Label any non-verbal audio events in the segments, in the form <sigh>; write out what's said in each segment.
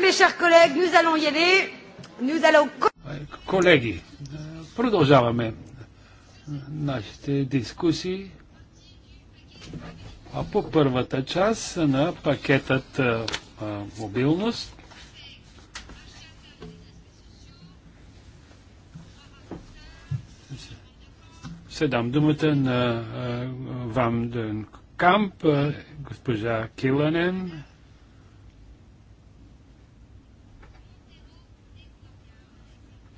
mes chers collègues, nous allons y aller. Nous allons... Колеги, продължаваме нашите дискусии. А по първата част на пакетът а, мобилност Се дам думата на а, Вам Дън Камп, а, госпожа Киланен,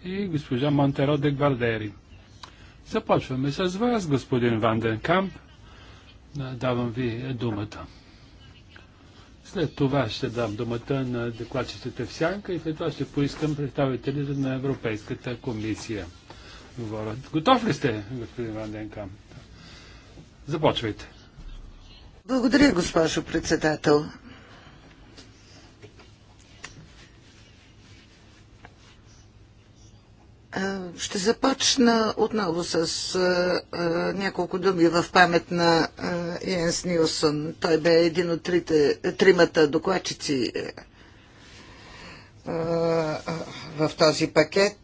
и госпожа Монтеро де Гвардери. Започваме с вас, господин Ванден Камп. Давам ви думата. След това ще дам думата на докладчиците в сянка и след това ще поискам представителите на Европейската комисия. Говорят. Готов ли сте, господин Камп. Започвайте. Благодаря, госпожо председател. Е, ще започна отново с е, е, няколко думи в памет на Йенс Нилсон. Той бе един от трите, тримата докладчици в този пакет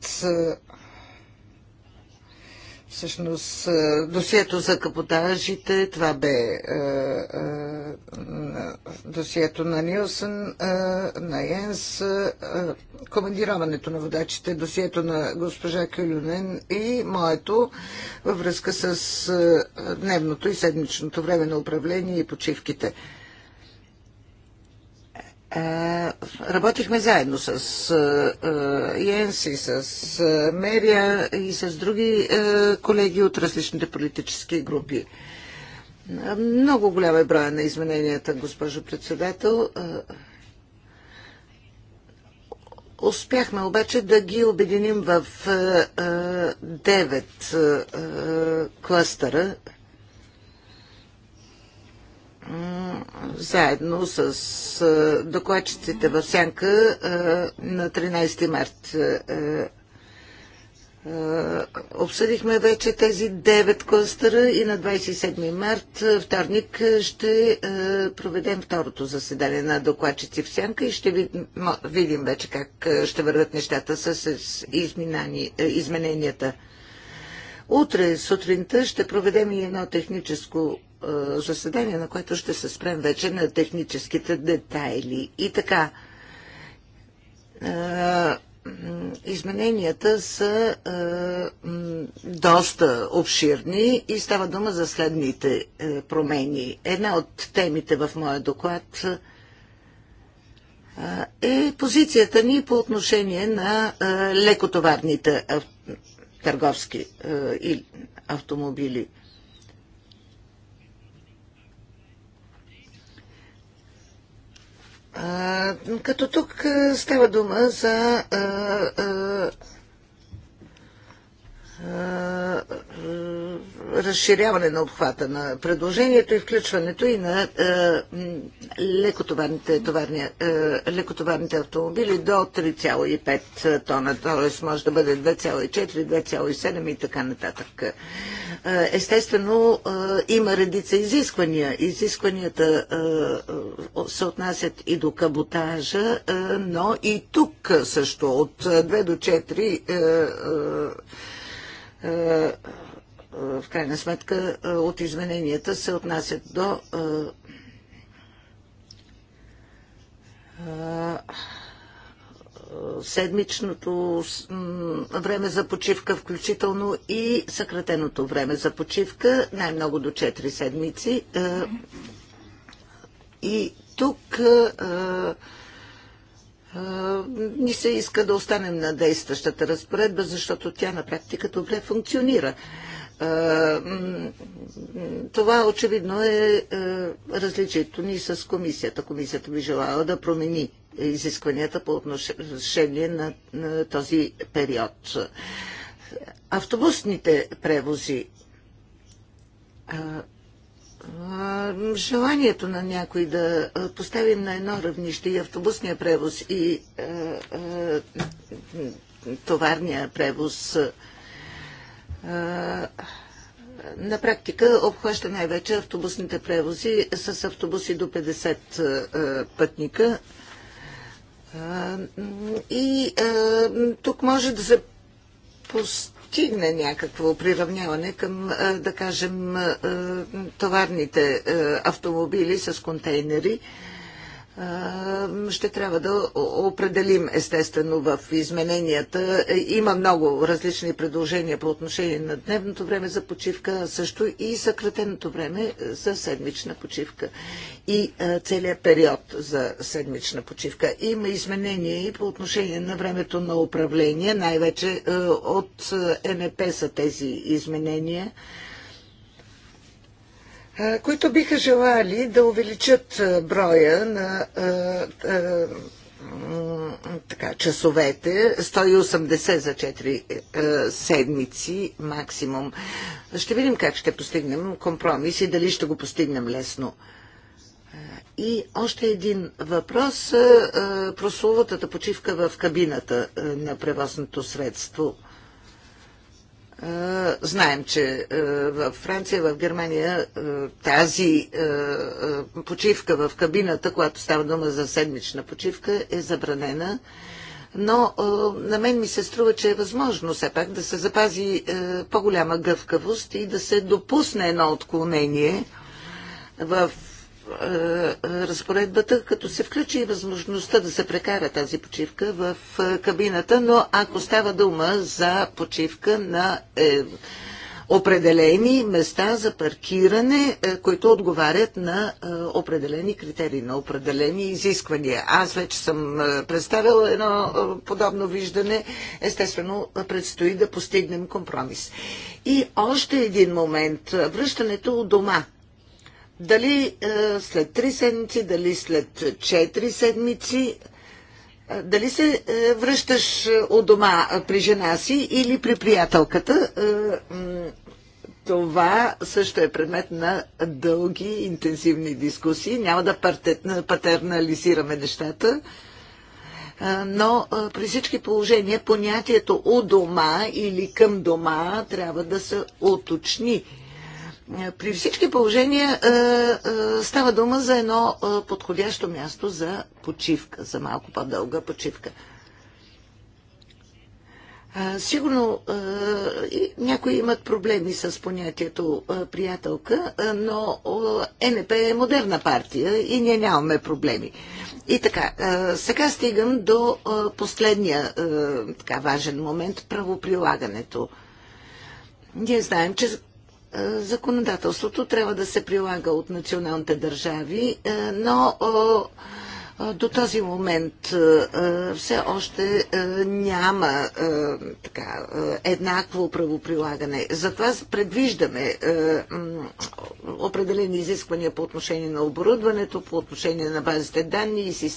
Всъщност, е, досието за капотажите, това бе е, е, досието на Нилсън, е, на Йенс, е, командироването на водачите, досието на госпожа Кюлюнен и моето във връзка с е, дневното и седмичното време на управление и почивките. Работихме заедно с и с Мерия и с други колеги от различните политически групи. Много голяма е броя на измененията, госпожо председател. Успяхме обаче да ги обединим в девет кластъра, заедно с докладчиците в Сянка на 13 март. Обсъдихме вече тези 9 кластера и на 27 март, вторник, ще проведем второто заседание на докладчици в Сянка и ще видим вече как ще върват нещата с измененията. Утре сутринта ще проведем и едно техническо заседание, на което ще се спрем вече на техническите детайли. И така, измененията са доста обширни и става дума за следните промени. Една от темите в моя доклад е позицията ни по отношение на лекотоварните автомобили търговски е, автомобили. като тук е, става дума за е, разширяване на обхвата на предложението и включването и на лекотоварните, товарни, лекотоварните автомобили до 3,5 тона, т.е. може да бъде 2,4, 2,7 и така нататък. Естествено, има редица изисквания. Изискванията се отнасят и до каботажа, но и тук също от 2 до 4 е, в крайна сметка е, от измененията се отнасят до е, седмичното време за почивка, включително и съкратеното време за почивка, най-много до 4 седмици. И тук ни се иска да останем на действащата разпоредба, защото тя на практика добре функционира. Това очевидно е, е различието ни с комисията. Комисията би желала да промени изискванията по отношение на, на този период. Автобусните превози желанието на някой да поставим на едно равнище и автобусния превоз и товарния превоз на практика обхваща най-вече автобусните превози с автобуси до 50 пътника. И тук може да се постигне някакво приравняване към, да кажем, товарните автомобили с контейнери ще трябва да определим естествено в измененията. Е, има много различни предложения по отношение на дневното време за почивка, също и съкратеното време е, за седмична почивка и целият период за седмична почивка. Има изменения и по отношение на времето на управление, най-вече е, от МП са тези изменения които биха желали да увеличат броя на така, часовете, 180 за 4 седмици максимум. Ще видим как ще постигнем компромис и дали ще го постигнем лесно. И още един въпрос. Е, прословутата почивка в кабината на превозното средство – Знаем, че в Франция, в Германия тази почивка в кабината, която става дума за седмична почивка, е забранена. Но на мен ми се струва, че е възможно все пак да се запази по-голяма гъвкавост и да се допусне едно отклонение в е, е, разпоредбата, като се включи и възможността да се прекара тази почивка в е, кабината, но ако става дума за почивка на е, определени места за паркиране, е, които отговарят на е, определени критерии, на определени изисквания. Аз вече съм представила едно подобно виждане. Естествено, предстои да постигнем компромис. И още един момент. Връщането у дома дали е, след 3 седмици, дали след 4 седмици, е, дали се е, връщаш от дома при жена си или при приятелката, това също е предмет на дълги, интенсивни дискусии. Няма да патернализираме нещата, но при всички положения понятието у дома или към дома трябва да се оточни при всички положения е, е, става дума за едно е, подходящо място за почивка, за малко по-дълга почивка. Сигурно някои имат проблеми с понятието приятелка, но НП е модерна партия и ние нямаме проблеми. И така, сега стигам до последния така важен момент правоприлагането. Ние знаем, че е, законодателството трябва да се прилага от националните държави, е, но до този момент е, все още няма така, еднакво правоприлагане. Затова предвиждаме определени изисквания по отношение на оборудването, по отношение на базите данни и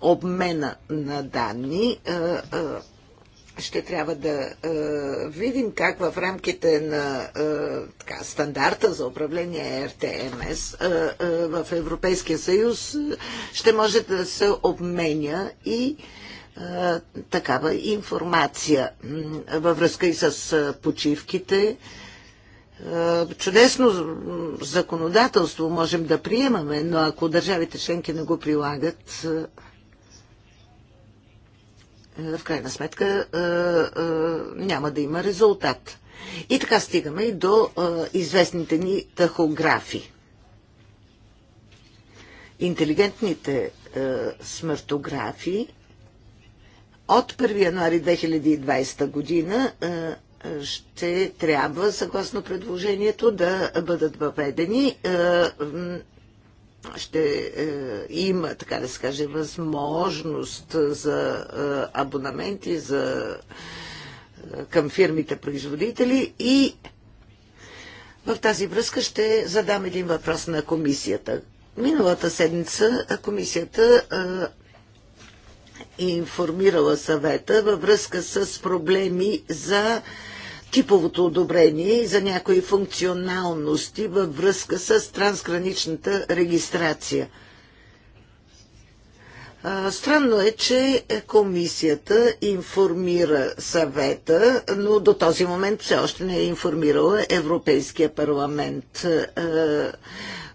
обмена на данни ще трябва да е, видим как в рамките на е, така, стандарта за управление РТМС е, е, в Европейския съюз ще може да се обменя и е, такава информация във връзка и с е, почивките. Е, чудесно законодателство можем да приемаме, но ако държавите членки не го прилагат, е, в крайна сметка е, е, няма да има резултат. И така стигаме и до е, известните ни тахографи. Интелигентните смъртографи от 1 януари 2020 година ще трябва, съгласно предложението, да бъдат въведени ще е, има, така да се каже, възможност за е, абонаменти за, е, към фирмите производители и в тази връзка ще задам един въпрос на комисията. Миналата седмица комисията е информирала съвета във връзка с проблеми за е, типовото одобрение и за някои функционалности във връзка с трансграничната регистрация. Странно е, че комисията информира съвета, но до този момент все още не е информирала Европейския парламент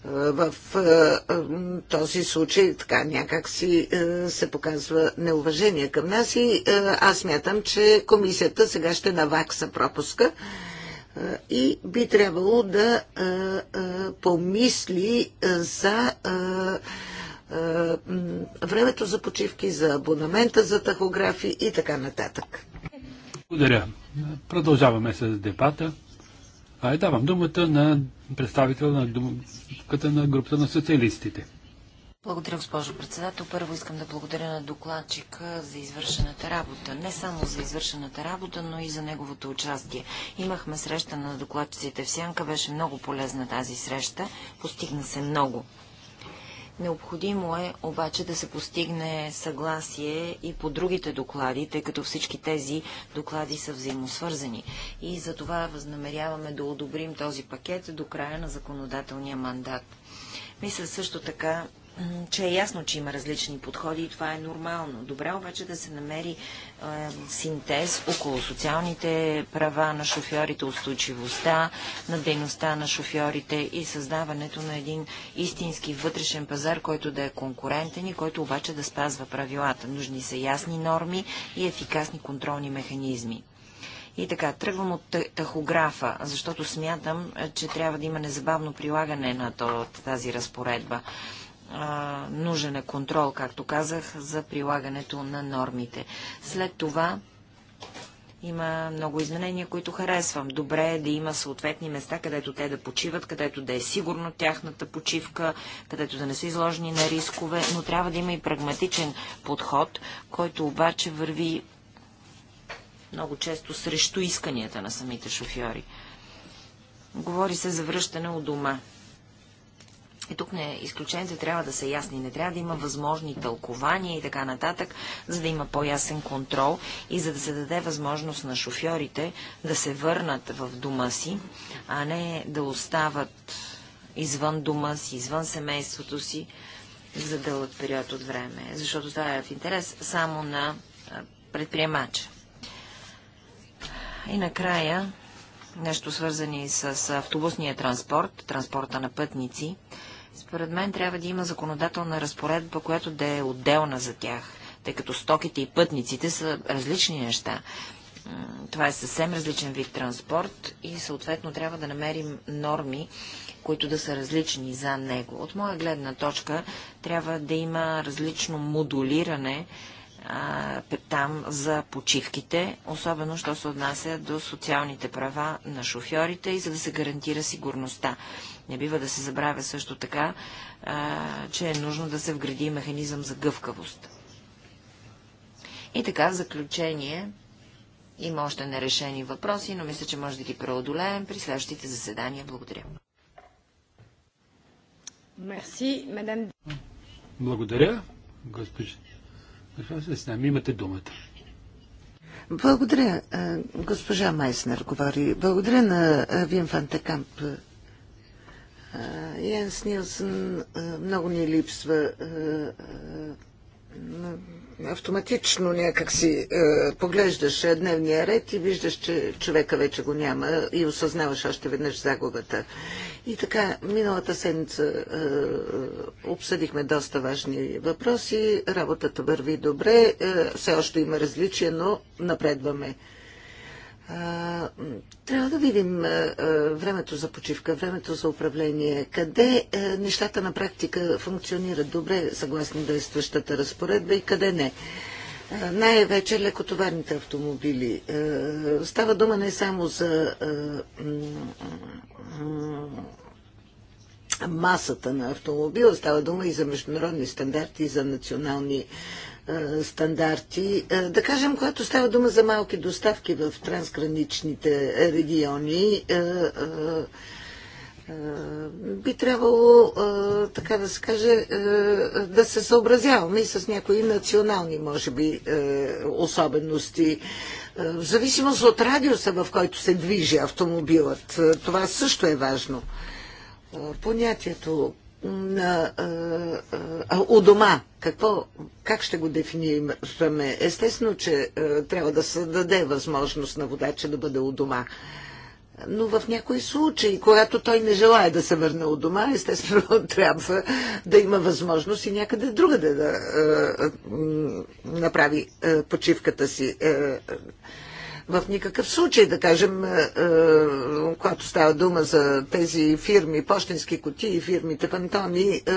в е, е, този случай така някак си е, се показва неуважение към нас и аз мятам, че комисията сега ще навакса пропуска и би трябвало да помисли за времето за почивки, за абонамента за тахографи и така нататък. Благодаря. Продължаваме с дебата. А, давам думата на представител на думката на групата на социалистите. Благодаря, госпожо председател. Първо искам да благодаря на докладчика за извършената работа. Не само за извършената работа, но и за неговото участие. Имахме среща на докладчиците в Сянка, беше много полезна тази среща, постигна се много. Необходимо е обаче да се постигне съгласие и по другите доклади, тъй като всички тези доклади са взаимосвързани. И за това възнамеряваме да одобрим този пакет до края на законодателния мандат. Мисля също така, че е ясно, че има различни подходи и това е нормално. Добре обаче да се намери е, синтез около социалните права на шофьорите, устойчивостта на дейността на шофьорите и създаването на един истински вътрешен пазар, който да е конкурентен и който обаче да спазва правилата. Нужни са ясни норми и ефикасни контролни механизми. И така, тръгвам от тахографа, защото смятам, е, че трябва да има незабавно прилагане на тази разпоредба нужен е контрол, както казах, за прилагането на нормите. След това има много изменения, които харесвам. Добре е да има съответни места, където те да почиват, където да е сигурно тяхната почивка, където да не са изложени на рискове, но трябва да има и прагматичен подход, който обаче върви много често срещу исканията на самите шофьори. Говори се за връщане у дома. И тук не изключенията трябва да са ясни. Не трябва да има възможни тълкования и така нататък, за да има по-ясен контрол и за да се даде възможност на шофьорите да се върнат в дома си, а не да остават извън дома си, извън семейството си за дълъг период от време. Защото това е в интерес само на предприемача. И накрая нещо свързани с автобусния транспорт, транспорта на пътници. Според мен трябва да има законодателна разпоредба, която да е отделна за тях, тъй като стоките и пътниците са различни неща. Това е съвсем различен вид транспорт и съответно трябва да намерим норми, които да са различни за него. От моя гледна точка трябва да има различно модулиране там за почивките, особено що се отнася до социалните права на шофьорите и за да се гарантира сигурността. Не бива да се забравя също така, а, че е нужно да се вгради механизъм за гъвкавост. И така, в заключение, има още нерешени въпроси, но мисля, че може да ги преодолеем при следващите заседания. Благодаря. Мерси, мадам. Благодаря, госпожа. Госпожа Сеснам, имате думата. Благодаря, госпожа Майснер говори. Благодаря на Вин Фантекамп Йенс Нилсън много ни липсва. Автоматично някак си поглеждаш дневния ред и виждаш, че човека вече го няма и осъзнаваш още веднъж загубата. И така, миналата седмица обсъдихме доста важни въпроси. Работата върви добре. все още има различия, но напредваме трябва да видим времето за почивка, времето за управление, къде нещата на практика функционират добре съгласно действащата разпоредба и къде не. Най-вече лекотоварните автомобили. Става дума не само за масата на автомобила. Става дума и за международни стандарти, и за национални е, стандарти. Е, да кажем, когато става дума за малки доставки в трансграничните региони, е, би трябвало, така да се каже, да се съобразяваме и с някои национални, може би, особености. В зависимост от радиуса, в който се движи автомобилът, това също е важно понятието на, а, у дома. Какво, как ще го дефинираме? Естествено, че а, трябва да се даде възможност на водача да бъде у дома. Но в някои случаи, когато той не желая да се върне от дома, естествено <laughs> трябва да има възможност и някъде другаде да а, направи а, почивката си. А, в никакъв случай, да кажем, е, е, когато става дума за тези фирми, почтенски кутии, фирмите пантони, е,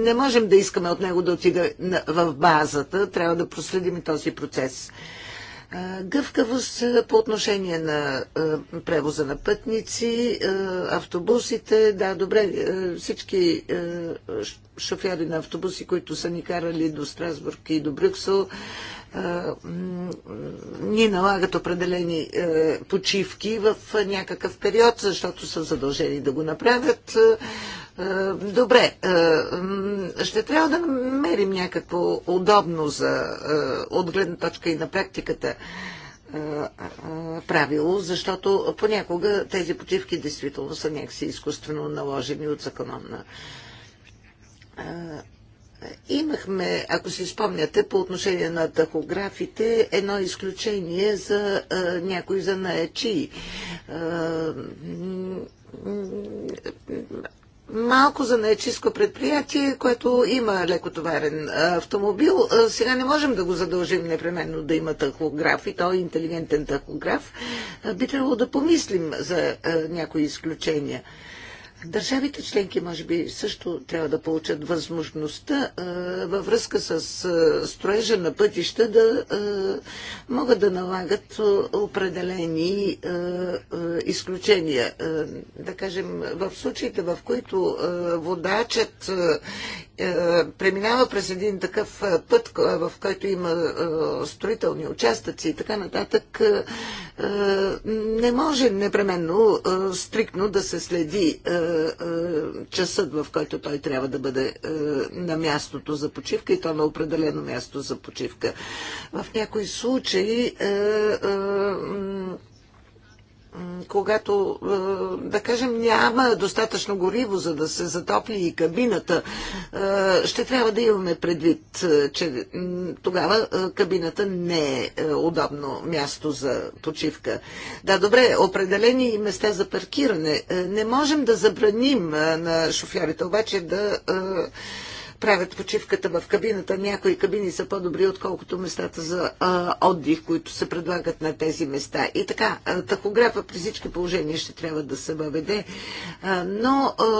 не можем да искаме от него да отиде в базата. Трябва да проследим този процес. Гъвкавост по отношение на превоза на пътници, автобусите. Да, добре, всички шофьори на автобуси, които са ни карали до Страсбург и до Брюксел, е, ни налагат определени е, почивки в някакъв период, защото са задължени да го направят. Е, добре, ще трябва да намерим някакво удобно за отгледна точка и на практиката правило, защото понякога тези почивки действително са някакси изкуствено наложени от закона на Имахме, ако си спомняте, по отношение на тахографите, едно изключение за а, някои занаячи. Малко за наечиско предприятие, което има лекотоварен автомобил, сега не можем да го задължим непременно да има тахограф и той е интелигентен тахограф. Би трябвало да помислим за някои изключения. Държавите членки, може би, също трябва да получат възможността а, във връзка с а, строежа на пътища да а, могат да налагат определени а, а, изключения. А, да кажем, в случаите, в които а, водачът а, преминава през един такъв път, в който има строителни участъци и така нататък, не може непременно стриктно да се следи е, е, часът, в който той трябва да бъде е, на мястото за почивка и то на определено място за почивка. В някои случаи когато, е, да кажем, няма достатъчно гориво, за да се затопли и кабината, е, ще трябва да имаме предвид, е, че тогава кабината не е удобно място за почивка. Да, добре, определени места за паркиране. Не можем да забраним на шофьорите обаче да правят почивката в кабината. Някои кабини са по-добри, отколкото местата за а, отдих, които се предлагат на тези места. И така, а, тахографа при всички положения ще трябва да се въведе. А, но а,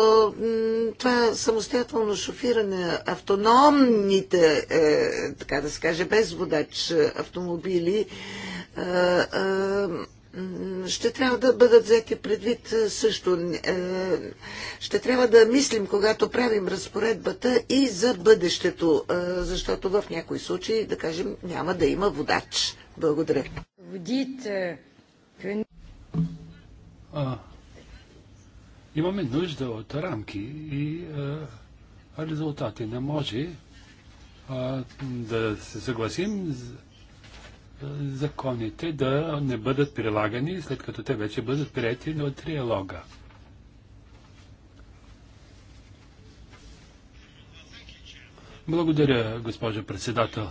това самостоятелно шофиране, автономните, е, така да се каже, без водач автомобили, а, а, ще трябва да бъдат взети предвид е, също. Е, ще трябва да мислим, когато правим разпоредбата и за бъдещето, е, защото в някои случаи, да кажем, няма да има водач. Благодаря. Водите. А, имаме нужда от рамки и а, резултати. Не може а, да се съгласим. За законите да не бъдат прилагани, след като те вече бъдат прияти на триалога. Благодаря, госпожо председател.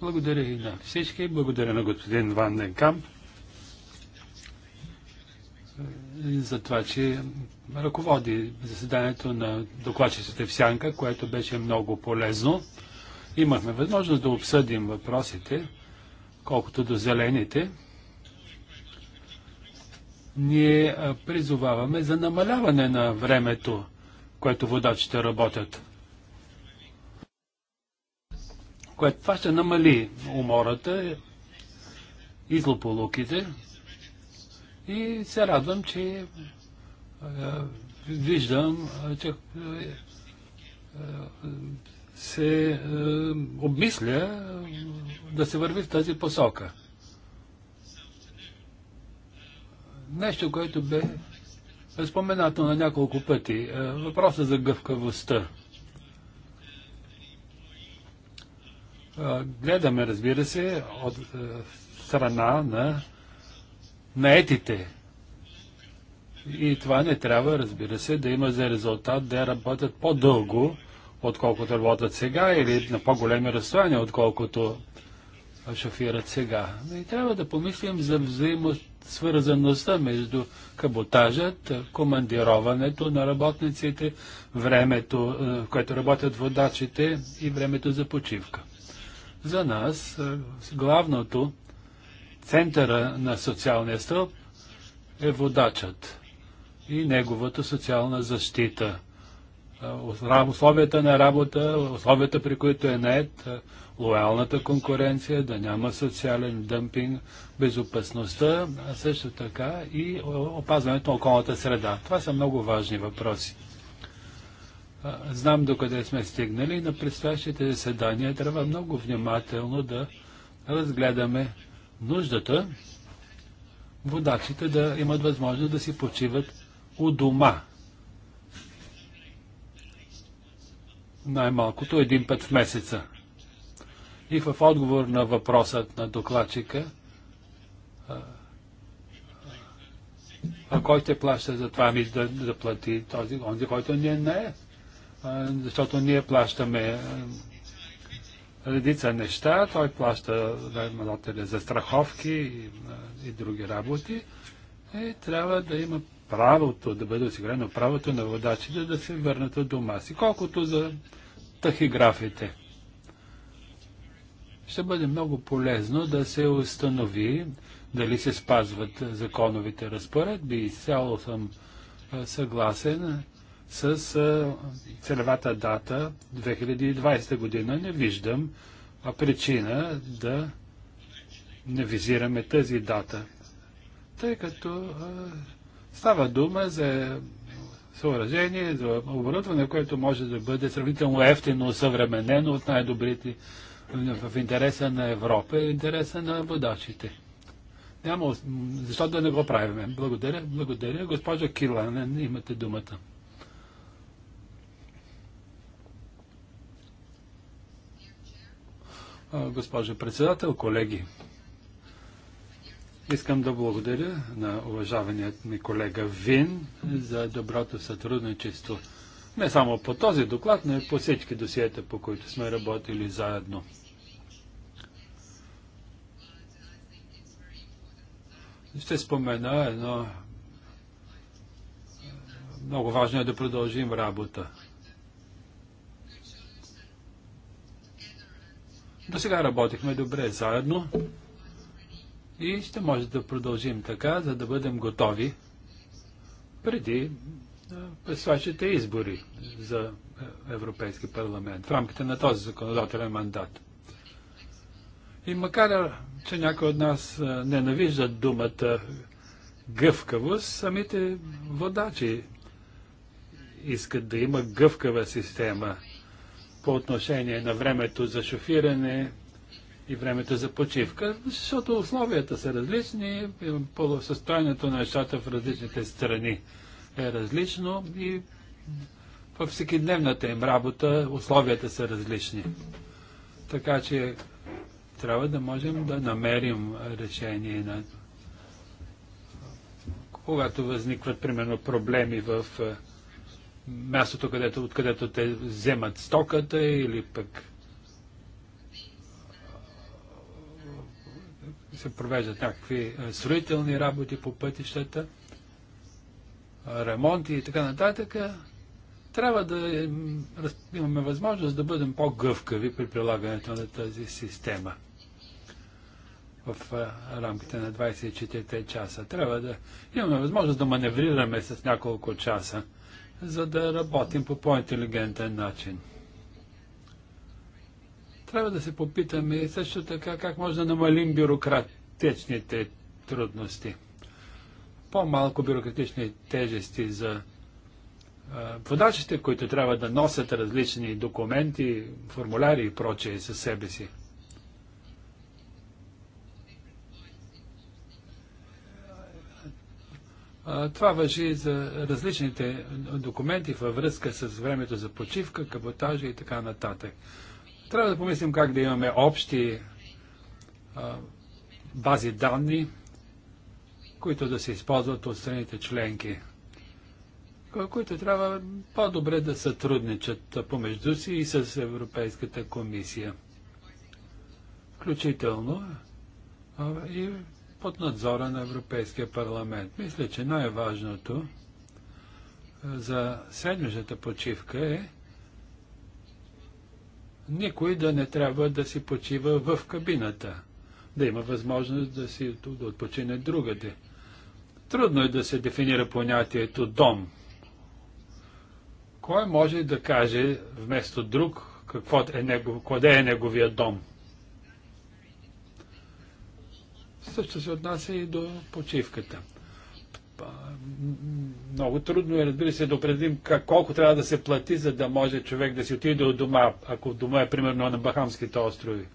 Благодаря и на всички. Благодаря на господин Ван Денкамп е, за това, че ръководи заседанието на докладчиците в Сянка, което беше много полезно. Имахме възможност да обсъдим въпросите Колкото до зелените, ние призоваваме за намаляване на времето, което водачите работят. Което това ще намали умората и злополуките. И се радвам, че виждам, че се е, обмисля е, да се върви в тази посока. Нещо, което бе е споменато на няколко пъти. Е, въпроса за гъвкавостта. Е, гледаме, разбира се, от е, страна на наетите. И това не трябва, разбира се, да има за резултат да работят по-дълго, отколкото работят сега или на по-големи разстояния, отколкото шофират сега. И трябва да помислим за взаимосвързаността между каботажът, командироването на работниците, времето, е, в което работят водачите и времето за почивка. За нас е, главното центъра на социалния стълб е водачът и неговата социална защита – е, е, условията на работа, условията при които е нает, е, лоялната конкуренция, да няма социален дъмпинг, безопасността, а също така и опазването на околната среда. Това са много важни въпроси. Знам докъде сме стигнали. На предстоящите заседания трябва много внимателно да разгледаме нуждата водачите да имат възможност да си почиват у дома, най-малкото един път в месеца. И в отговор на въпросът на докладчика, а кой ще плаща за това ми да, да плати този, онзи, който ние не е. защото ние плащаме редица неща, той плаща наемателя за страховки и, и други работи. И трябва да има правото, да бъде осигурено правото на водачите да се върнат от дома си. Колкото за тахиграфите. Ще бъде много полезно да се установи дали се спазват законовите разпоредби. Изцяло съм съгласен с целевата дата 2020 година. Не виждам причина да не визираме тази дата, тъй като става дума за съоръжение, за оборудване, което може да бъде сравнително ефтино съвременено от най-добрите в интереса на Европа и в интереса на водачите. Няма, защо да не го правиме? Благодаря, благодаря. Госпожа Киланен, имате думата. Госпожа председател, колеги, Искам да благодаря на уважаваният ми колега Вин за доброто сътрудничество. Не само по този доклад, но и по всички досиета, по които сме работили заедно. Ще спомена едно. Много важно е да продължим работа. До сега работихме добре заедно. И ще може да продължим така, за да бъдем готови преди е, предстоящите вашите избори за е, Европейски парламент в рамките на този законодателен мандат. И макар, е, че някои от нас ненавиждат думата гъвкавост, самите водачи искат да има гъвкава система по отношение на времето за шофиране, и времето за почивка, защото условията са различни, състоянието на нещата в различните страни е различно и във всекидневната им работа условията са различни. Така че трябва да можем да намерим решение на когато възникват, примерно, проблеми в е, мястото, откъдето те вземат стоката или пък се провеждат някакви е, строителни работи по пътищата, е, ремонти и така нататък, е, трябва да имаме възможност да бъдем по-гъвкави при прилагането на тази система в рамките на 24 часа. Трябва да имаме възможност да маневрираме с няколко часа, за да работим по по-интелигентен начин. Трябва да се попитаме също така как може да намалим бюрократичните трудности. По-малко бюрократични тежести за водачите, които трябва да носят различни документи, формуляри и прочее със себе си. Това въжи за различните документи във връзка с времето за почивка, каботажа и така нататък. Трябва да помислим как да имаме общи а, бази данни, които да се използват от страните членки, които трябва по-добре да сътрудничат помежду си и с Европейската комисия. Включително а, и под надзора на Европейския парламент. Мисля, че най-важното за седмичната почивка е никой да не трябва да си почива в кабината, да има възможност да си да отпочине другаде. Трудно е да се дефинира понятието дом. Кой може да каже вместо друг какво е негов, къде е неговия дом? Също се отнася и до почивката много трудно е, разбира се, да определим как, колко трябва да се плати, за да може човек да си отиде от дома, ако дома е примерно на Бахамските острови.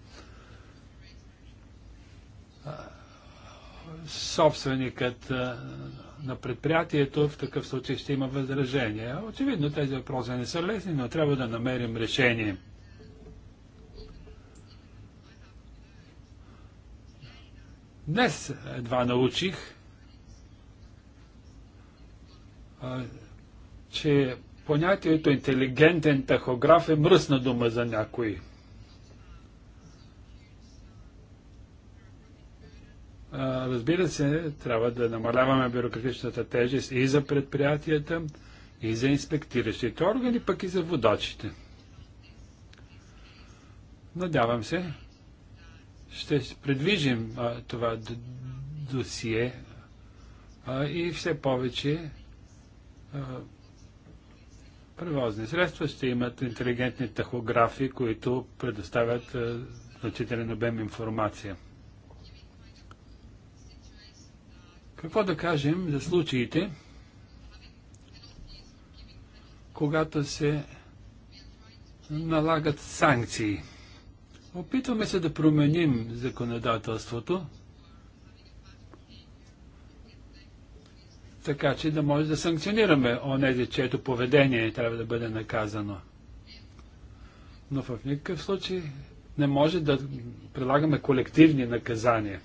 Собственикът на предприятието в такъв случай ще има възражение. Очевидно тези въпроси не са лесни, но трябва да намерим решение. Днес едва научих, че понятието интелигентен тахограф е мръсна дума за някои. Разбира се, трябва да намаляваме бюрократичната тежест и за предприятията, и за инспектиращите органи, пък и за водачите. Надявам се, ще предвижим а, това досие а, и все повече превозни средства ще имат интелигентни тахографи, които предоставят значителен обем информация. Какво да кажем за случаите, когато се налагат санкции? Опитваме се да променим законодателството, така че да може да санкционираме онези, чието поведение трябва да бъде наказано. Но в никакъв случай не може да прилагаме колективни наказания.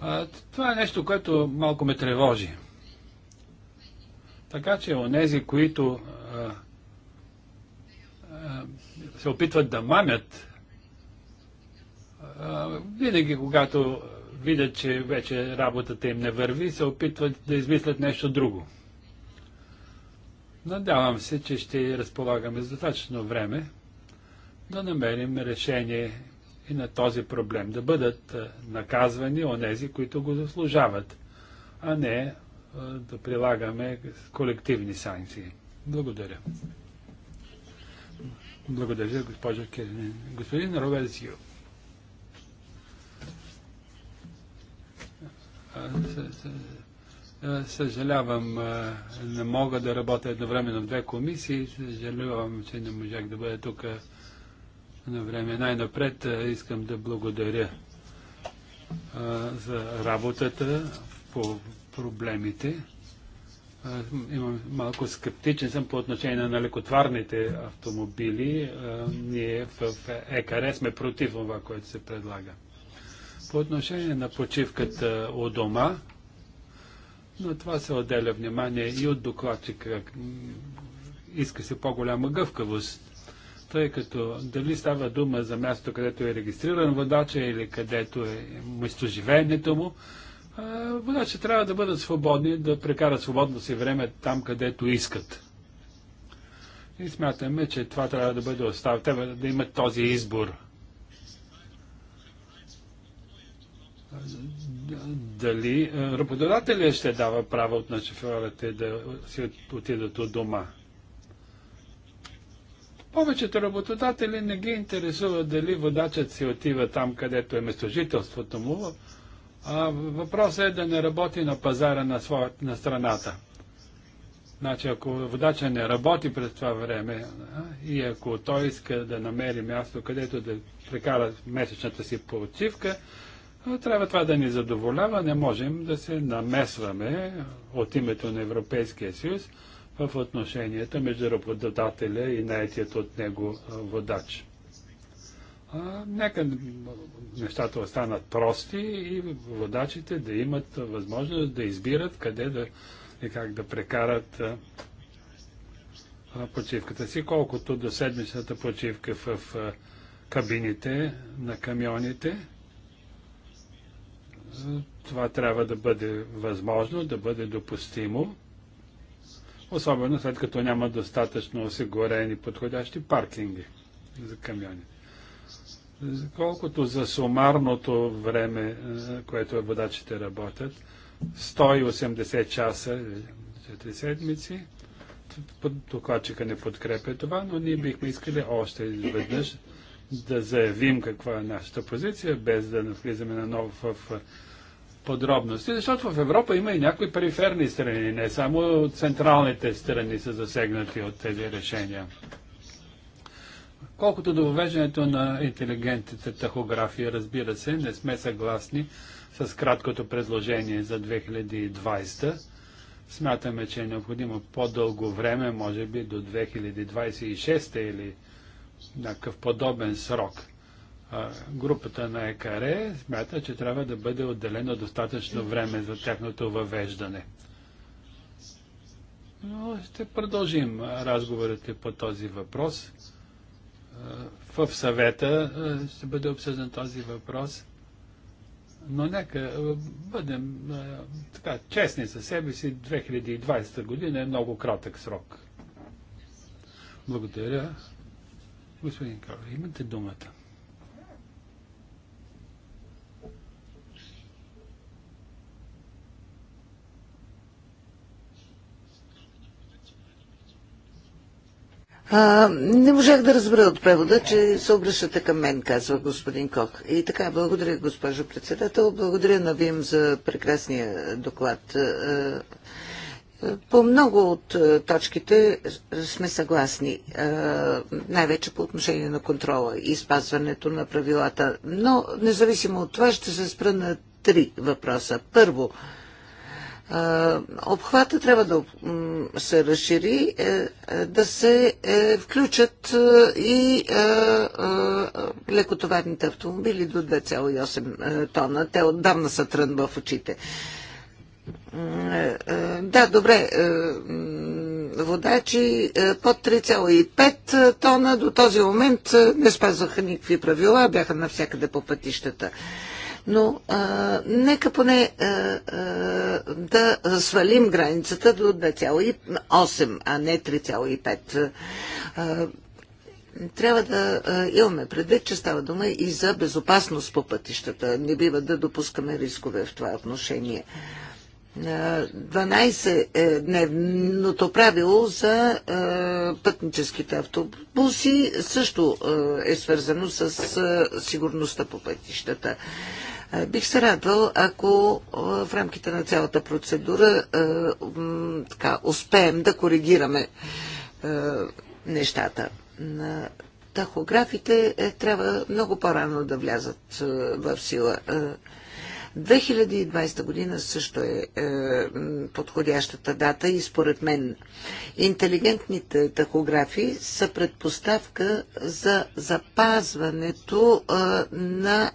А, това е нещо, което малко ме тревожи. Така че онези, които а, а, се опитват да мамят, а, винаги когато видят, че вече работата им не върви, се опитват да измислят нещо друго. Надявам се, че ще разполагаме достатъчно време да намерим решение и на този проблем. Да бъдат наказвани онези, които го заслужават, а не да прилагаме колективни санкции. Благодаря. Благодаря, госпожа Кирин. Господин Ровенсио. Съжалявам, не мога да работя едновременно в две комисии. Съжалявам, че не можах да бъда тук на време. Най-напред искам да благодаря за работата по проблемите. Имам малко скептичен съм по отношение на лекотварните автомобили. Ние в ЕКР сме против това, което се предлага по отношение на почивката у дома, но това се отделя внимание и от докладчика. Иска се по-голяма гъвкавост, тъй като дали става дума за място, където е регистриран водача или където е местоживеенето му, Водача трябва да бъдат свободни, да прекарат свободно си време там, където искат. И смятаме, че това трябва да бъде оставено, да имат този избор. дали е, работодателя ще дава право на шофьорите да си отидат от дома. Повечето работодатели не ги интересува дали водачът си отива там, където е местожителството му. А въпросът е да не работи на пазара на, своя, на страната. Значи, ако водача не работи през това време а, и ако той иска да намери място, където да прекара месечната си почивка, но трябва това да ни задоволява. Не можем да се намесваме от името на Европейския съюз в отношенията между работодателя и наетият от него водач. А, нека нещата останат прости и водачите да имат възможност да избират къде да и как да прекарат а, почивката си, колкото до седмичната почивка в а, кабините на камионите. Това трябва да бъде възможно, да бъде допустимо, особено след като няма достатъчно осигурени подходящи паркинги за камиони. Колкото за сумарното време, е, което водачите работят, 180 часа, 4 седмици, докладчика не подкрепя това, но ние бихме искали още веднъж да заявим каква е нашата позиция, без да навлизаме наново в подробности, защото в Европа има и някои периферни страни, не само централните страни са засегнати от тези решения. Колкото до въвеждането на интелигентните тахографии, разбира се, не сме съгласни с краткото предложение за 2020. Смятаме, че е необходимо по-дълго време, може би до 2026 или някакъв подобен срок. Групата на ЕКАРЕ смята, че трябва да бъде отделено достатъчно време за тяхното въвеждане. Но ще продължим разговорите по този въпрос. В съвета ще бъде обсъден този въпрос. Но нека бъдем така честни със себе си. 2020 година е много кратък срок. Благодаря. Господин Кавер, имате думата. А, не можах да разбера от превода, че се обръщате към мен, казва господин Кок. И така, благодаря, госпожо председател. Благодаря на Вим за прекрасния доклад. По много от е, точките сме съгласни, е, най-вече по отношение на контрола и спазването на правилата. Но независимо от това ще се спра на три въпроса. Първо, е, обхвата трябва да се разшири, да се включат и лекотоварните автомобили до 2,8 тона. Те отдавна са трън в очите. Е, е, да, добре. Е, водачи под 3,5 тона до този момент не спазваха никакви правила, бяха навсякъде по пътищата. Но а, нека поне а, а, да свалим границата до 2,8, а не 3,5 трябва да имаме предвид, че става дума и за безопасност по пътищата. Не бива да допускаме рискове в това отношение. 12-дневното правило за е, пътническите автобуси също е, е свързано с е, сигурността по пътищата. Бих се радвал, ако в рамките на цялата процедура така, успеем да коригираме нещата. Тахографите трябва много по-рано да влязат в сила. 2020 година също е, е подходящата дата и според мен интелигентните тахографи са предпоставка за запазването е, на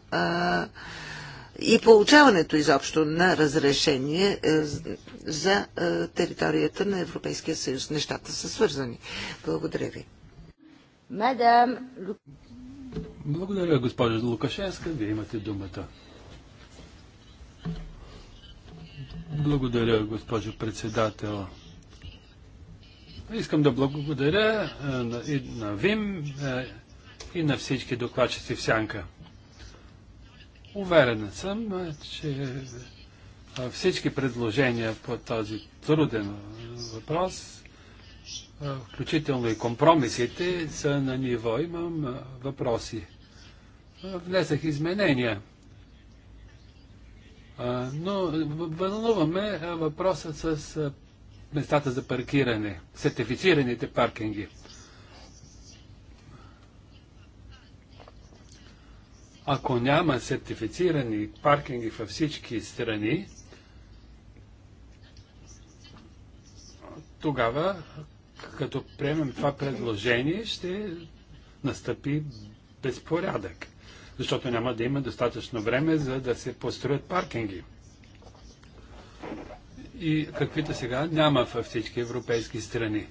е, и получаването изобщо на разрешение е, за е, територията на Европейския съюз. Нещата са свързани. Благодаря ви. Мадам. Благодаря, госпожа Лукашенска. Вие имате думата. Благодаря, госпожо председател. Искам да благодаря и на ВИМ, и на всички докладчици в Сянка. Уверен съм, че всички предложения по този труден въпрос, включително и компромисите, са на ниво. Имам въпроси. Внесах изменения но вълнуваме въпроса с местата за паркиране, сертифицираните паркинги. Ако няма сертифицирани паркинги във всички страни, тогава, като приемем това предложение, ще настъпи безпорядък защото няма да има достатъчно време за да се построят паркинги. И каквито сега няма във всички европейски страни.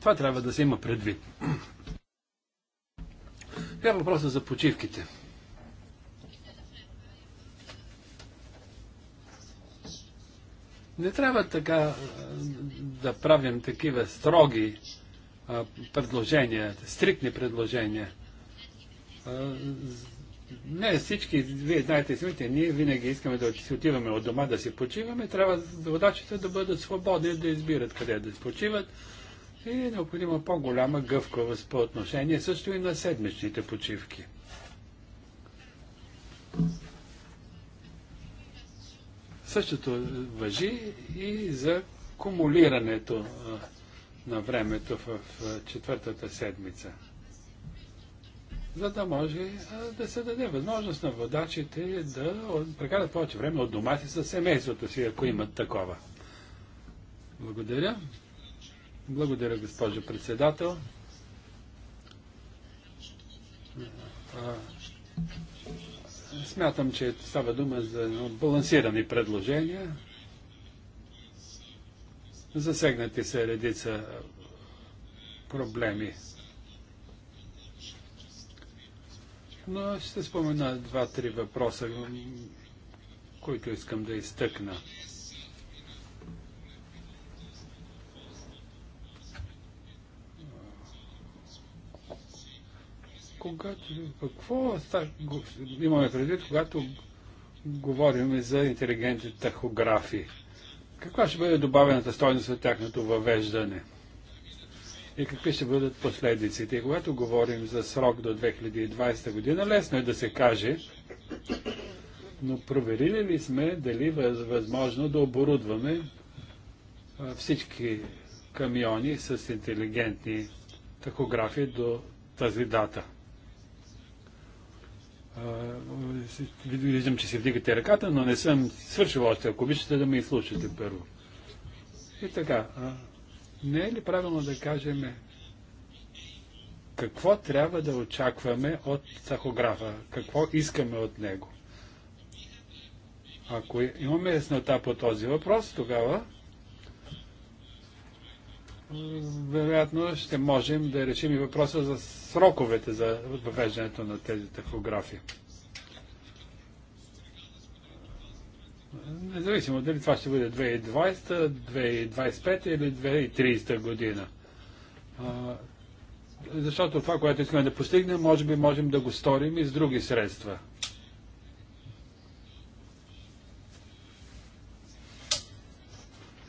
Това трябва да се има предвид. Сега въпроса за почивките. Не трябва така да правим такива строги предложения, стрикни предложения не всички, вие знаете, самите, ние винаги искаме да си отиваме от дома да си почиваме, трябва водачите да бъдат свободни да избират къде да си почиват и е необходима по-голяма гъвкавост по отношение също и на седмичните почивки. Същото въжи и за кумулирането на времето в четвъртата седмица за да може да се даде възможност на водачите да прекарат повече време от дома си с семейството си, ако имат такова. Благодаря. Благодаря, госпожо председател. смятам, че става дума за балансирани предложения. Засегнати са редица проблеми. но ще спомена два-три въпроса, които искам да изтъкна. Когато, какво имаме предвид, когато говорим за интелигентни тахографи? Каква ще бъде добавената стойност от тяхното въвеждане? и какви ще бъдат последиците. И когато говорим за срок до 2020 година, лесно е да се каже, но проверили ли сме дали е възможно да оборудваме всички камиони с интелигентни тахографи до тази дата? Виждам, че си вдигате ръката, но не съм свършил още. Ако обичате да ме изслушате първо. И така, не е ли правилно да кажем какво трябва да очакваме от тахографа? Какво искаме от него? Ако имаме яснота по този въпрос, тогава вероятно ще можем да решим и въпроса за сроковете за въвеждането на тези тахографи. Независимо дали това ще бъде 2020, 2025 или 2030 година. А, защото това, което искаме да постигнем, може би можем да го сторим и с други средства.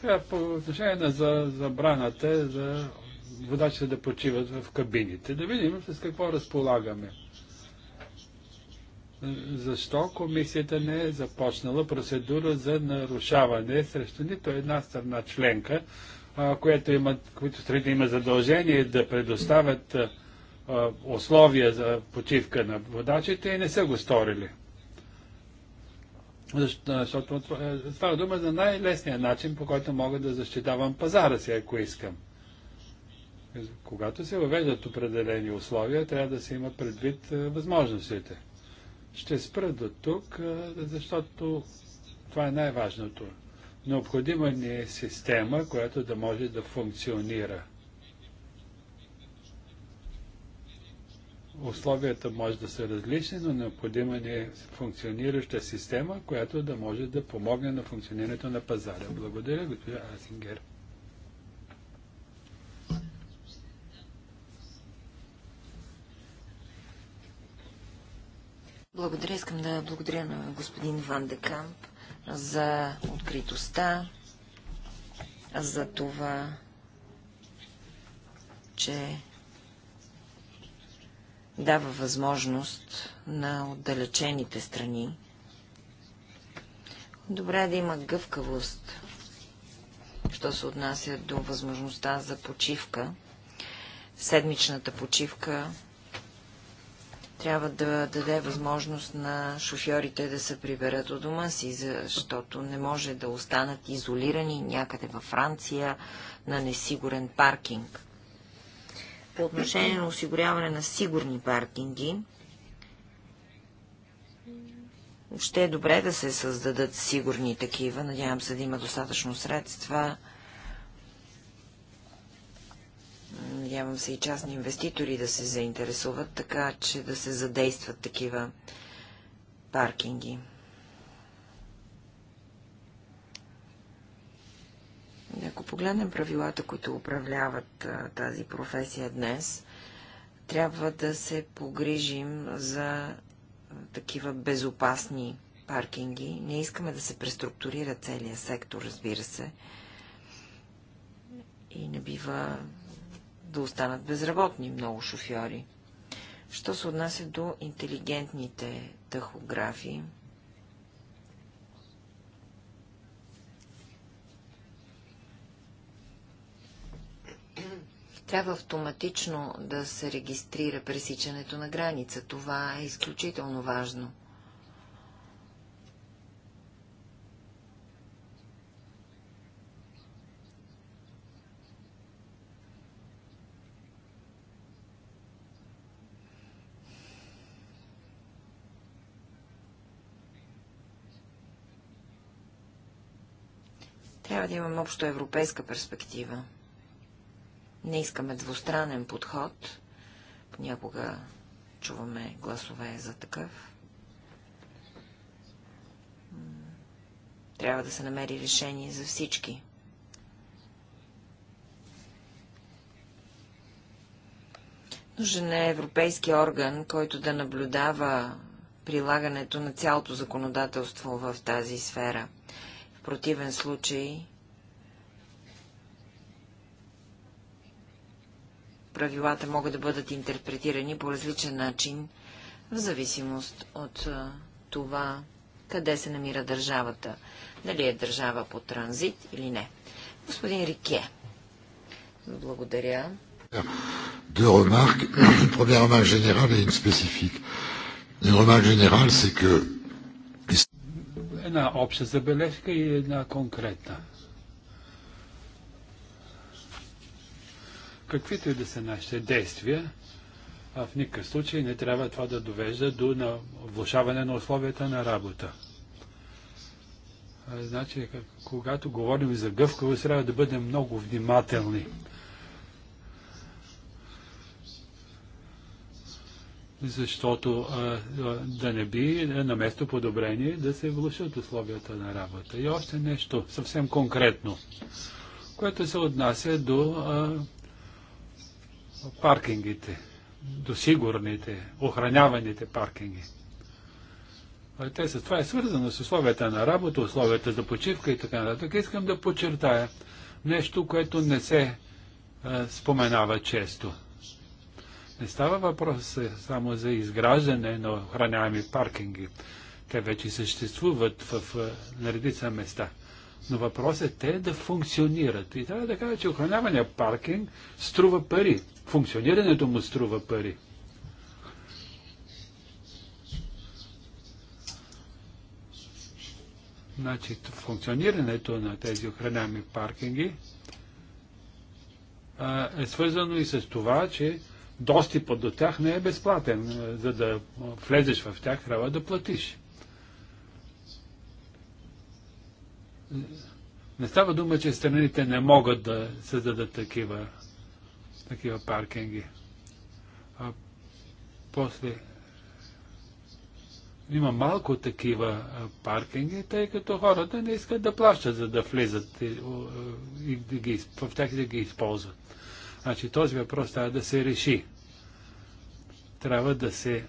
Сега по отношение на за, забраната за водачите да почиват в кабините, да видим с какво разполагаме защо комисията не е започнала процедура за нарушаване срещу нито една страна членка, която има, които страните има задължение да предоставят условия за почивка на водачите и не са го сторили. Защо, защото става дума за най-лесния начин, по който мога да защитавам пазара си, ако искам. Когато се въвеждат определени условия, трябва да се има предвид възможностите. Ще спра до тук, защото това е най-важното. Необходима ни е система, която да може да функционира. Условията може да са различни, но необходима ни е функционираща система, която да може да помогне на функционирането на пазара. Благодаря, госпожа Асингер. Благодаря. Искам да благодаря на господин Ван Декамп за откритостта, за това, че дава възможност на отдалечените страни. Добре е да има гъвкавост, що се отнася до възможността за почивка. Седмичната почивка трябва да даде възможност на шофьорите да се приберат от дома си, защото не може да останат изолирани някъде във Франция на несигурен паркинг. По отношение на осигуряване на сигурни паркинги, ще е добре да се създадат сигурни такива. Надявам се да има достатъчно средства Надявам се и частни инвеститори да се заинтересуват, така че да се задействат такива паркинги. ако погледнем правилата, които управляват а, тази професия днес, трябва да се погрижим за такива безопасни паркинги. Не искаме да се преструктурира целият сектор, разбира се. И не бива да останат безработни много шофьори. Що се отнася до интелигентните тахографи, трябва автоматично да се регистрира пресичането на граница. Това е изключително важно. Трябва да имаме общо европейска перспектива. Не искаме двустранен подход. Понякога чуваме гласове за такъв. Трябва да се намери решение за всички. Нужен е европейски орган, който да наблюдава прилагането на цялото законодателство в тази сфера противен случай правилата могат да бъдат интерпретирани по различен начин, в зависимост от това, къде се намира държавата, дали е държава по транзит или не. Господин Рике, благодаря. Две ремарки. Първа ремарка генерал е един специфик. Ремарка генерал е, че Една обща забележка и една конкретна. Каквито и да са нашите действия, в никакъв случай не трябва това да довежда до на влушаване на условията на работа. Значи, когато говорим за гъвкавост, трябва да бъдем много внимателни. защото а, да не би на место подобрение да се влушат условията на работа. И още нещо съвсем конкретно, което се отнася до а, паркингите, до сигурните, охраняваните паркинги. А те са, това е свързано с условията на работа, условията за почивка и така нататък. Искам да подчертая нещо, което не се а, споменава често – не става въпрос е само за изграждане на охраняеми паркинги. Те вече съществуват в е, наредица места. Но въпросът е те да функционират. И трябва да кажа, че охранявания паркинг струва пари. Функционирането му струва пари. Значи, функционирането на тези охраняеми паркинги а, е свързано и с това, че достъпът до тях не е безплатен. Е, за да влезеш в тях, трябва да платиш. Не става дума, че страните не могат да създадат такива, такива паркинги. А после има малко такива паркинги, тъй като хората не искат да плащат, за да влизат и, и, и, в тях да ги използват. Значи този въпрос трябва да се реши. Трябва да се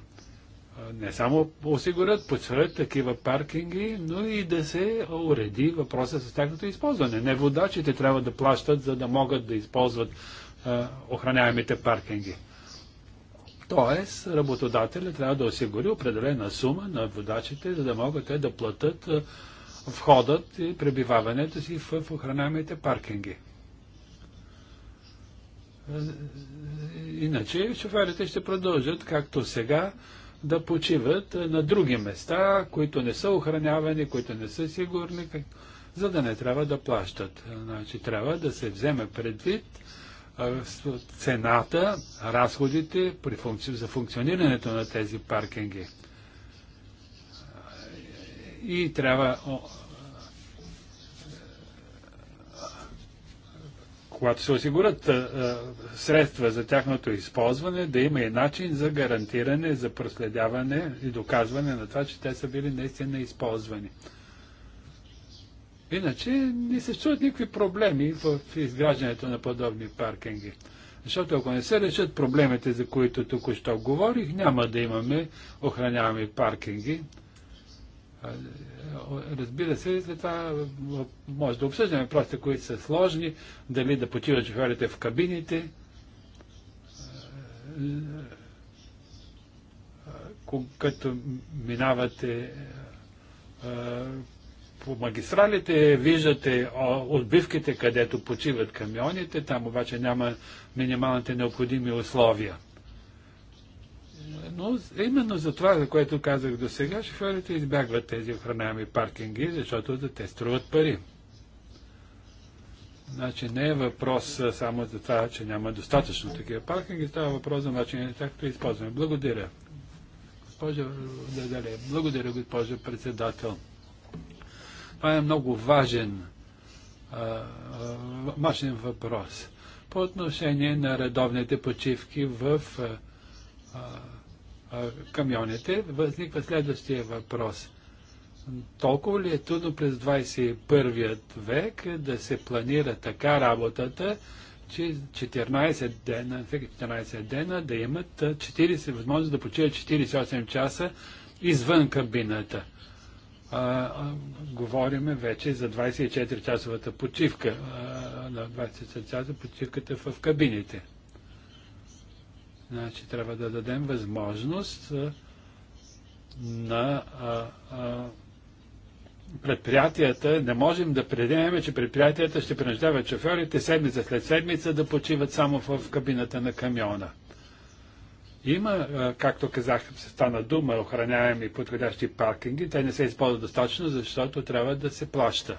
не само осигурят, подсвърят такива паркинги, но и да се уреди въпроса с тяхното използване. Не водачите трябва да плащат, за да могат да използват охраняемите паркинги. Тоест, работодателя трябва да осигури определена сума на водачите, за да могат те да платят входът и пребиваването си в охраняемите паркинги. Иначе шофьорите ще продължат, както сега, да почиват на други места, които не са охранявани, които не са сигурни, за да не трябва да плащат. Значи, трябва да се вземе предвид цената, разходите при функци... за функционирането на тези паркинги. И трябва когато се осигурят средства за тяхното използване, да има и начин за гарантиране, за проследяване и доказване на това, че те са били наистина използвани. Иначе не съществуват никакви проблеми в изграждането на подобни паркинги. Защото ако не се решат проблемите, за които току-що говорих, няма да имаме охраняваме паркинги разбира се, след това може да обсъждаме просто, които са сложни, дали да почиват шофьорите в кабините. Като минавате е, по магистралите, виждате отбивките, където почиват камионите, там обаче няма минималните необходими условия. Но именно за това, за което казах до сега, шофьорите избягват тези охраняеми паркинги, защото да те струват пари. Значи не е въпрос само за това, че няма достатъчно такива паркинги, става въпрос за начинът, както използваме. Благодаря. Госпожа Дадале, благодаря, госпожа председател. Това е много важен, важен въпрос. По отношение на редовните почивки в а, камионите, възниква следващия въпрос. Толкова ли е трудно през 21 век да се планира така работата, че 14 дена, всеки 14 дена да имат 40, възможност да почиват 48 часа извън кабината. А, а, говориме вече за 24-часовата почивка, а, на 24 часа почивката в кабините. Значи трябва да дадем възможност на а, а, предприятията, не можем да предемеме, че предприятията ще принуждават шофьорите седмица след седмица да почиват само в кабината на камиона. Има, както казах, се стана дума, охраняеми подходящи паркинги. Те не се използват достатъчно, защото трябва да се плаща.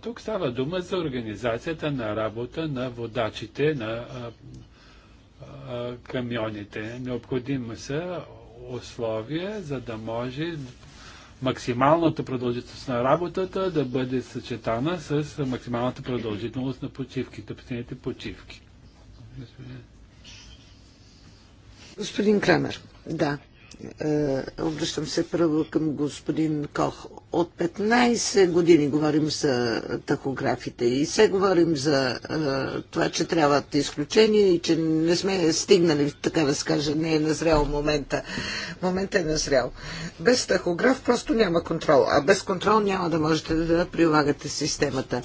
Тук става дума за организацията на работа на водачите, на камионите. Необходимо са условия, за да може максималната продължителност на работата да бъде съчетана с максималната продължителност на почивките, последните почивки. Господин Крамер, да. Е, обръщам се първо към господин Кох. От 15 години говорим за тахографите и се говорим за е, това, че трябват изключения и че не сме стигнали, така да скажа, не е назрял момента. Момент е назрял. Без тахограф просто няма контрол, а без контрол няма да можете да прилагате системата.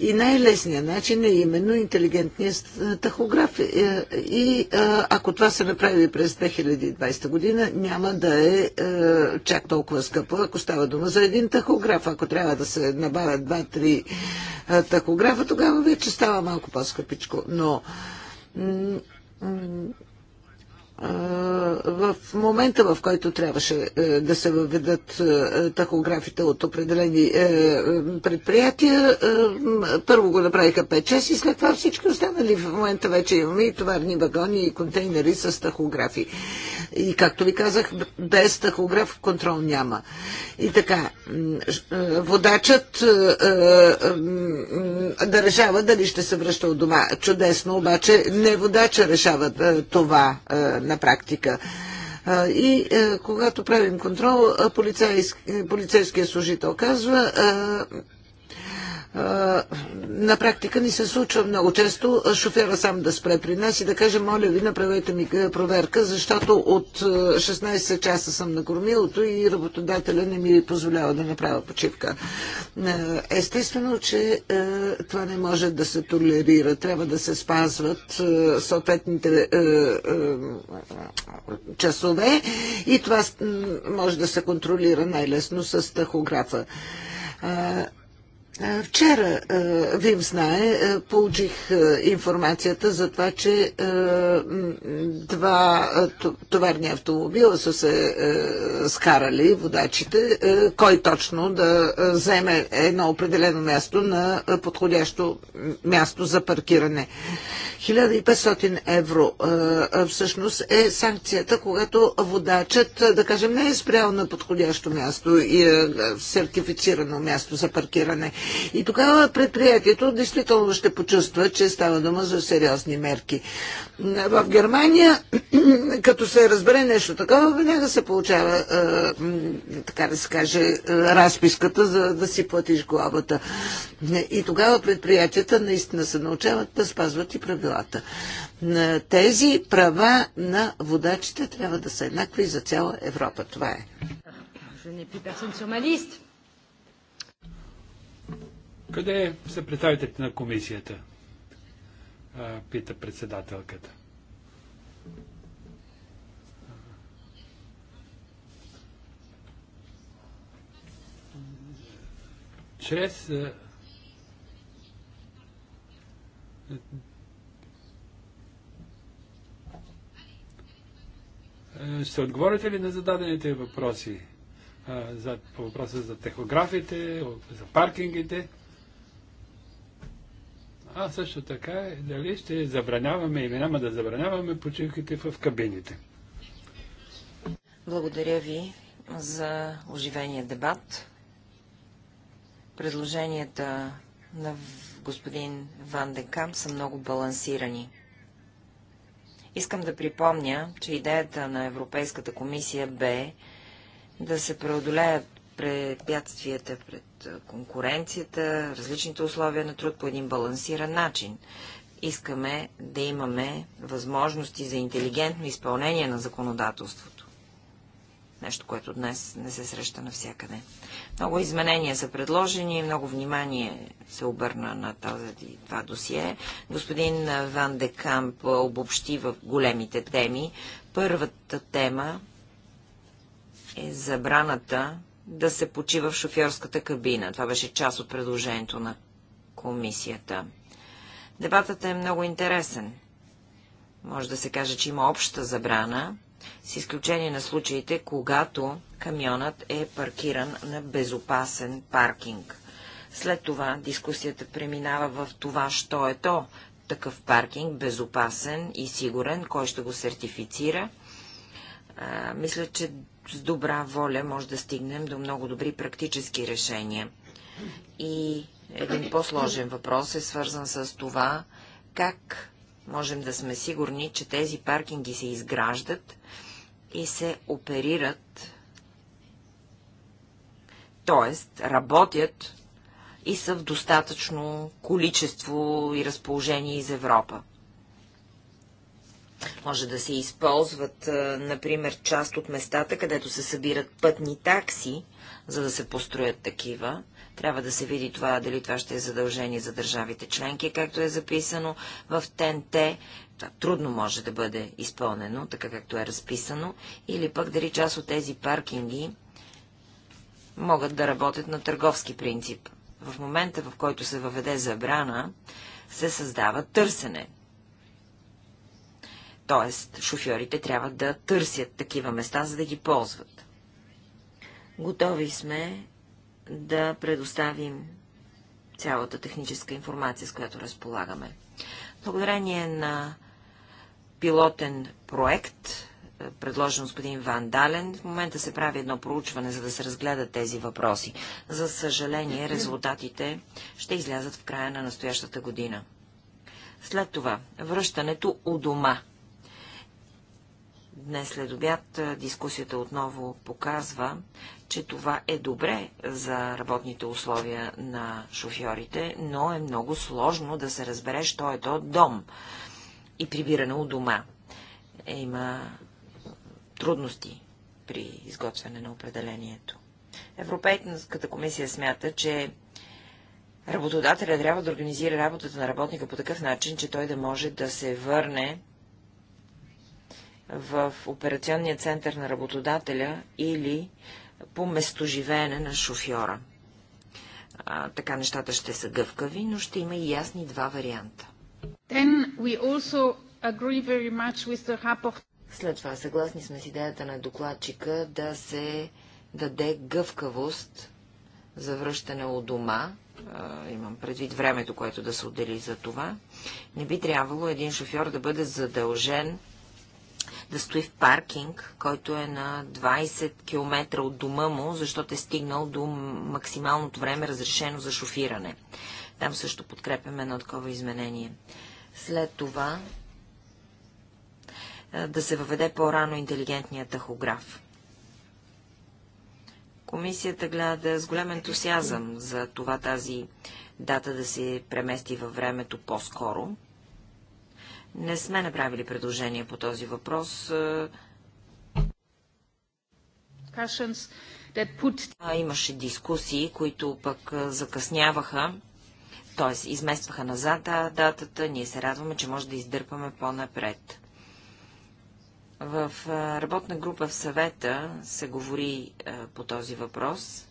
И най-лесният начин е именно интелигентният е, тахограф. И ако това се направи през 2020 година, няма няма да е, е чак толкова скъпо, ако става дума за един тахограф. Ако трябва да се набавят два-три е, тахографа, тогава вече става малко по-скъпичко. Но в момента, в който трябваше е, да се въведат е, тахографите от определени е, предприятия, първо го направиха 5-6 и след това всички останали в момента вече имаме и товарни вагони и контейнери с тахографи. И както ви казах, без тахограф контрол няма. И така, водачът да решава дали ще се връща от дома. Чудесно, обаче не водача решава това на практика. И е, когато правим контрол, полицейския служител казва, на практика ни се случва много често шофьора сам да спре при нас и да каже, моля ви, направете ми проверка, защото от 16 часа съм на кормилото и работодателя не ми позволява да направя почивка. Естествено, че това не може да се толерира. Трябва да се спазват съответните часове и това може да се контролира най-лесно с тахографа Вчера, Вим знае, получих информацията за това, че два товарни автомобила са се скарали водачите, кой точно да вземе едно определено място на подходящо място за паркиране. 1500 евро всъщност е санкцията, когато водачът, да кажем, не е спрял на подходящо място и е, сертифицирано място за паркиране. И тогава предприятието действително ще почувства, че става дума за сериозни мерки. В Германия, <clears throat> като се разбере нещо такова, веднага се получава, е, така да се каже, е, разписката, за да си платиш главата. И тогава предприятията наистина се научават да спазват и правилата. Е, тези права на водачите трябва да са еднакви за цяла Европа. Това е. Je n'ai plus personne sur ma liste. Къде са представителите на комисията? Пита председателката. Чрез ще отговорите ли на зададените въпроси? За, по въпроса за техографите, за паркингите? а също така дали ще забраняваме или няма да забраняваме почивките в кабините. Благодаря ви за оживения дебат. Предложенията на господин Ван Декам са много балансирани. Искам да припомня, че идеята на Европейската комисия бе да се преодолеят препятствията пред конкуренцията, различните условия на труд по един балансиран начин. Искаме да имаме възможности за интелигентно изпълнение на законодателството. Нещо, което днес не се среща навсякъде. Много изменения са предложени, много внимание се обърна на тази два досие. Господин Ван де Камп обобщи в големите теми. Първата тема е забраната да се почива в шофьорската кабина. Това беше част от предложението на комисията. Дебатът е много интересен. Може да се каже, че има обща забрана, с изключение на случаите, когато камионът е паркиран на безопасен паркинг. След това дискусията преминава в това, що е то такъв паркинг, безопасен и сигурен, кой ще го сертифицира. А, мисля, че с добра воля може да стигнем до много добри практически решения. И един по-сложен въпрос е свързан с това, как можем да сме сигурни, че тези паркинги се изграждат и се оперират, т.е. работят и са в достатъчно количество и разположение из Европа. Може да се използват, например, част от местата, където се събират пътни такси, за да се построят такива. Трябва да се види това, дали това ще е задължение за държавите членки, както е записано в ТНТ. Това трудно може да бъде изпълнено, така както е разписано, или пък дали част от тези паркинги могат да работят на търговски принцип. В момента, в който се въведе забрана, се създава търсене. Т.е. шофьорите трябва да търсят такива места, за да ги ползват. Готови сме да предоставим цялата техническа информация, с която разполагаме. Благодарение на пилотен проект, е, предложен господин Ван Дален, в момента се прави едно проучване, за да се разгледат тези въпроси. За съжаление, резултатите ще излязат в края на настоящата година. След това, връщането у дома – Днес след обяд дискусията отново показва, че това е добре за работните условия на шофьорите, но е много сложно да се разбере, що е то дом и прибиране у дома. Е, има трудности при изготвяне на определението. Европейската комисия смята, че работодателя трябва да организира работата на работника по такъв начин, че той да може да се върне в операционния център на работодателя или по местоживеене на шофьора. А, така нещата ще са гъвкави, но ще има и ясни два варианта. След това съгласни сме с идеята на докладчика да се даде гъвкавост за връщане от дома, имам предвид времето, което да се отдели за това, не би трябвало един шофьор да бъде задължен да стои в паркинг, който е на 20 км от дома му, защото е стигнал до максималното време разрешено за шофиране. Там също подкрепяме едно такова изменение. След това да се въведе по-рано интелигентният тахограф. Комисията гледа с голям ентусиазъм за това тази дата да се премести във времето по-скоро. Не сме направили предложение по този въпрос. Имаше дискусии, които пък закъсняваха, т.е. изместваха назад датата. Ние се радваме, че може да издърпаме по-напред. В работна група в съвета се говори по този въпрос.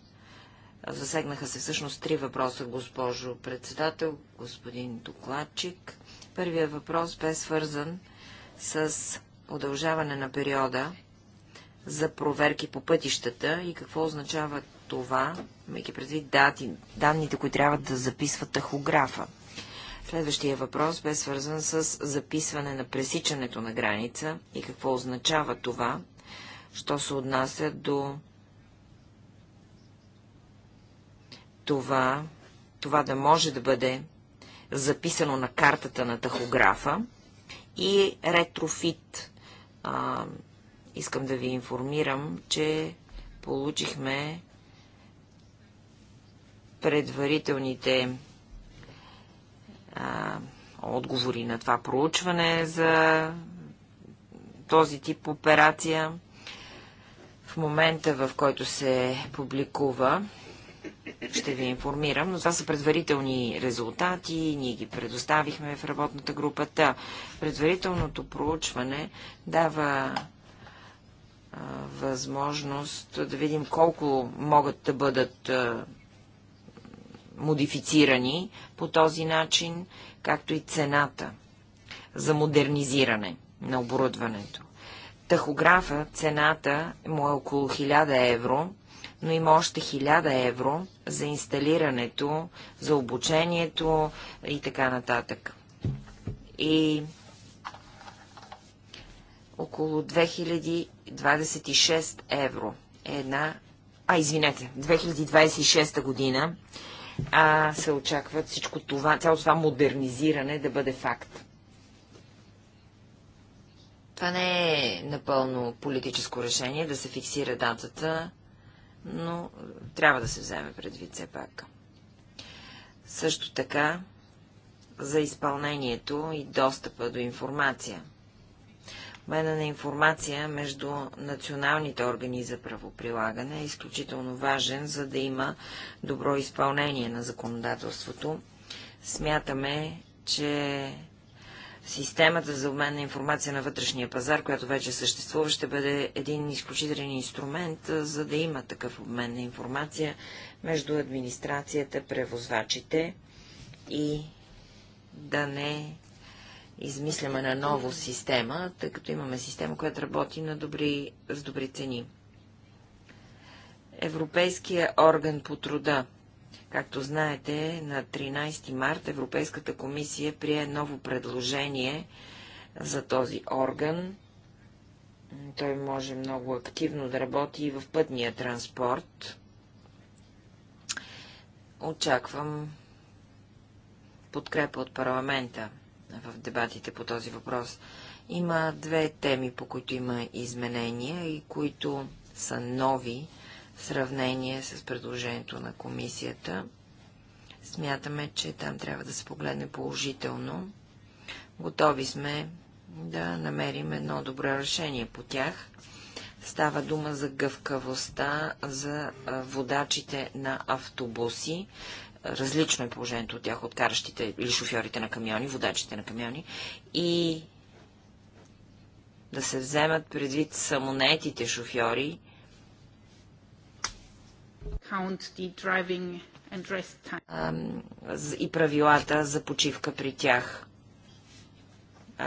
Засегнаха се всъщност три въпроса, госпожо председател, господин докладчик. Първият въпрос бе свързан с удължаване на периода за проверки по пътищата и какво означава това, имайки предвид дати, данните, които трябва да записва тахографа. Следващия въпрос бе свързан с записване на пресичането на граница и какво означава това, що се отнася до това, това да може да бъде записано на картата на тахографа и ретрофит. А, искам да ви информирам, че получихме предварителните а, отговори на това проучване за този тип операция. В момента, в който се публикува ще ви информирам, но това са предварителни резултати, ние ги предоставихме в работната група. Та, предварителното проучване дава а, възможност да видим колко могат да бъдат а, модифицирани по този начин, както и цената за модернизиране на оборудването. Тахографа, цената му е около 1000 евро, но има още 1000 евро, за инсталирането, за обучението и така нататък. И около 2026 евро е една... А, извинете, 2026 година а, се очаква всичко това, цялото това модернизиране да бъде факт. Това не е напълно политическо решение да се фиксира датата но е, трябва да се вземе предвид все пак. Също така за изпълнението и достъпа до информация. Мене на информация между националните органи за правоприлагане е изключително важен, за да има добро изпълнение на законодателството. Смятаме, че Системата за обмен на информация на вътрешния пазар, която вече съществува, ще бъде един изключителен инструмент, за да има такъв обмен на информация между администрацията, превозвачите и да не измисляме на ново система, тъй като имаме система, която работи на добри, с добри цени. Европейския орган по труда Както знаете, на 13 март Европейската комисия прие ново предложение за този орган. Той може много активно да работи и в пътния транспорт. Очаквам подкрепа от парламента в дебатите по този въпрос. Има две теми, по които има изменения и които са нови в сравнение с предложението на комисията. Смятаме, че там трябва да се погледне положително. Готови сме да намерим едно добро решение по тях. Става дума за гъвкавостта за водачите на автобуси. Различно е положението от тях, от каращите или шофьорите на камиони, водачите на камиони. И да се вземат предвид самонетите шофьори, и правилата за почивка при тях.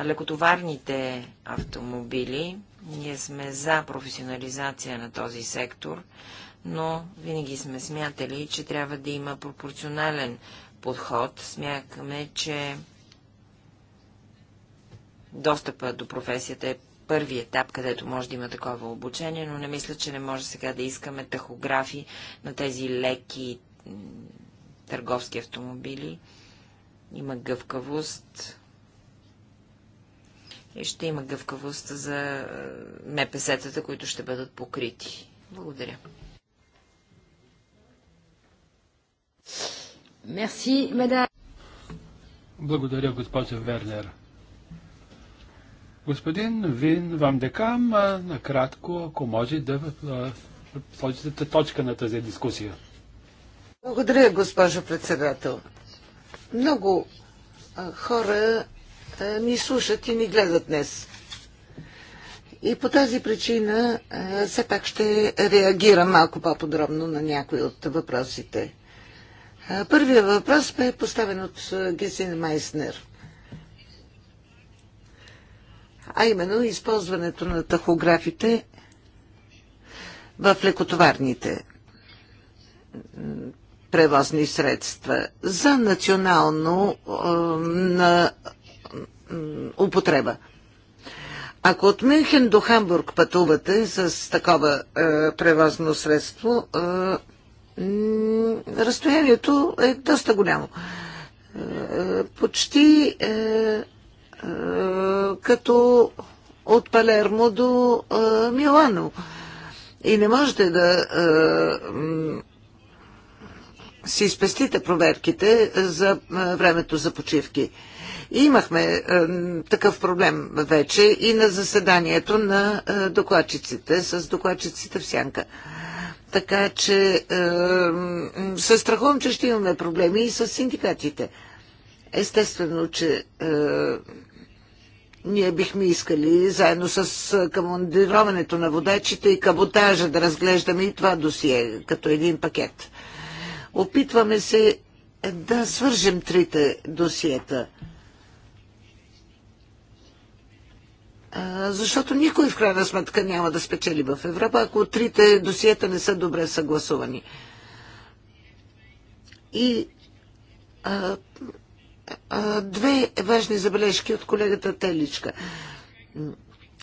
Лекотоварните автомобили, ние сме за професионализация на този сектор, но винаги сме смятали, че трябва да има пропорционален подход. Смятаме, че достъпа до професията е първи етап, където може да има такова обучение, но не мисля, че не може сега да искаме тахографи на тези леки търговски автомобили. Има гъвкавост. И ще има гъвкавост за е, МПС-тата, които ще бъдат покрити. Благодаря. Мерси, мадам. Благодаря, госпожа Вернер. Господин Вин Вамдекам, накратко, ако може да сложите точка на тази дискусия. Благодаря, госпожо председател. Много а, хора а, ни слушат и ни гледат днес. И по тази причина а, все пак ще реагира малко по-подробно на някои от въпросите. Първият въпрос бе поставен от Гесин Майснер а именно използването на тахографите в лекотоварните превозни средства за национално на употреба. Ако от Мюнхен до Хамбург пътувате с такова е, превозно средство, е, разстоянието е доста голямо. Е, почти е, е, като от Палермо до е, Милано. И не можете да е, си спестите проверките за времето за почивки. И имахме е, такъв проблем вече и на заседанието на е, докладчиците, с докладчиците в сянка. Така че е, се страхувам, че ще имаме проблеми и с синдикатите. Естествено, че ние бихме искали, заедно с командироването на водачите и каботажа, да разглеждаме и това досие като един пакет. Опитваме се да свържем трите досиета. Защото никой в крайна сметка няма да спечели в Европа, ако трите досиета не са добре съгласувани. И две важни забележки от колегата Теличка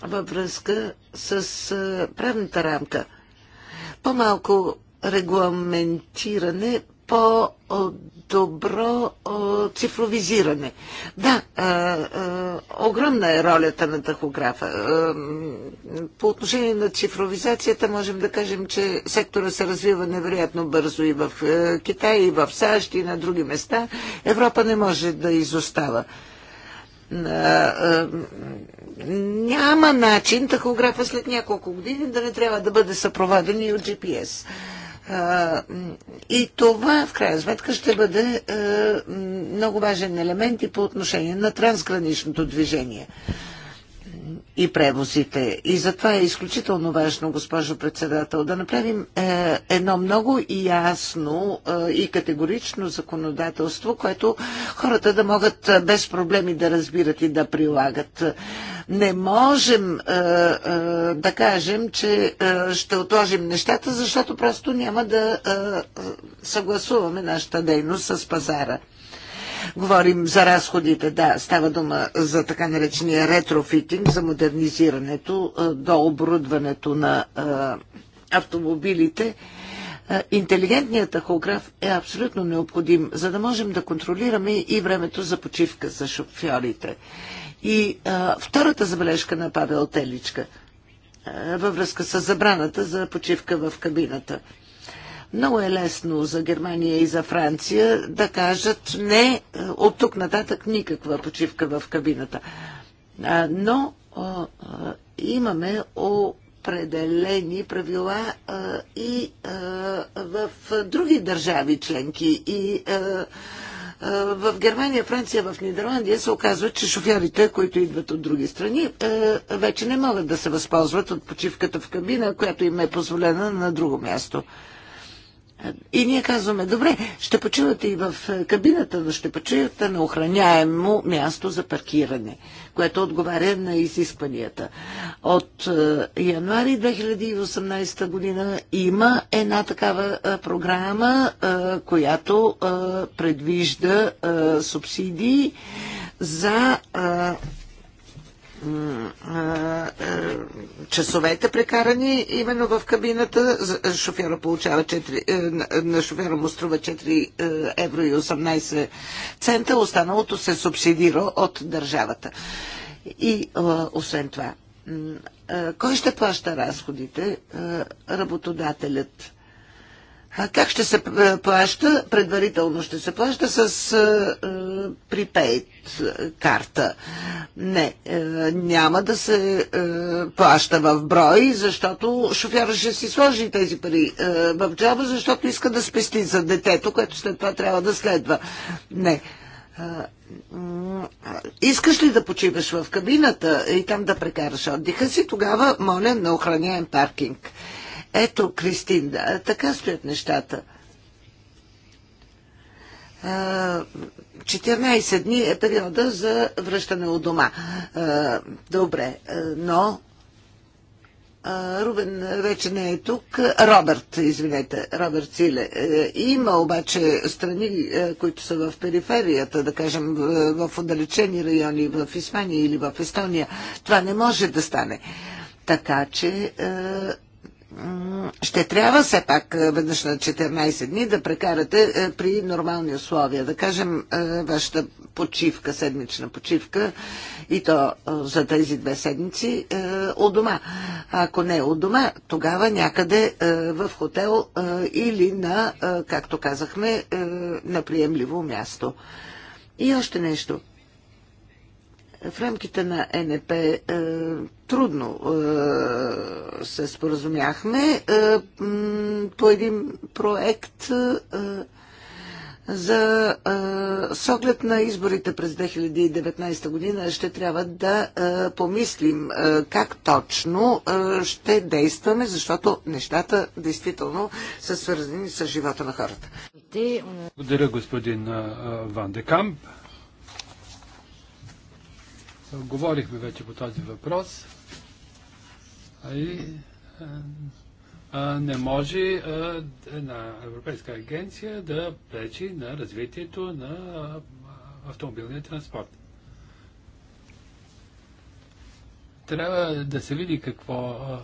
във връзка с правната рамка. По-малко регламентиране по-добро цифровизиране. Да, а, а, огромна е ролята на тахографа. А, по отношение на цифровизацията можем да кажем, че сектора се развива невероятно бързо и в Китай, и в САЩ, и на други места. Европа не може да изостава няма начин тахографа след няколко години да не трябва да бъде съпроводен и от GPS. И това, в крайна сметка, ще бъде е, много важен елемент и по отношение на трансграничното движение и превозите. И затова е изключително важно, госпожо председател, да направим е, едно много ясно е, и категорично законодателство, което хората да могат е, без проблеми да разбират и да прилагат. Не можем е, е, да кажем, че е, ще отложим нещата, защото просто няма да е, е съгласуваме нашата дейност с пазара. Говорим за разходите, да, става дума за така наречения ретрофитинг, за модернизирането, е, до оборудването на е, автомобилите. Е, интелигентният тахограф е абсолютно необходим, за да можем да контролираме и времето за почивка за шофьорите. И а, втората забележка на Павел Теличка – във връзка с забраната за почивка в кабината. Много е лесно за Германия и за Франция да кажат не, е, от тук нататък никаква почивка в кабината. Но имаме определени правила и в други държави членки. И в Германия, Франция, в Нидерландия се оказва, че шофьорите, които идват от други страни, вече не могат да се възползват от почивката в кабина, която им е позволена на друго място. И ние казваме, добре, ще почивате и в е, кабината, но ще почивате на охраняемо място за паркиране, което отговаря на изискванията. От е, януари 2018 година има една такава е, програма, която предвижда субсидии за е, часовете прекарани именно в кабината. Шофьора получава 4, е, на шофьора му струва 4 е, евро и 18 цента. Останалото се субсидира от държавата. И освен това, кой ще плаща разходите? Работодателят. А как ще се е, плаща? Предварително ще се плаща с припейт е, карта. Не, е, няма да се плаща в брой, защото шофьора ще си сложи тези пари в джоба, защото иска да спести за детето, което след това трябва да следва. Не. Искаш ли да почиваш в кабината и там да прекараш отдиха си, тогава моля на охраняем паркинг. Ето, Кристин, да. така стоят нещата. 14 дни е периода за връщане от дома. Добре, но Рубен вече не е тук. Робърт, извинете, Робърт Силе. Е, има обаче страни, е, които са в периферията, да кажем, в отдалечени райони, в Испания или в Естония. Това не може да стане. Така че е, ще трябва все пак веднъж на 14 дни да прекарате при нормални условия. Да кажем, вашата почивка, седмична почивка и то за тези две седмици от дома. А ако не от дома, тогава някъде в хотел или на, както казахме, на приемливо място. И още нещо – в рамките на НП е, трудно е, се споразумяхме е, по един проект е, за е, с оглед на изборите през 2019 година ще трябва да е, помислим е, как точно е, ще действаме, защото нещата действително са свързани с живота на хората. Благодаря господин е, Ван Декамп. Говорихме вече по този въпрос. А и а, не може а, една европейска агенция да пречи на развитието на автомобилния транспорт. Трябва да се види какво а,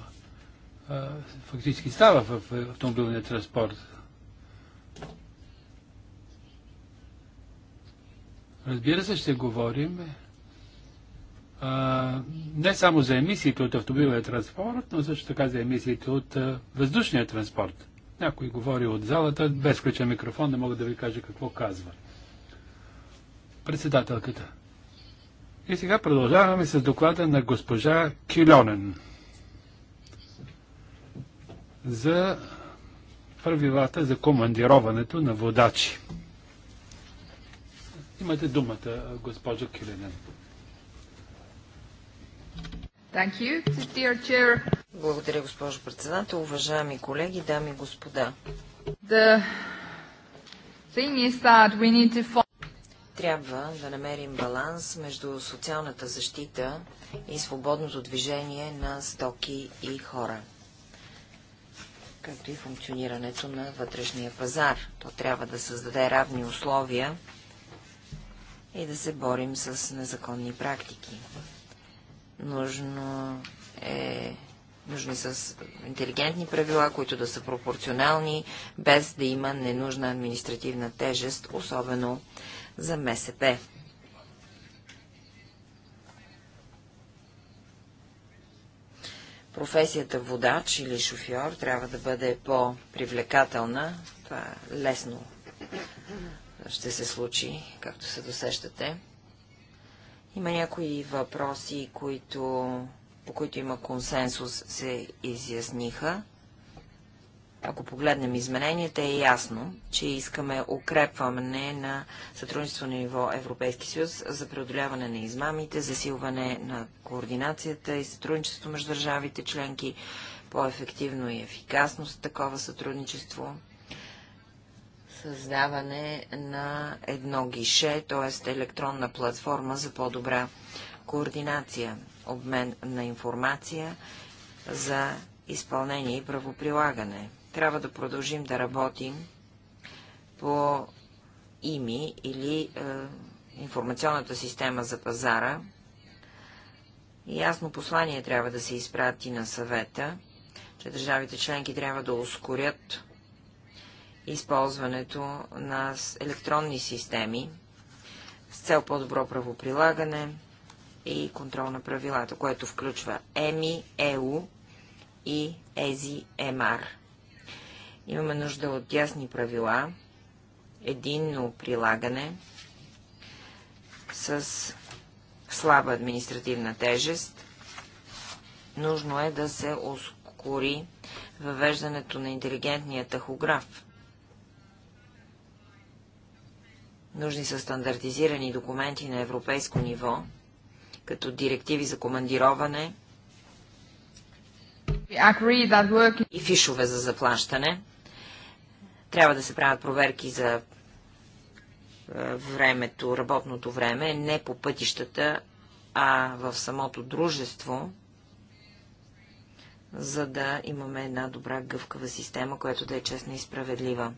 а, фактически става в автомобилния транспорт. Разбира се, ще говорим не само за емисиите от автомобилния транспорт, но също така за емисиите от въздушния транспорт. Някой говори от залата, без включен микрофон, не мога да ви кажа какво казва. Председателката. И сега продължаваме с доклада на госпожа Килонен за правилата за командироването на водачи. Имате думата, госпожо Килонен. You, Благодаря, госпожо председател. Уважаеми колеги, дами и господа. To... Трябва да намерим баланс между социалната защита и свободното движение на стоки и хора, както и функционирането на вътрешния пазар. То трябва да създаде равни условия и да се борим с незаконни практики. Нужно е нужни с интелигентни правила, които да са пропорционални, без да има ненужна административна тежест, особено за МСП. Професията водач или шофьор трябва да бъде по-привлекателна. Това лесно ще се случи, както се досещате. Има някои въпроси, които, по които има консенсус, се изясниха. Ако погледнем измененията, е ясно, че искаме укрепване на сътрудничество на ниво Европейски съюз за преодоляване на измамите, засилване на координацията и сътрудничество между държавите членки, по-ефективно и ефикасно с такова сътрудничество – създаване на едно гише, т.е. електронна платформа за по-добра координация, обмен на информация за изпълнение и правоприлагане. Трябва да продължим да работим по ИМИ или е, информационната система за пазара. Ясно послание трябва да се изпрати на съвета, че държавите членки трябва да ускорят използването на електронни системи с цел по-добро правоприлагане и контрол на правилата, което включва ЕМИ, ЕУ и ЕЗИ, МР. Имаме нужда от ясни правила, единно прилагане с слаба административна тежест. Нужно е да се ускори въвеждането на интелигентния тахограф. Нужни са стандартизирани документи на европейско ниво, като директиви за командироване и фишове за заплащане. Трябва да се правят проверки за е, времето, работното време, не по пътищата, а в самото дружество, за да имаме една добра гъвкава система, която да е честна и справедлива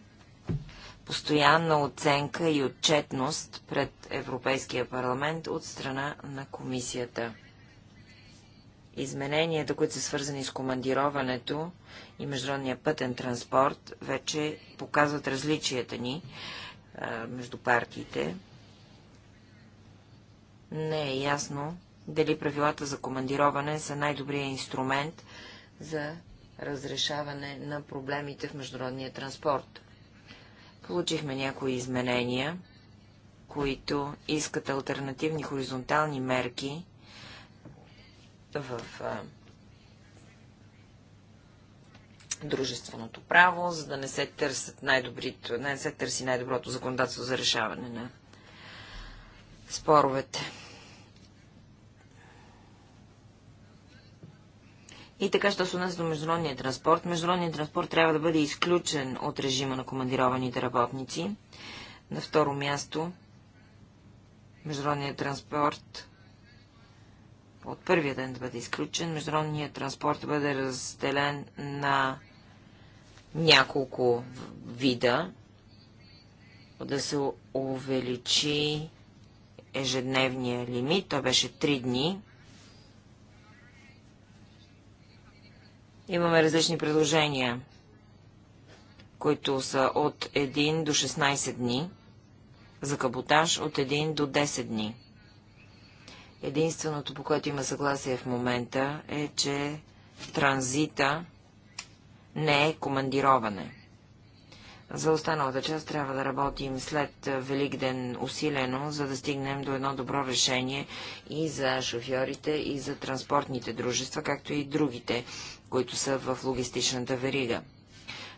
постоянна оценка и отчетност пред Европейския парламент от страна на комисията. Измененията, които са свързани с командироването и международния пътен транспорт, вече показват различията ни а, между партиите. Не е ясно дали правилата за командироване са най-добрият инструмент за разрешаване на проблемите в международния транспорт. Получихме някои изменения, които искат альтернативни хоризонтални мерки в дружественото право, за да не се, търсят най-добрито, не се търси най-доброто законодателство за решаване на споровете. И така, що се отнася до международния транспорт, международният транспорт трябва да бъде изключен от режима на командированите работници. На второ място, международният транспорт от първия ден да бъде изключен, международният транспорт да бъде разделен на няколко вида, да се увеличи ежедневния лимит, той беше 3 дни, Имаме различни предложения, които са от 1 до 16 дни, за каботаж от 1 до 10 дни. Единственото, по което има съгласие в момента, е, че транзита не е командироване. За останалата част трябва да работим след Великден усилено, за да стигнем до едно добро решение и за шофьорите, и за транспортните дружества, както и другите, които са в логистичната верига.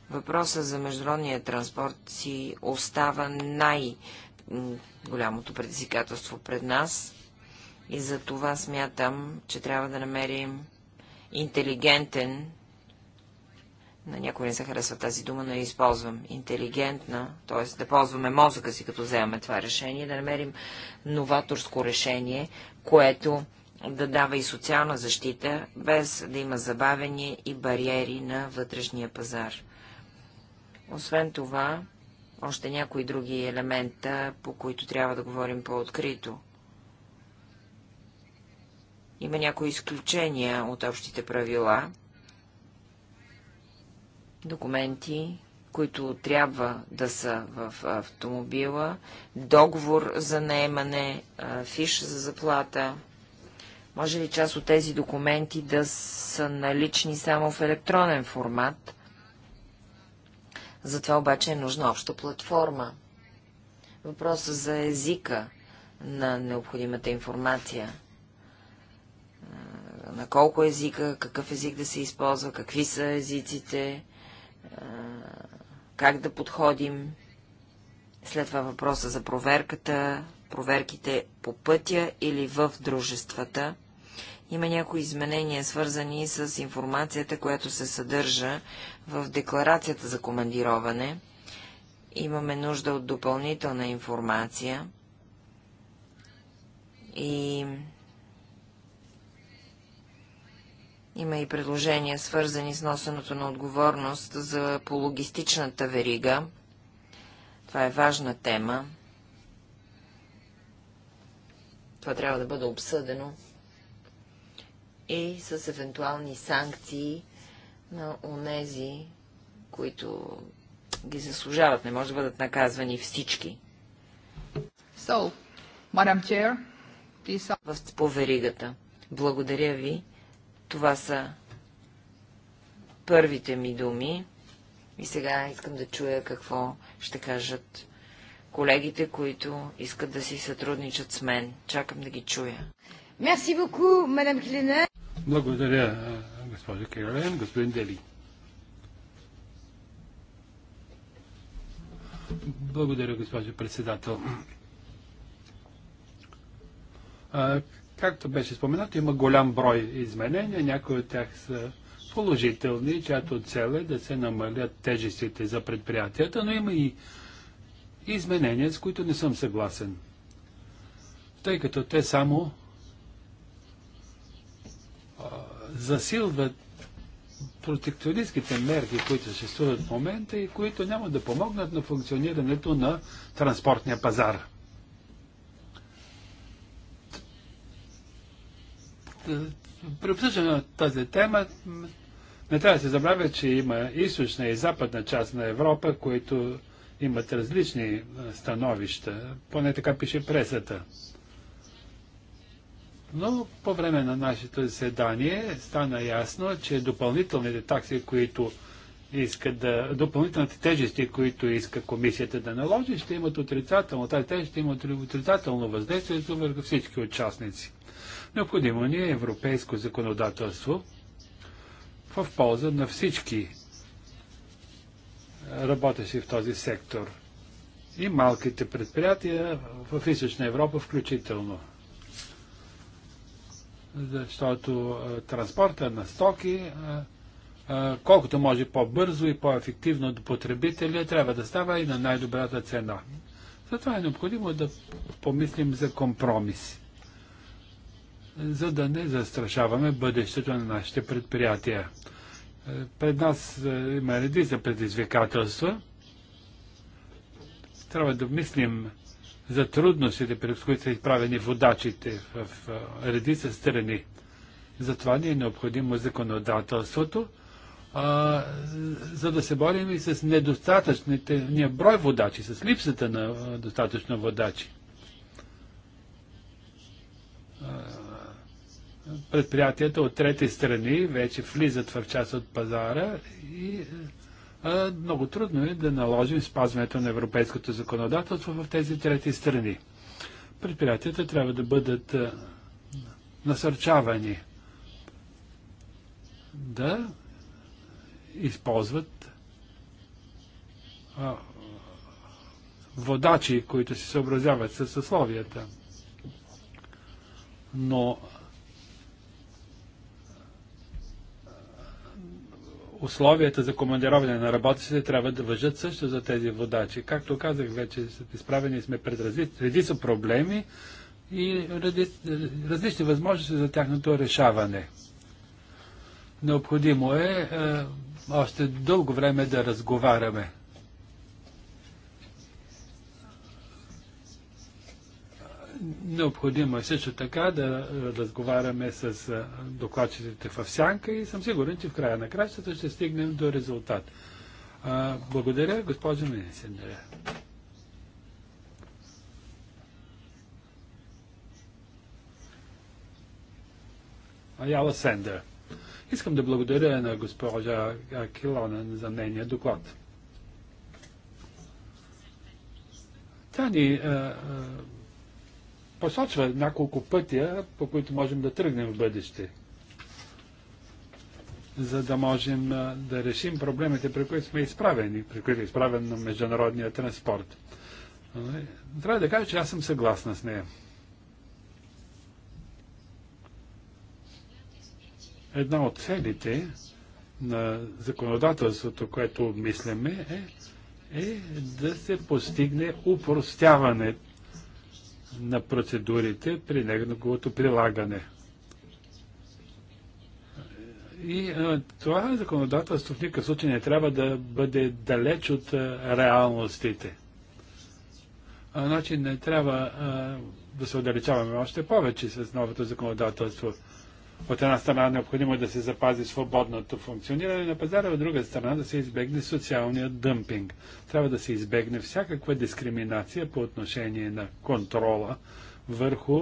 Въпросът за международния транспорт си остава най-голямото предизвикателство пред нас и за това смятам, че трябва да намерим интелигентен на някой не се харесва тази дума, но я използвам, интелигентна, т.е. да ползваме мозъка си, като вземаме това решение, да намерим новаторско решение, което да дава и социална защита, без да има забавени и бариери на вътрешния пазар. Освен това, още някои други елемента, по които трябва да говорим по-открито. Има някои изключения от общите правила, документи, които трябва да са в автомобила, договор за наемане, фиш за заплата. Може ли част от тези документи да са налични само в електронен формат? Затова обаче е нужна обща платформа. Въпросът за езика на необходимата информация. На колко езика, какъв език да се използва, какви са езиците, как да подходим. След това въпроса за проверката, проверките по пътя или в дружествата. Има някои изменения, свързани с информацията, която се съдържа в декларацията за командироване. Имаме нужда от допълнителна информация и Има и предложения, свързани с носеното на отговорност за по логистичната верига. Това е важна тема. Това трябва да бъде обсъдено и с евентуални санкции на онези, които ги заслужават. Не може да бъдат наказвани всички. So, Madam Chair, please... Благодаря ви. Това са първите ми думи. И сега искам да чуя какво ще кажат колегите, които искат да си сътрудничат с мен. Чакам да ги чуя. Мерси боку, мадам Хелена. Благодаря, госпожа Кирилен, господин Дели. Благодаря, госпожо председател. Както беше споменато, има голям брой изменения, някои от тях са положителни, чиято цел е да се намалят тежестите за предприятията, но има и изменения, с които не съм съгласен. Тъй като те само а, засилват протекционистските мерки, които съществуват в момента и които няма да помогнат на функционирането на транспортния пазар. при обсъждане на тази тема не трябва да се забравя, че има източна и западна част на Европа, които имат различни становища. Поне така пише пресата. Но по време на нашето заседание стана ясно, че допълнителните такси, които иска да, допълнителните тежести, които иска комисията да наложи, ще имат отрицателно, тази тежест ще имат отрицателно въздействие върху всички участници. Необходимо ни е европейско законодателство в полза на всички е, работещи в този сектор и малките предприятия в Източна Европа включително. Защото е, транспорта на стоки, е, колкото може по-бързо и по-ефективно до потребителя, трябва да става и на най-добрата цена. Затова е необходимо да помислим за компромиси за да не застрашаваме бъдещето на нашите предприятия. Е, пред нас е, има редица предизвикателства. Трябва да мислим за трудностите, пред които са изправени водачите в е, редица страни. Затова ни е необходимо законодателството, а, за да се борим и с недостатъчните, ние брой водачи, с липсата на достатъчно водачи. предприятията от трети страни вече влизат в част от пазара и а, много трудно е да наложим спазването на европейското законодателство в тези трети страни. Предприятията трябва да бъдат а, насърчавани да използват а, водачи, които се съобразяват с условията. Но условията за командироване на работещите трябва да въжат също за тези водачи. Както казах вече, изправени сме пред редица проблеми и различни възможности за тяхното решаване. Необходимо е, е още дълго време да разговаряме. Необходимо е също така да разговаряме с докладчиците в сянка и съм сигурен, че в края на кращата ще стигнем до резултат. Благодаря, госпожа Министеря. Аяла Сендер. Искам да благодаря на госпожа Килонен за нейния доклад. Тя ни а, а, посочва няколко пътя, по които можем да тръгнем в бъдеще, за да можем да решим проблемите, при които сме изправени, при които е изправен на международния транспорт. Трябва да кажа, че аз съм съгласна с нея. Една от целите на законодателството, което обмисляме, е, е да се постигне упростяване на процедурите при неговото прилагане. И а, това законодателство в никакъв случай не трябва да бъде далеч от а, реалностите. А, значи не трябва а, да се отдалечаваме още повече с новото законодателство от една страна необходимо е да се запази свободното функциониране на пазара, от друга страна да се избегне социалният дъмпинг. Трябва да се избегне всякаква дискриминация по отношение на контрола върху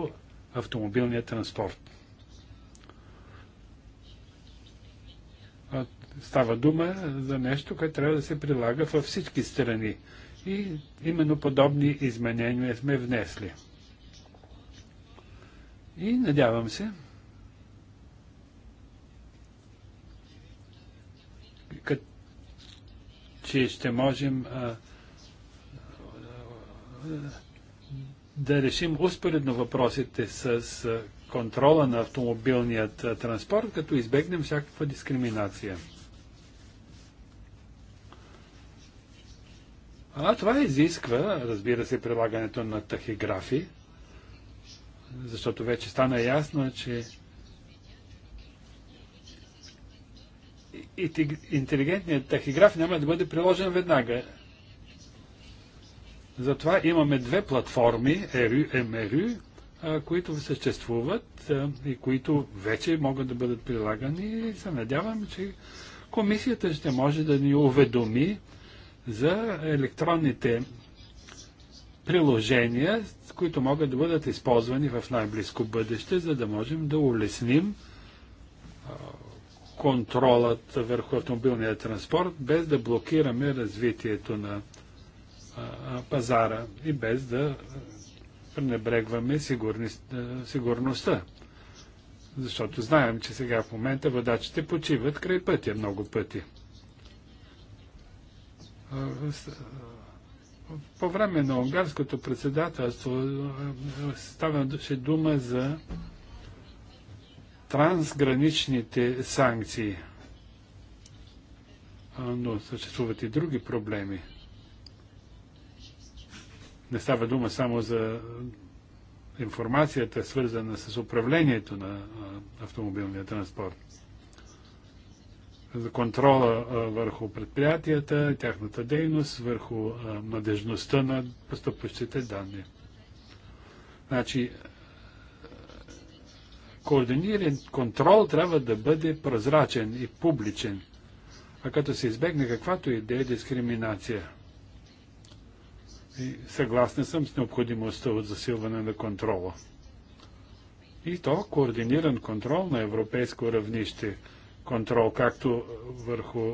автомобилния транспорт. Става дума за нещо, което трябва да се прилага във всички страни. И именно подобни изменения сме внесли. И надявам се, че ще можем а, да решим успоредно въпросите с контрола на автомобилният транспорт, като избегнем всякаква дискриминация. А това изисква, разбира се, прилагането на тахиграфи, защото вече стана ясно, че интелигентният тахиграф няма да бъде приложен веднага. Затова имаме две платформи, ERU, MRU, които съществуват и които вече могат да бъдат прилагани и се надявам, че комисията ще може да ни уведоми за електронните приложения, които могат да бъдат използвани в най-близко бъдеще, за да можем да улесним контролът върху автомобилния транспорт, без да блокираме развитието на пазара и без да пренебрегваме сигурността. Защото знаем, че сега в момента водачите почиват край пътя много пъти. По време на унгарското председателство ставаше дума за трансграничните санкции. Но съществуват и други проблеми. Не става дума само за информацията, свързана с управлението на автомобилния транспорт. За контрола върху предприятията, тяхната дейност, върху надежността на поступващите данни. Значи, координиран контрол трябва да бъде прозрачен и публичен, а като се избегне каквато и да е дискриминация. И съгласна съм с необходимостта от засилване на контрола. И то координиран контрол на европейско равнище. Контрол както върху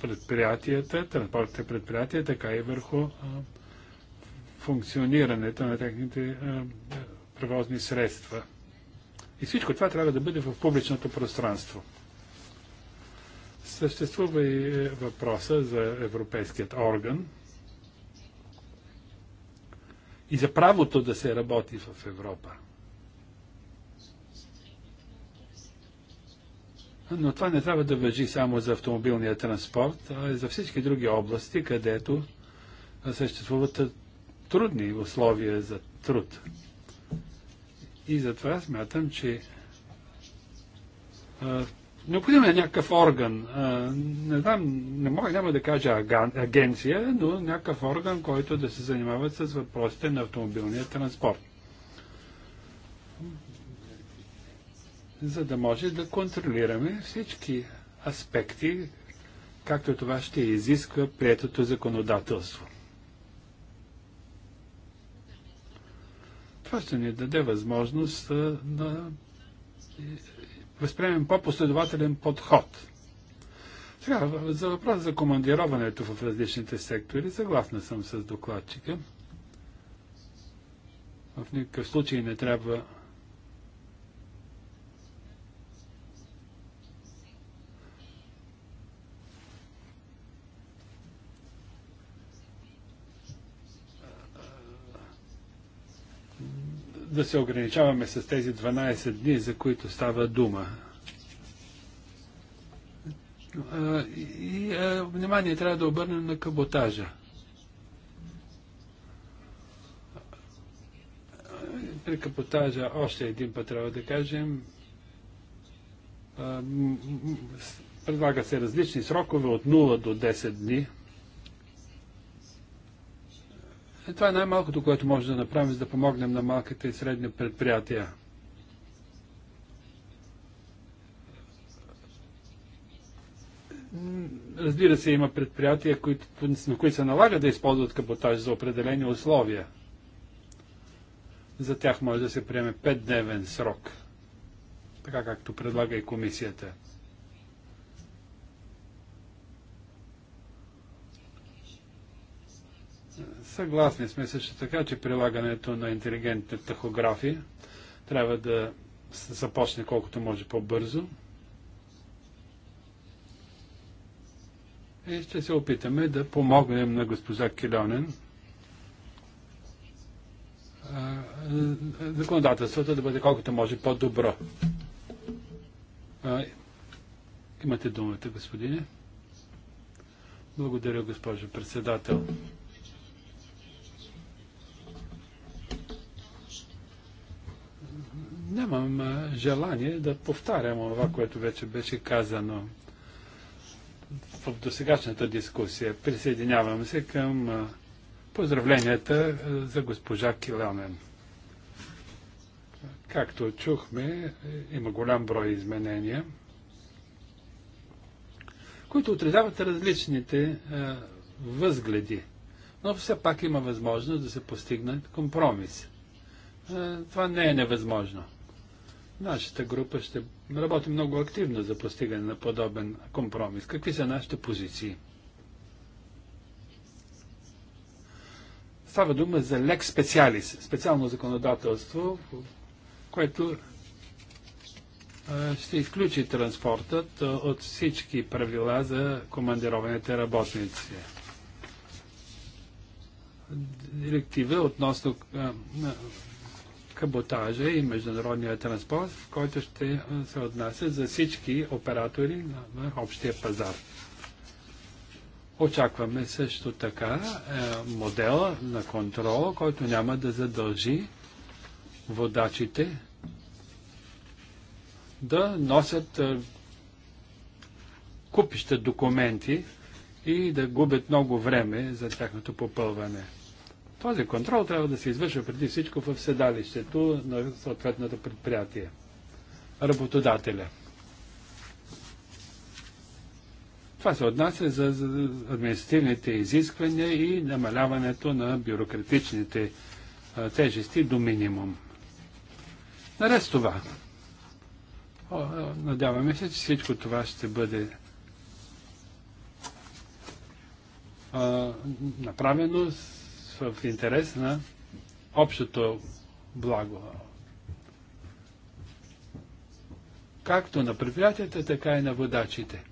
предприятията, транспортните предприятия, така и върху а, функционирането на техните а, превозни средства. И всичко това трябва да бъде в публичното пространство. Съществува и е, въпроса за Европейският орган и за правото да се работи в Европа. Но това не трябва да въжи само за автомобилния транспорт, а и за всички други области, където съществуват трудни условия за труд. И затова смятам, че а, необходим е някакъв орган. А, не знам, не мога, няма да кажа агенция, но някакъв орган, който да се занимава с въпросите на автомобилния транспорт. За да може да контролираме всички аспекти, както това ще изисква приетото законодателство. Това ще ни даде възможност да възприемем по-последователен подход. Сега, за въпрос за командироването в различните сектори, съгласна съм с докладчика. В никакъв случай не трябва да се ограничаваме с тези 12 дни, за които става дума. И внимание трябва да обърнем на каботажа. При каботажа още един път трябва да кажем. Предлагат се различни срокове от 0 до 10 дни – Е, това е най-малкото, което може да направим, за да помогнем на малките и средни предприятия. Разбира се, има предприятия, които, на които се налага да използват каботаж за определени условия. За тях може да се приеме 5-дневен срок, така както предлага и комисията. Съгласни сме също така, че прилагането на интелигентна тахографи трябва да започне колкото може по-бързо. И ще се опитаме да помогнем на госпожа Килонен законодателството да бъде колкото може по-добро. Имате думата, господине. Благодаря, госпожо председател. Нямам желание да повтарям това, което вече беше казано в досегашната дискусия. Присъединявам се към поздравленията за госпожа Киламен. Както чухме, има голям брой изменения, които отразяват различните възгледи, но все пак има възможност да се постигне компромис. това не е невъзможно. Нашата група ще работи много активно за постигане на подобен компромис. Какви са нашите позиции? Става дума за лек специалис, специално законодателство, което ще изключи транспортът от всички правила за командированите работници. Директива относно каботажа и международния транспорт, който ще се отнася за всички оператори на общия пазар. Очакваме също така е, модела на контрол, който няма да задължи водачите да носят е, купища документи и да губят много време за тяхното попълване. Този контрол трябва да се извършва преди всичко в седалището на съответното предприятие, работодателя. Това се отнася за административните изисквания и намаляването на бюрократичните тежести до минимум. Наред с това, надяваме се, че всичко това ще бъде направено в интерес на общото благо. Както на предприятията, така и на водачите.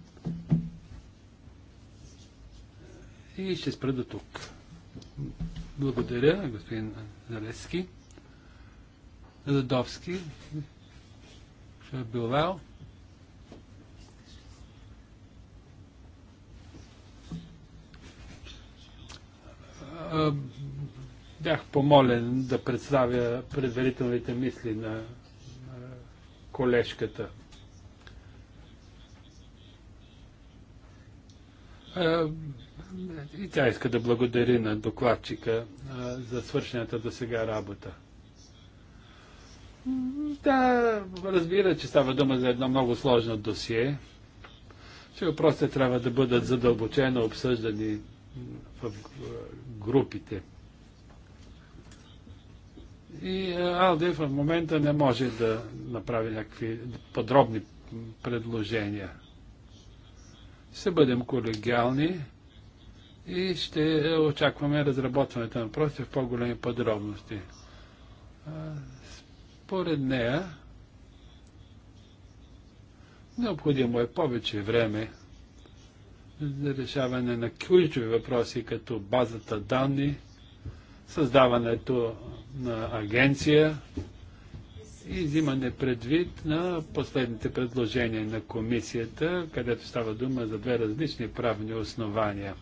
И ще спра до тук. Благодаря, господин Залески. Задовски, Шабилвел. бях помолен да представя предварителните мисли на, колежката. и тя иска да благодари на докладчика за свършената до сега работа. Да, разбира, че става дума за едно много сложно досие, че въпросите трябва да бъдат задълбочено обсъждани в групите. И е, Алди в момента не може да направи някакви подробни предложения. Ще бъдем колегиални и ще очакваме разработването на въпросите в по-големи подробности. Според нея, необходимо е повече време за решаване на ключови въпроси, като базата данни, създаването на агенция и взимане предвид на последните предложения на комисията, където става дума за две различни правни основания.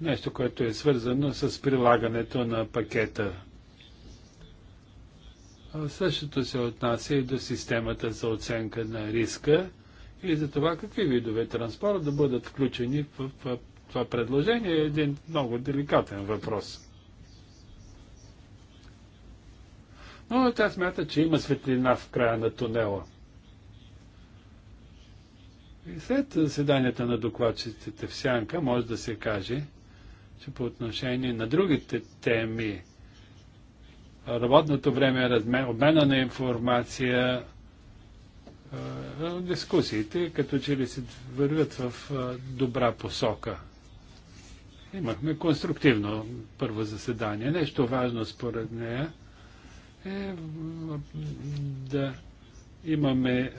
Нещо, което е свързано с прилагането на пакета. Същото се отнася и до системата за оценка на риска, и за това какви видове транспорт да бъдат включени в, в това предложение е един много деликатен въпрос. Но тя смята, че има светлина в края на тунела. И след заседанията на докладчиците в Сянка може да се каже, че по отношение на другите теми, работното време, обмена на информация, дискусиите като че ли се вървят в добра посока. Имахме конструктивно първо заседание. Нещо важно според нея е да имаме,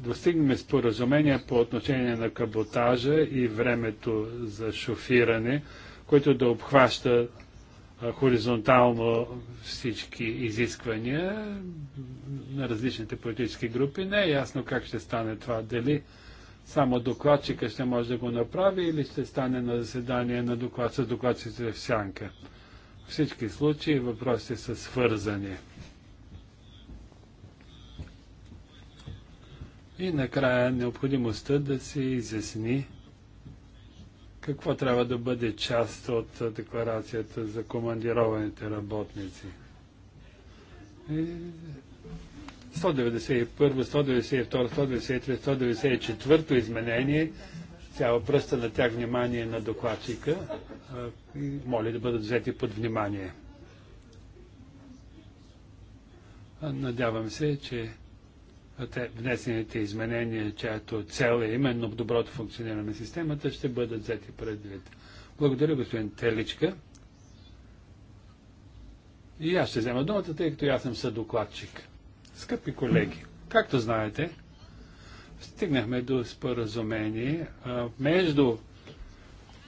достигнем споразумения по отношение на каботажа и времето за шофиране, което да обхваща хоризонтално всички изисквания на различните политически групи. Не е ясно как ще стане това. Дали само докладчика ще може да го направи или ще стане на заседание на доклад с докладчиците в сянка. В всички случаи въпросите са свързани. И накрая необходимостта да се изясни какво трябва да бъде част от декларацията за командированите работници. 191, 192, 193, 194 изменение. Цяла пръста на тях внимание на докладчика. Моля да бъдат взети под внимание. Надявам се, че внесените изменения, чиято цел е именно доброто функциониране на системата, ще бъдат взети предвид. Благодаря, господин Теличка. И аз ще взема думата, тъй като аз съм съдокладчик. Скъпи колеги, както знаете, стигнахме до споразумение а, между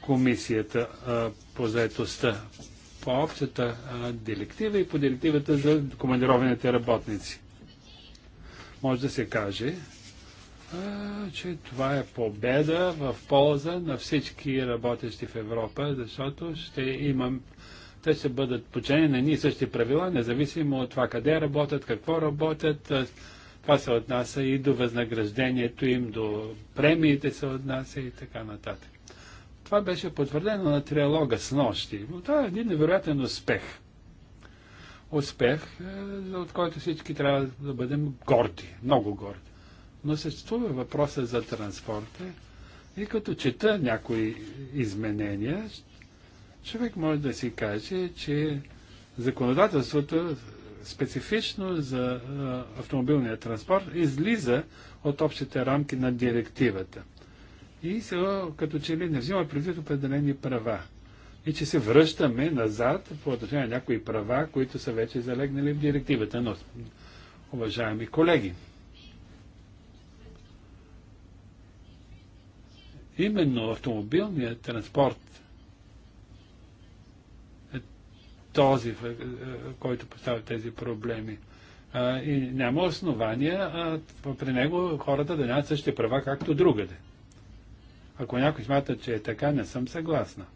комисията а, по заедостта по общата а, директива и по директивата за командированите работници може да се каже, а, че това е победа в полза на всички работещи в Европа, защото ще имам те ще бъдат починени на едни и същи правила, независимо от това къде работят, какво работят. Това се отнася и до възнаграждението им, до премиите се отнася и така нататък. Това беше потвърдено на триалога с нощи. Но това е един невероятен успех – успех, е, от който всички трябва да бъдем горди, много горди. Но съществува въпроса за транспорта и като чета някои изменения, човек може да си каже, че законодателството специфично за е, автомобилния транспорт излиза от общите рамки на директивата. И се, като че ли не взима предвид определени права и че се връщаме назад по отношение на някои права, които са вече залегнали в директивата. Но, уважаеми колеги, именно автомобилният транспорт е този, е, който поставя тези проблеми. и няма основания а, при него хората да нямат същите права, както другаде. Ако някой смята, че е така, не съм съгласна.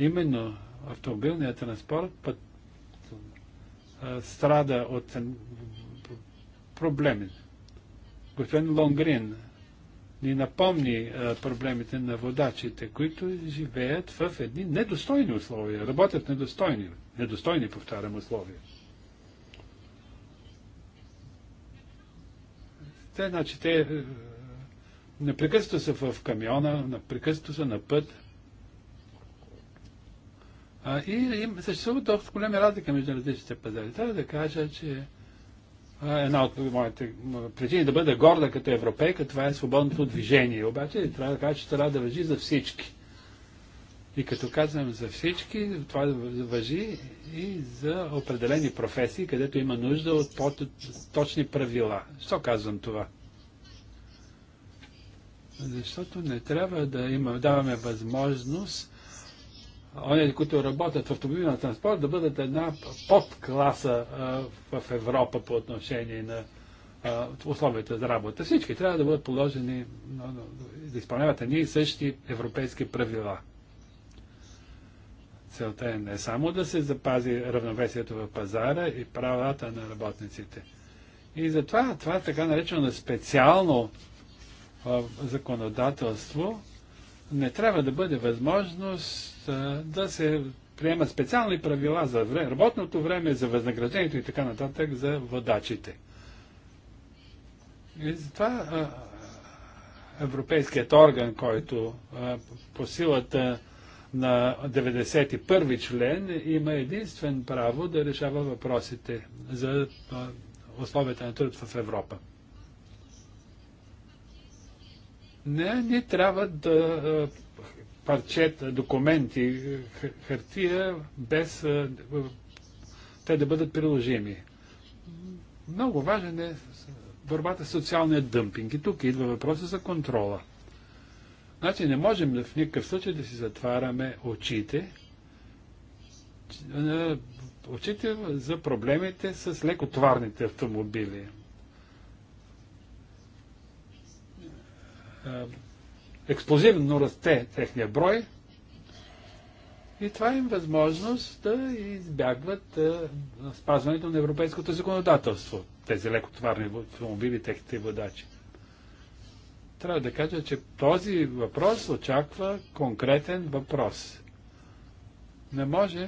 Именно автомобилният транспорт път, а, страда от проблеми. Господин Лонгрин ни напомни а, проблемите на водачите, които живеят в едни недостойни условия, работят недостойни, недостойни, повтарям, условия. Те, значи, те непрекъснато са в камиона, непрекъснато са на път, а, и им съществува доста голяма разлика между различните пазари. Трябва да кажа, че а, една от моите причини да бъда горда като европейка, това е свободното движение. Обаче трябва да кажа, че трябва да въжи за всички. И като казвам за всички, това въжи и за определени професии, където има нужда от точни правила. Що казвам това? Защото не трябва да има, даваме възможност Они, които работят в автомобилния транспорт, да бъдат една подкласа в Европа по отношение на условията за работа. Всички трябва да бъдат положени, да изпълняват едни и същи европейски правила. Целта е не само да се запази равновесието в пазара и правата на работниците. И затова това е така наречено специално законодателство не трябва да бъде възможност да се приемат специални правила за работното време, за възнаграждението и така нататък за водачите. И затова Европейският орган, който по силата на 91 член има единствен право да решава въпросите за условията на труд в Европа. Не, ние трябва да парчета, документи, е, хартия, без е, те да бъдат приложими. Много важен е борбата с социалния дъмпинг. И тук идва въпроса за контрола. Значи не можем в никакъв случай да си затваряме очите, очите за проблемите с лекотварните автомобили експлозивно расте техния брой. И това им възможност да избягват а, спазването на европейското законодателство. Тези лекотоварни автомобили, техните водачи. Трябва да кажа, че този въпрос очаква конкретен въпрос. Не може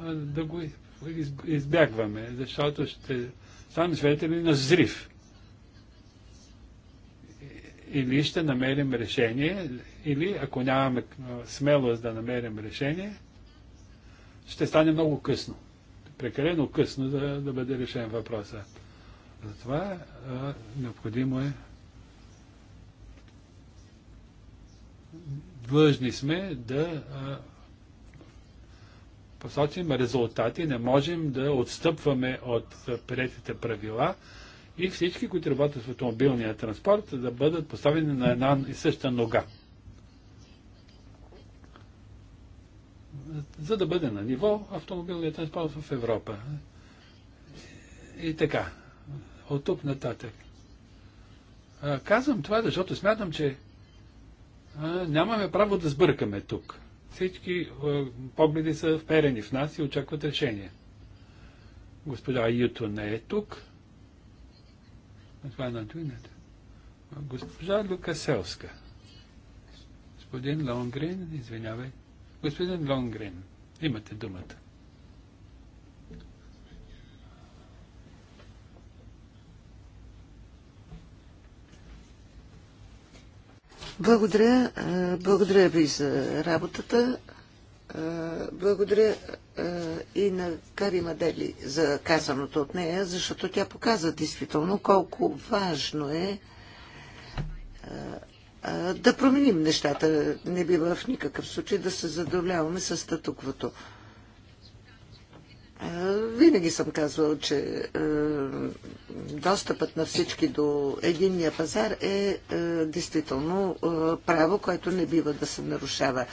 а, да го избягваме, защото ще станем свидетели на взрив или ще намерим решение, или ако нямаме смелост да намерим решение, ще стане много късно. Прекалено късно да, да бъде решен въпроса. Затова а, необходимо е. Длъжни сме да а, посочим резултати, не можем да отстъпваме от приятите правила, и всички, които работят в автомобилния транспорт, да бъдат поставени на една и съща нога. За да бъде на ниво автомобилния транспорт в Европа. И така, от тук нататък. Казвам това, защото смятам, че нямаме право да сбъркаме тук. Всички погледи са вперени в нас и очакват решение. Госпожа Юто не е тук. Хвана Дюнет. Госпожа Лукаселска. Господин Лонгрин, извинявай. Господин Лонгрин, имате думата. Благодаря. Благодаря ви за работата. Благодаря и на Карима Дели за казаното от нея, защото тя показа действително колко важно е да променим нещата. Не бива в никакъв случай да се задоволяваме с статуквото. Винаги съм казвал, че е, достъпът на всички до единния пазар е, е действително е, право, което не бива да се нарушава.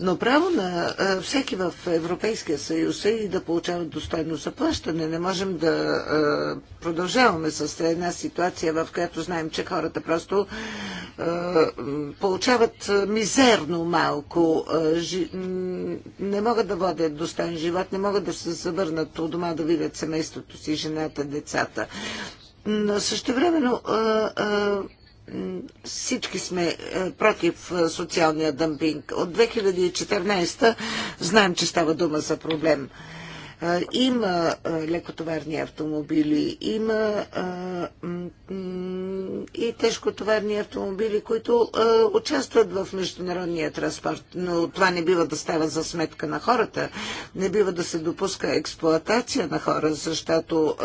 Но право на е, всеки в Европейския съюз е и да получава достойно заплащане. Не можем да е, продължаваме с една ситуация, в която знаем, че хората просто е, получават мизерно малко, е, жи, не могат да водят достоен живот, не могат да се се върнат от дома да видят семейството си, жената, децата. Но също времено всички сме против социалния дъмпинг. От 2014 знаем, че става дума за проблем. Има лекотоварни автомобили, има и тежкотоварни автомобили, които участват в международния транспорт, но това не бива да става за сметка на хората, не бива да се допуска експлоатация на хора, защото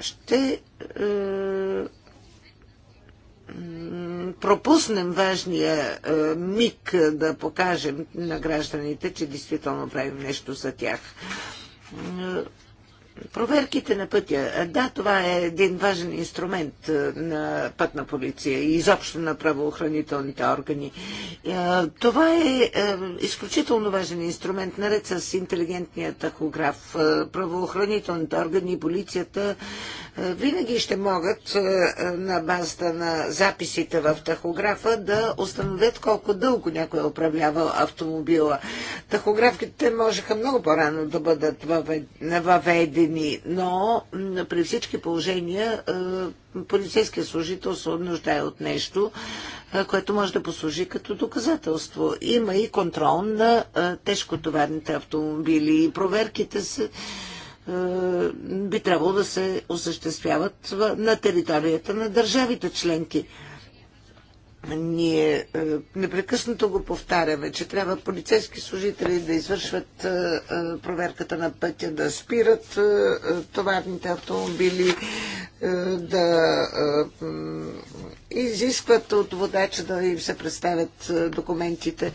ще пропуснем важния е, миг е, да покажем на гражданите, че действително правим нещо за тях. Е, проверките на пътя. Да, това е един важен инструмент на пътна полиция и изобщо на правоохранителните органи. Това е изключително важен инструмент, наред с интелигентния тахограф. Правоохранителните органи и полицията е, винаги ще могат е, е, на базата на записите в тахографа да установят колко дълго някой е управлявал автомобила. Тахографките можеха много по-рано да бъдат въведени, но при всички положения полицейския служител се нуждае от нещо, което може да послужи като доказателство. Има и контрол на тежкотоварните автомобили и проверките се е, би трябвало да се осъществяват на територията на държавите членки. Ние е, непрекъснато го повтаряме, че трябва полицейски служители да извършват е, проверката на пътя, да спират товарните автомобили, да изискват от водача да им се представят документите.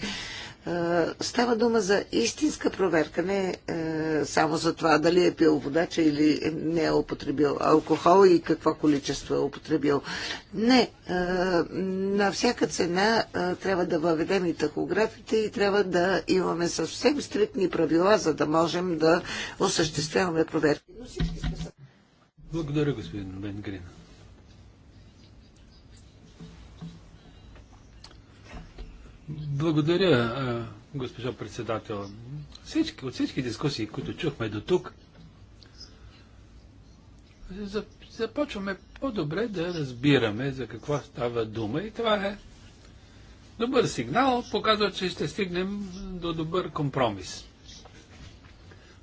Е, става дума за истинска проверка, не е, само за това дали е пил водача или не е употребил алкохол и какво количество е употребил. Не, е, на всяка цена трябва да въведем и тахографите и трябва да имаме съвсем стриктни правила, за да можем да осъществяваме проверки. Благодаря, господин Бенгрина. Благодаря, госпожо председател. Всички, от всички дискусии, които чухме до тук, започваме по-добре да разбираме за какво става дума и това е добър сигнал, показва, че ще стигнем до добър компромис.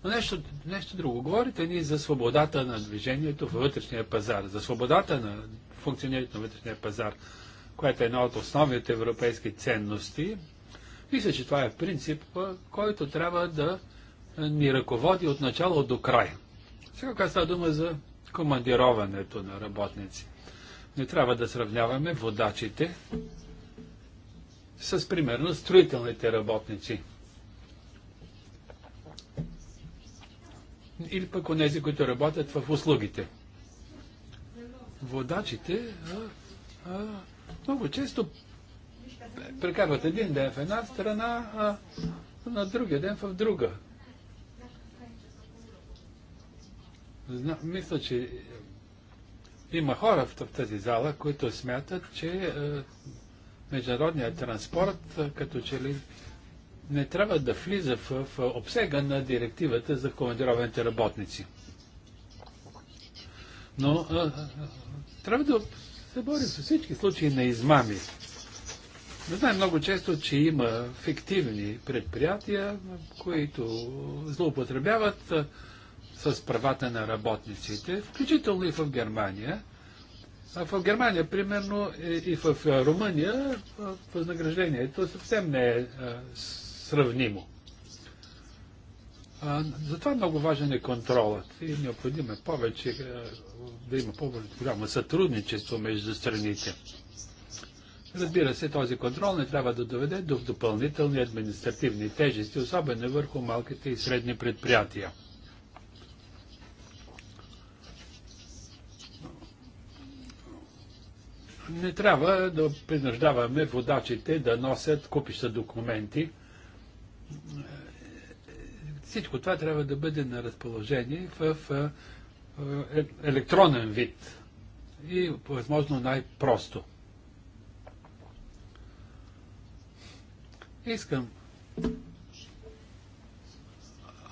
Но нещо, нещо друго. Говорите ни за свободата на движението във вътрешния пазар, за свободата на функционирането на вътрешния пазар която е една от основните европейски ценности, мисля, че това е принцип, който трябва да ни ръководи от начало до край. Сега как става дума за командироването на работници. Не трябва да сравняваме водачите с, примерно, строителните работници. Или пък онези, които работят в услугите. Водачите а, а, много често прекарват един ден в една страна, а на другия ден в друга. Зна, мисля, че има хора в тази зала, които смятат, че е, международният транспорт е, като че ли не трябва да влиза в, в обсега на директивата за командированите работници. Но е, е, е трябва да се бори с всички случаи на измами. Не знаем много често, че има фиктивни предприятия, които злоупотребяват с правата на работниците, включително и в Германия. А в Германия, примерно, е, и в Румъния възнаграждението съвсем не е сравнимо. Затова много важен е контролът и необходимо е повече е, да има по-голямо сътрудничество между страните. Разбира се, този контрол не трябва да доведе до допълнителни административни тежести, особено върху малките и средни предприятия. Не трябва да принуждаваме водачите да носят купища документи, всичко това трябва да бъде на разположение в е, електронен вид и възможно най-просто. Искам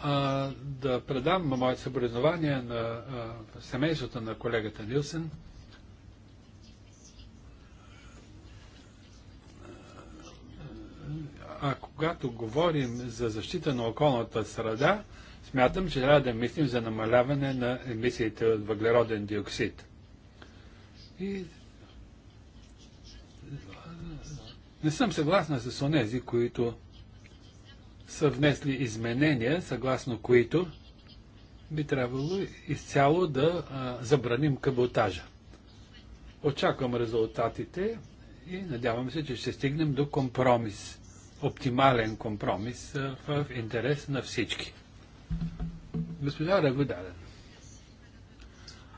а, да предам моите съболезнования на а, семейството на колегата Нилсен. а когато говорим за защита на околната среда, смятам, че трябва да мислим за намаляване на емисиите от въглероден диоксид. И не съм съгласна с онези, които са внесли изменения, съгласно които би трябвало изцяло да а, забраним каботажа. Очаквам резултатите и надявам се, че ще стигнем до компромис оптимален компромис в интерес на всички. Госпожа Рагодаден.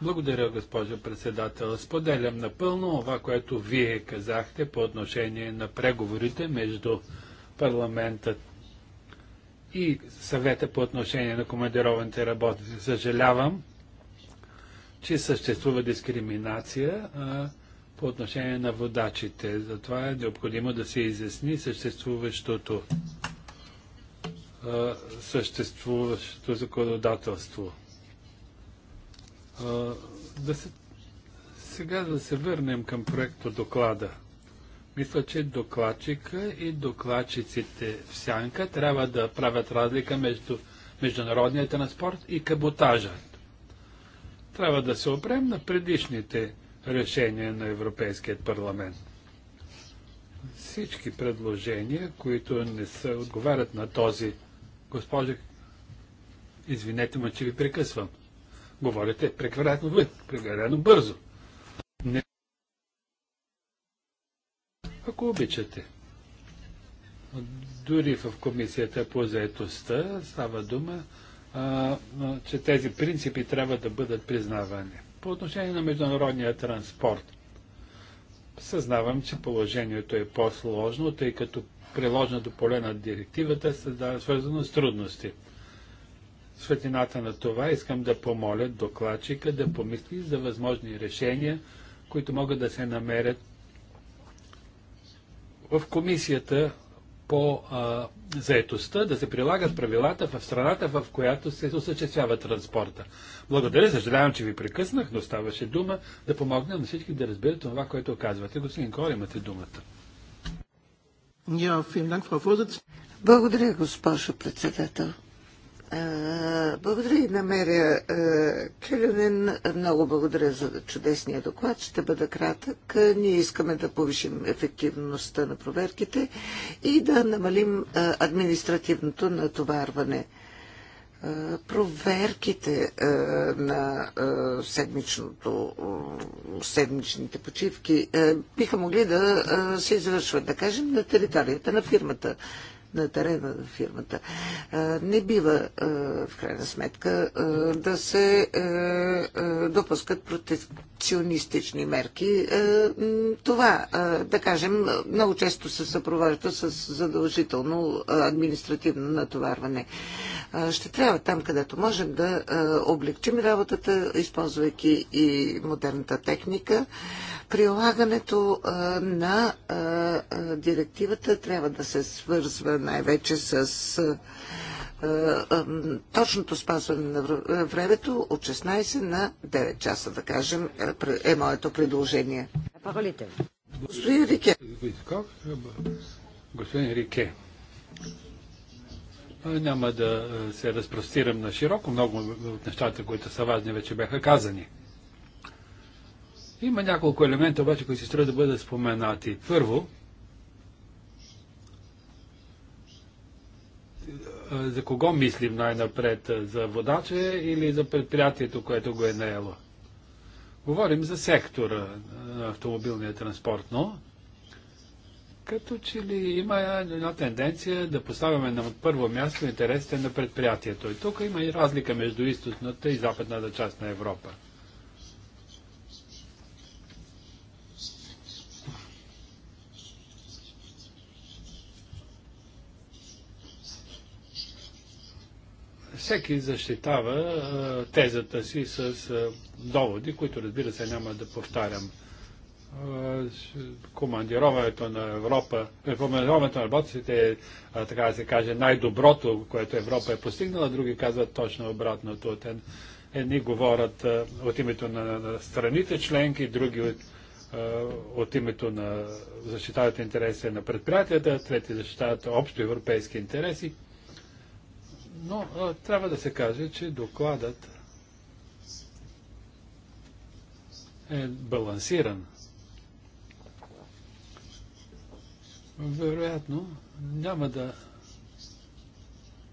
Благодаря, госпожо председател. Споделям напълно това, което вие казахте по отношение на преговорите между парламента и съвета по отношение на командированите работници. Съжалявам, че съществува дискриминация по отношение на водачите. Затова е необходимо да се изясни съществуващото съществуващото законодателство. Да се, сега да се върнем към проекто доклада. Мисля, че докладчика и докладчиците в сянка трябва да правят разлика между международния транспорт и каботажа. Трябва да се опрем на предишните решение на Европейският парламент. Всички предложения, които не са, отговарят на този госпожа, извинете ме, че ви прекъсвам. Говорите прекалено, прекалено бързо. Не. Ако обичате. Дори в комисията по заетостта става дума, а, че тези принципи трябва да бъдат признавани. По отношение на международния транспорт, съзнавам, че положението е по-сложно, тъй като приложното поле на директивата дава свързано с трудности. Светлината на това искам да помоля докладчика да помисли за възможни решения, които могат да се намерят в комисията по а, заетостта да се прилагат правилата в страната, в която се осъществява транспорта. Благодаря, съжалявам, че ви прекъснах, но ставаше дума да помогна на всички да разберат това, което казвате. Господин Кор, имате думата. Благодаря, госпожо председател. Благодаря и Мерия Келюнин. Много благодаря за чудесния доклад. Ще бъда кратък. Ние искаме да повишим ефективността на проверките и да намалим административното натоварване. Проверките на седмичното, седмичните почивки биха могли да се извършват, да кажем, на територията на фирмата на терена на фирмата. Не бива, в крайна сметка, да се допускат протекционистични мерки. Това, да кажем, много често се съпровожда с задължително административно натоварване. Ще трябва там, където можем да облегчим работата, използвайки и модерната техника, прилагането на директивата трябва да се свързва най-вече с точното спазване на времето от 16 на 9 часа, да кажем, е, е моето предложение. Господин Рике. Господин Рике. Няма да се разпростирам на широко. Много от нещата, които са важни, вече бяха казани. Има няколко елемента обаче, които се струва да бъдат споменати. Първо, за кого мислим най-напред? За водача или за предприятието, което го е наело? Говорим за сектора на автомобилния транспорт, но като че ли има една тенденция да поставяме на първо място интересите на предприятието. И тук има и разлика между източната и западната част на Европа. всеки защитава а, тезата си с а, доводи, които разбира се няма да повтарям. А, командироването на Европа, е, командироването на работниците е, а, така да се каже, най-доброто, което Европа е постигнала, други казват точно обратното. От едни говорят а, от името на, на страните членки, други от, от името на защитават интереси на предприятията, трети защитават общо европейски интереси. Но а, трябва да се каже, че докладът е балансиран. Вероятно, няма да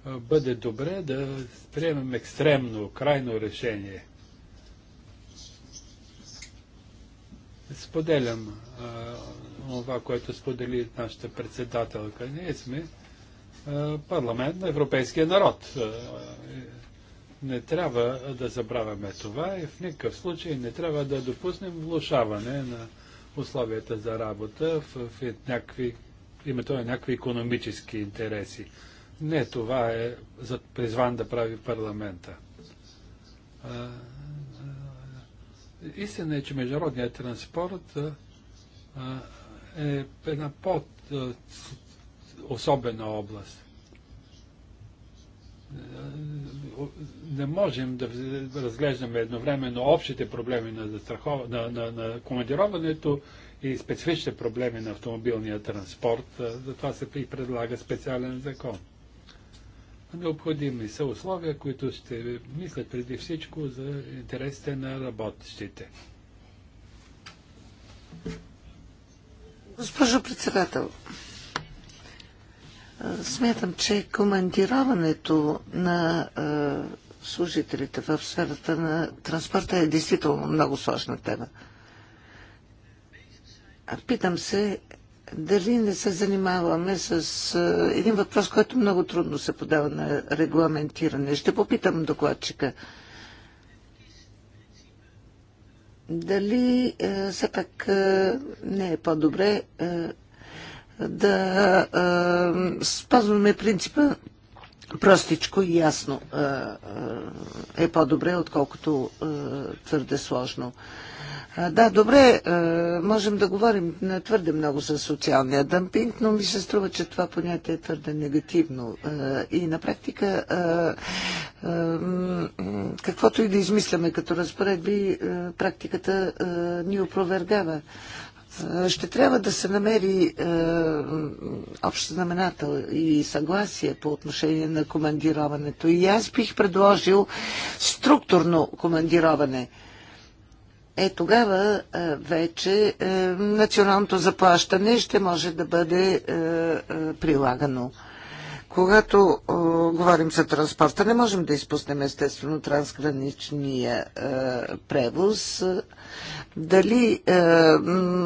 бъде добре да приемем екстремно, крайно решение. Споделям а, това, което сподели нашата председателка. Ние сме парламент на европейския народ. Не трябва да забравяме това и в никакъв случай не трябва да допуснем влушаване на условията за работа в, в някакви, името на е някакви економически интереси. Не това е призван да прави парламента. Истина е, че международният транспорт е една под особена област. Не можем да разглеждаме едновременно общите проблеми на, застрахов... на, на, на командироването и специфичните проблеми на автомобилния транспорт. Затова се и предлага специален закон. Необходими са условия, които ще мислят преди всичко за интересите на работещите. Госпожо председател, Смятам, че командироването на служителите в сферата на транспорта е действително много сложна тема. Питам се дали не се занимаваме с един въпрос, който много трудно се подава на регламентиране. Ще попитам докладчика. Дали все пак не е по-добре да спазваме принципа простичко и ясно е по-добре, отколкото твърде сложно. Да, добре, можем да говорим твърде много за социалния дъмпинг, но ми се струва, че това понятие е твърде негативно. И на практика, каквото и да измисляме като разпоредби, практиката ни опровергава е, ще трябва да се намери е, общ знаменател и съгласие по отношение на командироването. И аз бих предложил структурно командироване. Е, тогава е, вече е, националното заплащане ще може да бъде е, е, прилагано. Когато о, говорим за транспорта, не можем да изпуснем естествено трансграничния е, превоз. Дали е,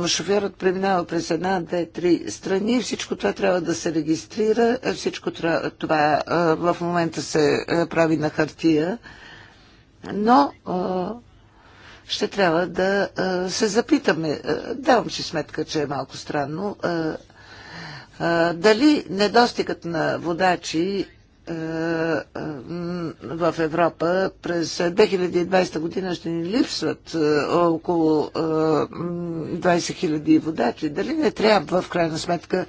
шофьорът преминава през една, две, три страни, всичко това трябва да се регистрира, всичко това е, в момента се е, прави на хартия, но е, ще трябва да е, се запитаме. Е, давам си сметка, че е малко странно. Е, дали недостигът на водачи е, е, в Европа през 2020 година ще ни липсват е, около 20 000 водачи. Дали не трябва в крайна сметка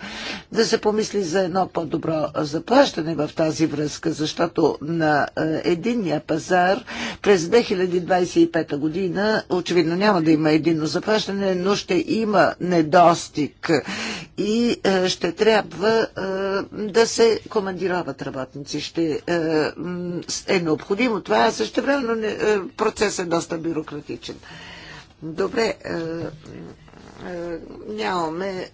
да се помисли за едно по-добро заплащане в тази връзка, защото на единния пазар през 2025 година очевидно няма да има единно заплащане, но ще има недостиг и ще трябва да се командироват работници месеци ще е, е необходимо това, е също но процесът е доста бюрократичен. Добре, е, е, нямаме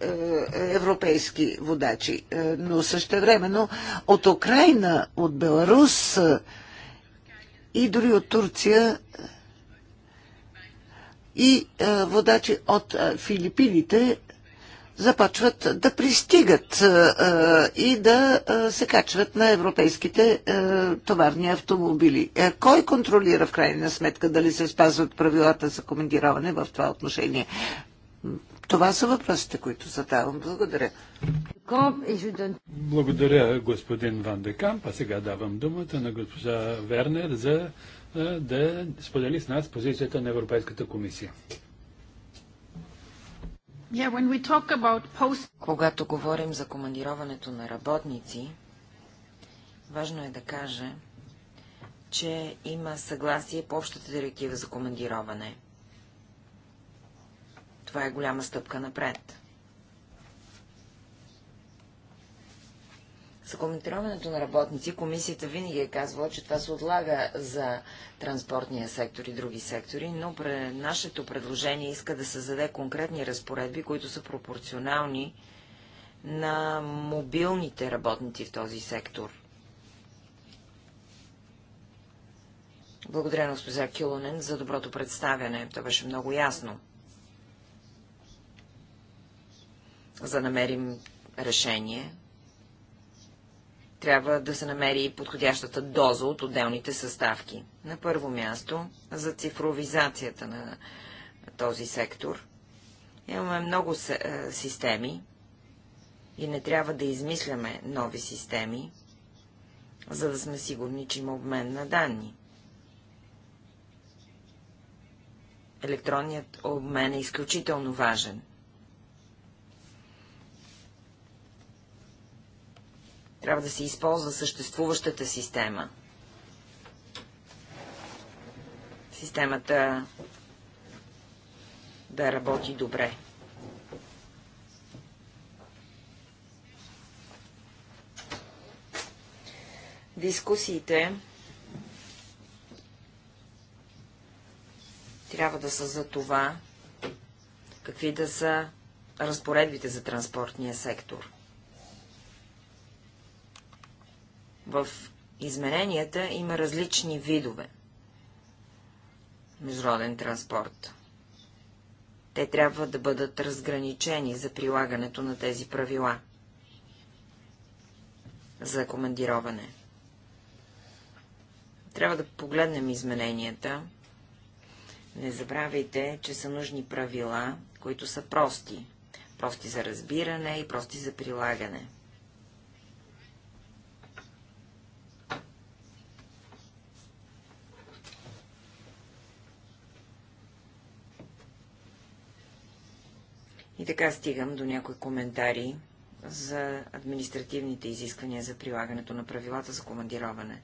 европейски водачи, но също времено от Украина, от Беларус и дори от Турция и водачи от Филипините започват да пристигат и да се качват на европейските товарни автомобили. Е, кой контролира в крайна сметка дали се спазват правилата за командироване в това отношение? Това са въпросите, които задавам. Благодаря. Благодаря, господин Ван Декамп. А сега давам думата на госпожа Вернер за да сподели с нас позицията на Европейската комисия. Когато говорим за командироването на работници, важно е да кажа, че има съгласие по общата директива за командироване. Това е голяма стъпка напред. За коментироването на работници комисията винаги е казвала, че това се отлага за транспортния сектор и други сектори, но пре нашето предложение иска да създаде конкретни разпоредби, които са пропорционални на мобилните работници в този сектор. Благодаря на госпожа Килонен за доброто представяне. То беше много ясно. За да намерим решение трябва да се намери подходящата доза от отделните съставки. На първо място, за цифровизацията на този сектор. Имаме много е, системи и не трябва да измисляме нови системи, за да сме сигурни, че има обмен на данни. Електронният обмен е изключително важен. Трябва да се използва съществуващата система. Системата да работи добре. Дискусиите трябва да са за това, какви да са разпоредбите за транспортния сектор. В измененията има различни видове международен транспорт. Те трябва да бъдат разграничени за прилагането на тези правила за командироване. Трябва да погледнем измененията. Не забравяйте, че са нужни правила, които са прости. Прости за разбиране и прости за прилагане. така стигам до някои коментари за административните изисквания за прилагането на правилата за командироване.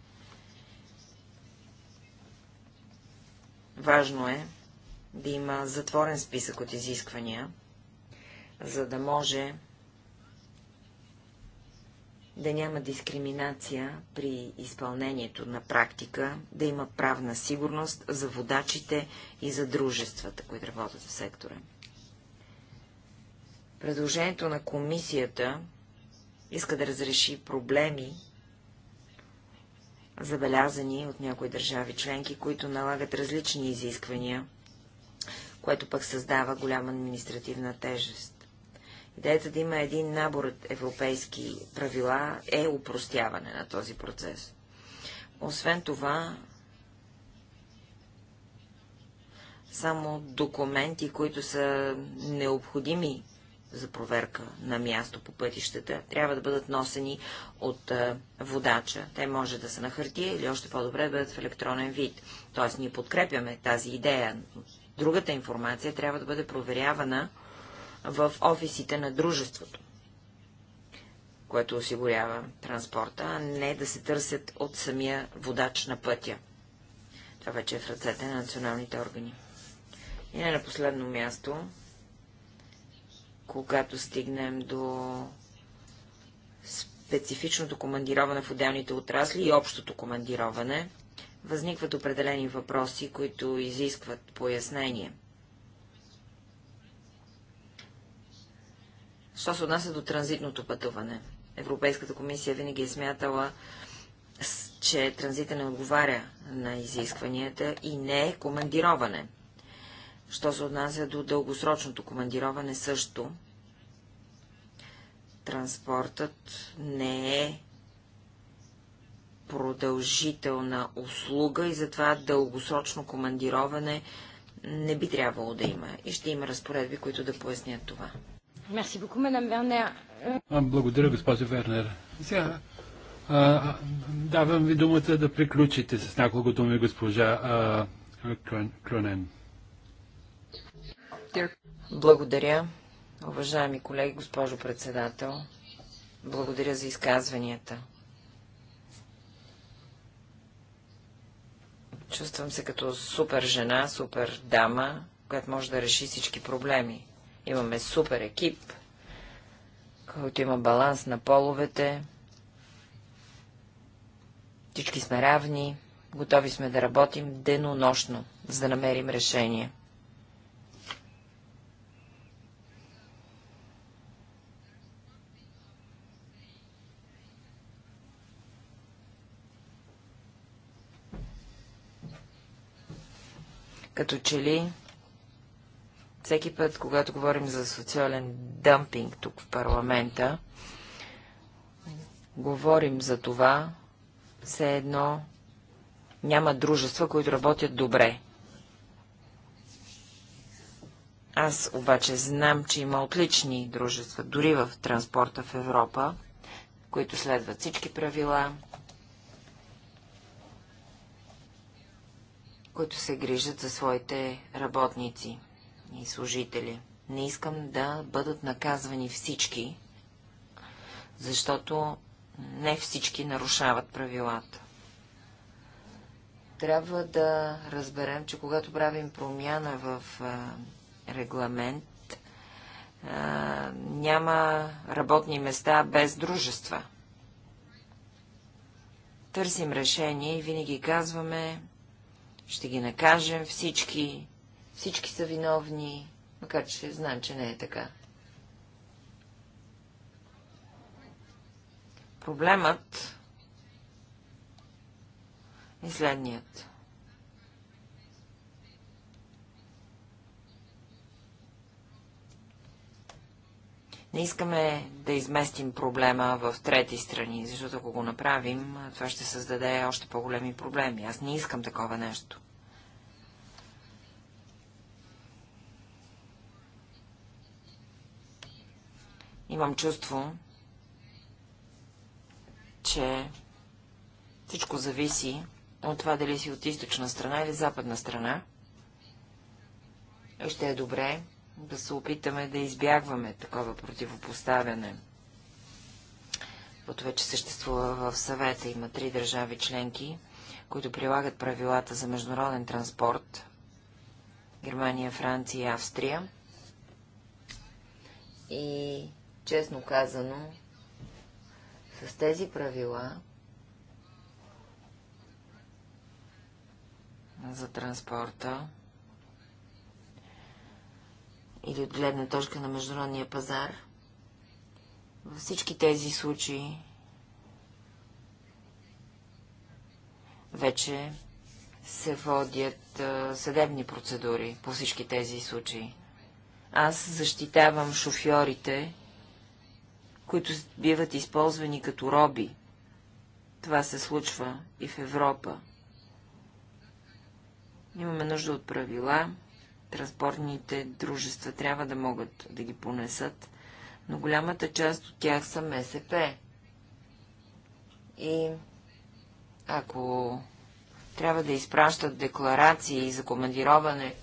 Важно е да има затворен списък от изисквания, за да може да няма дискриминация при изпълнението на практика, да има правна сигурност за водачите и за дружествата, които работят в сектора. Предложението на комисията иска да разреши проблеми, забелязани от някои държави членки, които налагат различни изисквания, което пък създава голяма административна тежест. Идеята да има един набор от европейски правила е упростяване на този процес. Освен това, само документи, които са необходими за проверка на място по пътищата трябва да бъдат носени от водача. Те може да са на хартия или още по-добре да бъдат в електронен вид. Тоест ние подкрепяме тази идея. Другата информация трябва да бъде проверявана в офисите на дружеството, което осигурява транспорта, а не да се търсят от самия водач на пътя. Това вече е в ръцете на националните органи. И не на последно място, когато стигнем до специфичното командироване в отделните отрасли и общото командироване, възникват определени въпроси, които изискват пояснение. Що се отнася до транзитното пътуване? Европейската комисия винаги е смятала, че транзита не отговаря на изискванията и не е командироване. Що се отнася до дългосрочното командироване също, транспортът не е продължителна услуга и затова дългосрочно командироване не би трябвало да има. И ще има разпоредби, които да пояснят това. Благодаря, госпожо Вернер. Сега а, давам ви думата да приключите с няколко думи, госпожа а, Кронен. Благодаря, уважаеми колеги, госпожо председател. Благодаря за изказванията. Чувствам се като супер жена, супер дама, която може да реши всички проблеми. Имаме супер екип, който има баланс на половете. Всички сме равни, готови сме да работим денонощно, за да намерим решение. Като че ли всеки път, когато говорим за социален дъмпинг тук в парламента, говорим за това, все едно няма дружества, които работят добре. Аз обаче знам, че има отлични дружества, дори в транспорта в Европа, които следват всички правила, които се грижат за своите работници и служители. Не искам да бъдат наказвани всички, защото не всички нарушават правилата. Трябва да разберем, че когато правим промяна в регламент, няма работни места без дружества. Търсим решение и винаги казваме, ще ги накажем всички, всички са виновни, макар че знаем, че не е така. Проблемът е следният. Не искаме да изместим проблема в трети страни, защото ако го направим, това ще създаде още по-големи проблеми. Аз не искам такова нещо. Имам чувство, че всичко зависи от това дали си от източна страна или западна страна. И ще е добре да се опитаме да избягваме такова противопоставяне. Защото вече съществува в съвета. Има три държави членки, които прилагат правилата за международен транспорт. Германия, Франция и Австрия. И, честно казано, с тези правила за транспорта или от гледна точка на международния пазар. Във всички тези случаи вече се водят съдебни процедури по всички тези случаи. Аз защитавам шофьорите, които биват използвани като роби. Това се случва и в Европа. Имаме нужда от правила, транспортните дружества трябва да могат да ги понесат, но голямата част от тях са МСП. И ако трябва да изпращат декларации за командироване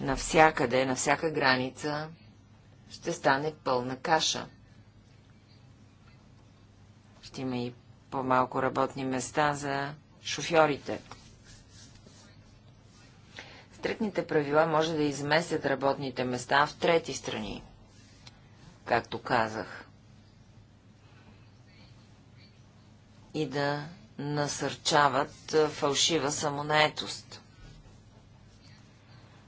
навсякъде, на всяка граница, ще стане пълна каша. Ще има и по-малко работни места за шофьорите. Стрикните правила може да изместят работните места в трети страни, както казах, и да насърчават фалшива самонаетост.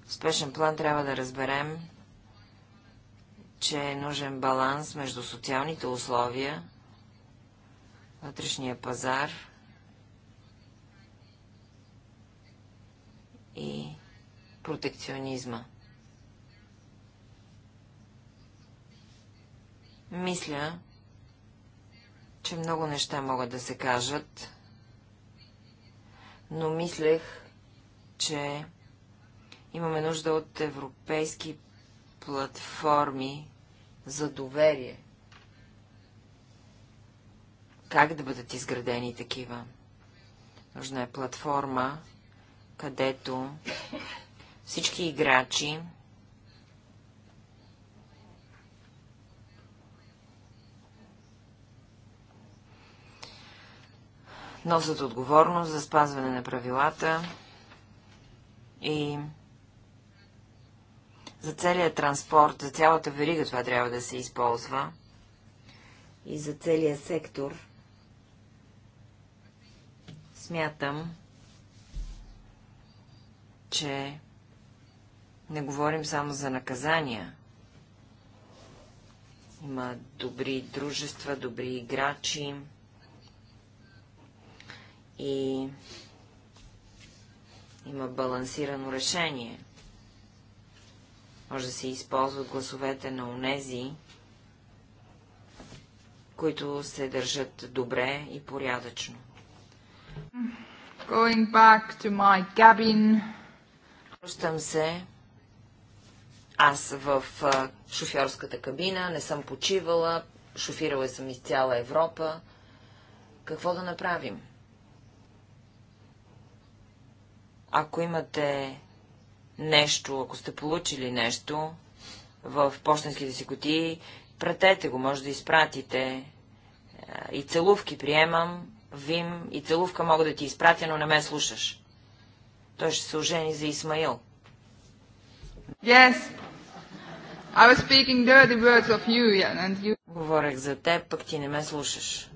В спешен план трябва да разберем, че е нужен баланс между социалните условия, вътрешния пазар и протекционизма. Мисля, че много неща могат да се кажат, но мислех, че имаме нужда от европейски платформи за доверие. Как да бъдат изградени такива? Нужна е платформа, където всички играчи носят отговорност за спазване на правилата и за целият транспорт, за цялата верига това трябва да се използва и за целия сектор. Смятам, че не говорим само за наказания. Има добри дружества, добри играчи и има балансирано решение. Може да се използват гласовете на унези, които се държат добре и порядъчно. Going back to my cabin. Връщам се аз в а, шофьорската кабина не съм почивала, шофирала съм из цяла Европа. Какво да направим? Ако имате нещо, ако сте получили нещо в почтенските си кутии, пратете го, може да изпратите. Е, и целувки приемам, Вим и целувка мога да ти изпратя, но не ме слушаш. Той ще се ожени за Исмаил. Yes, I was speaking dirty words of you, yeah, and you... Говорех за теб, пък ти не ме слушаш.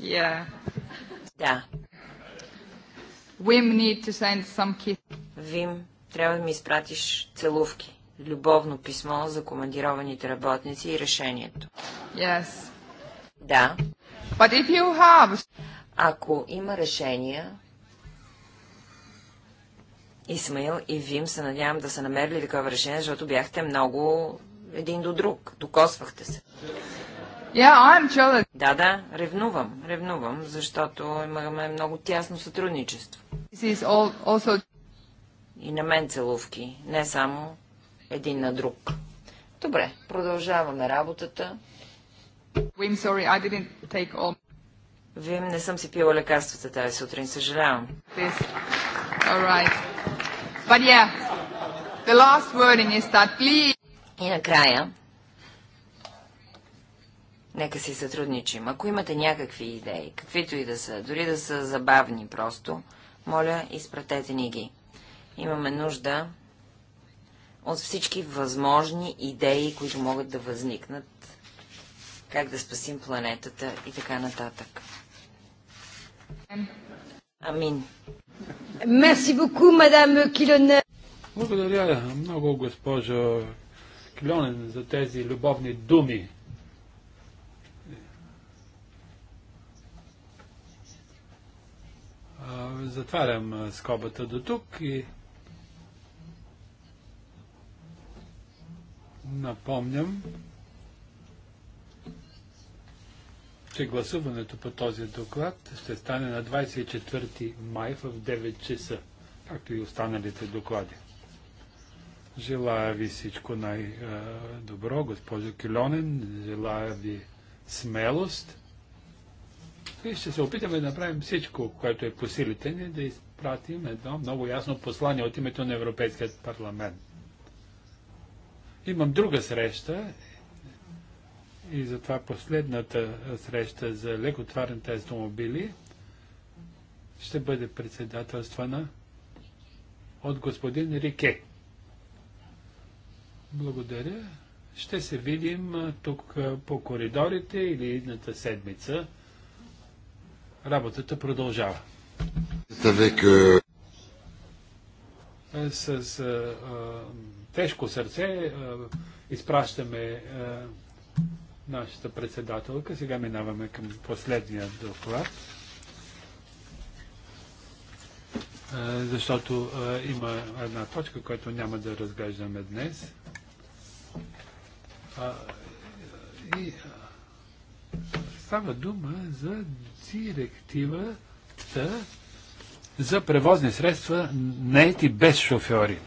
Yeah. Да. Wim need to send some kiss. Вим, трябва да ми изпратиш целувки. Любовно писмо за командированите работници и решението. Yes. Да. But if you have... Ако има решения, Исмаил и Вим се надявам да са намерили такова решение, защото бяхте много един до друг. Докосвахте се. Yeah, да, да, ревнувам, ревнувам, защото имаме много тясно сътрудничество. Also... И на мен целувки, не само един на друг. Добре, продължаваме работата. Wim, sorry, I didn't take all... Вим, не съм си пила лекарствата тази сутрин, съжалявам. This. All right. But yeah, the last wording is that please... И накрая, нека си сътрудничим. Ако имате някакви идеи, каквито и да са, дори да са забавни просто, моля, изпратете ни ги. Имаме нужда от всички възможни идеи, които могат да възникнат, как да спасим планетата и така нататък. Амин. Мерси мадам Благодаря много, госпожо склонен за тези любовни думи. Затварям скобата до тук и напомням, че гласуването по този доклад ще стане на 24 май в 9 часа, както и останалите доклади. Желая ви всичко най-добро, госпожо Килонен. Желая ви смелост. И ще се опитаме да направим всичко, което е по силите ни, да изпратим едно много ясно послание от името на Европейският парламент. Имам друга среща и затова последната среща за лекотварните автомобили ще бъде председателствана от господин Рике. Благодаря. Ще се видим тук по коридорите или едната седмица. Работата продължава. С а, тежко сърце а, изпращаме а, нашата председателка. Сега минаваме към последния доклад. Защото има една точка, която няма да разглеждаме днес. И става дума за директивата за превозни средства, наети без шофьори,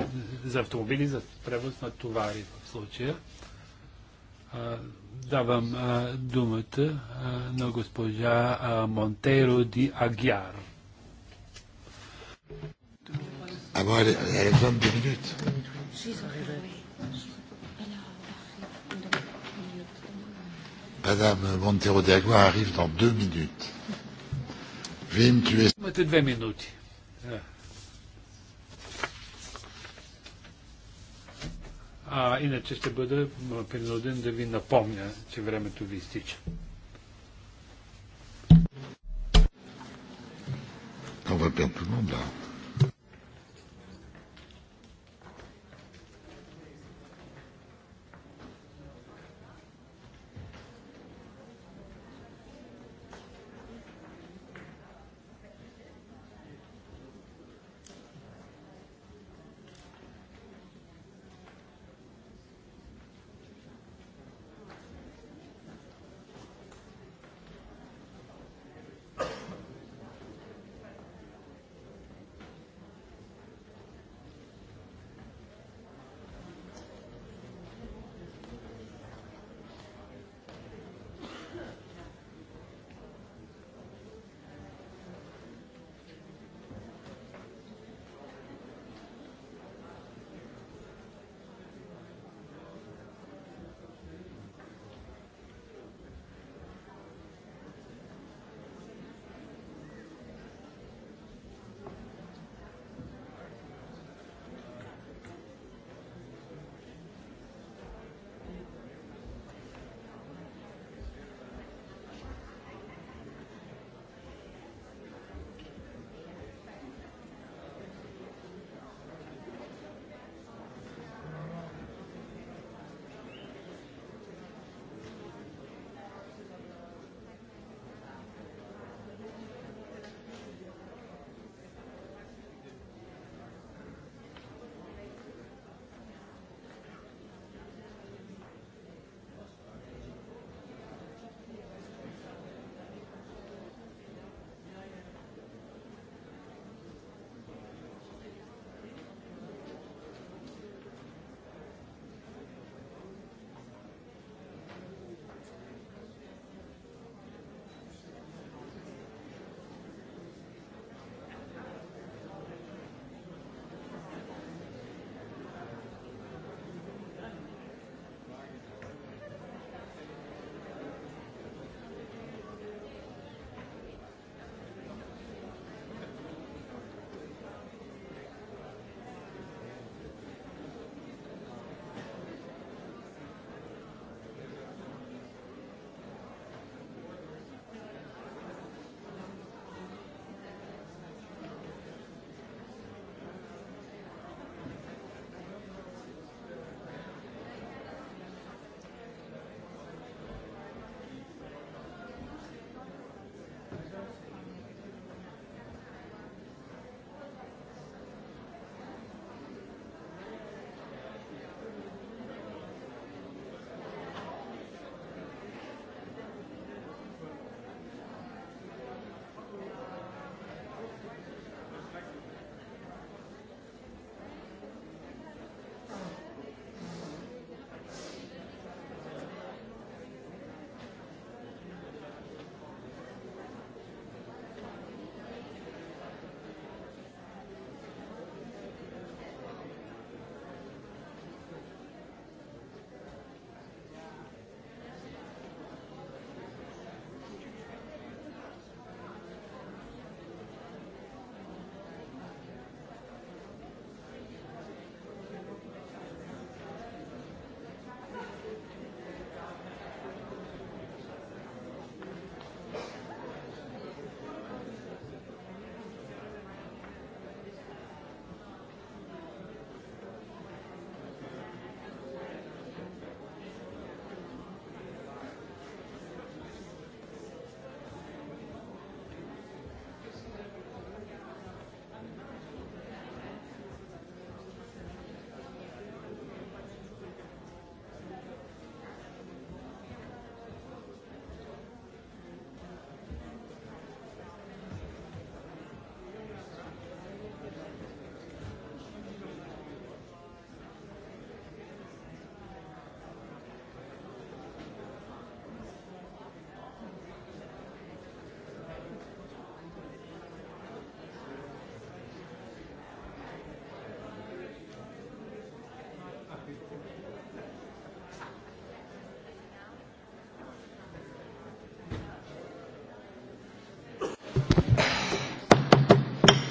за автомобили, за превоз на товари в случая. А, давам а, думата а, на госпожа Монтеро ди Агиар. Avoir raison de minutes. Madame Montero de Agua arrive dans deux minutes. Вим, tu es... А, иначе ще бъда принуден да ви напомня, че времето ви изтича. On va perdre tout le monde là.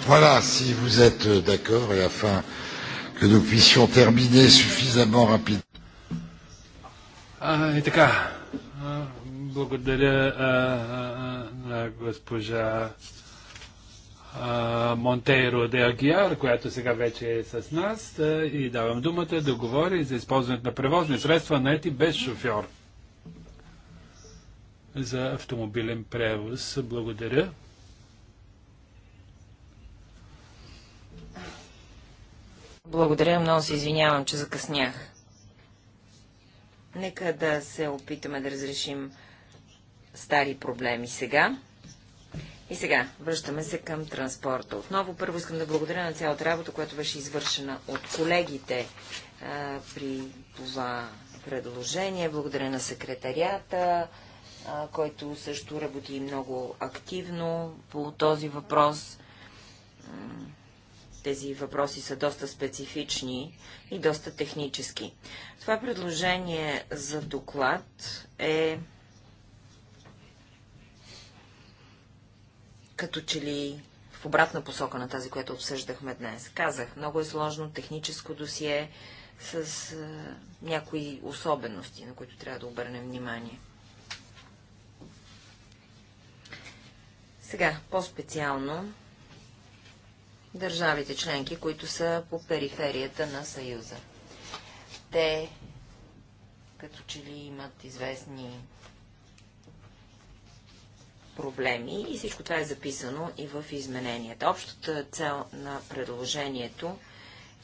Voilà, si vous êtes euh, d'accord et afin que nous puissions terminer suffisamment rapidement. И така, благодаря на госпожа Монтейро де Агиар, която сега вече е с нас и давам думата да говори за използването на превозни средства на ети без шофьор за автомобилен превоз. Благодаря. Благодаря, много се извинявам, че закъснях. Нека да се опитаме да разрешим стари проблеми сега. И сега връщаме се към транспорта. Отново първо искам да благодаря на цялата работа, която беше извършена от колегите а, при това предложение. Благодаря на секретарията, а, който също работи много активно по този въпрос тези въпроси са доста специфични и доста технически. Това предложение за доклад е като че ли в обратна посока на тази, която обсъждахме днес. Казах, много е сложно техническо досие с е, някои особености, на които трябва да обърнем внимание. Сега, по-специално държавите членки, които са по периферията на Съюза. Те като че ли имат известни проблеми и всичко това е записано и в измененията. Общата цел на предложението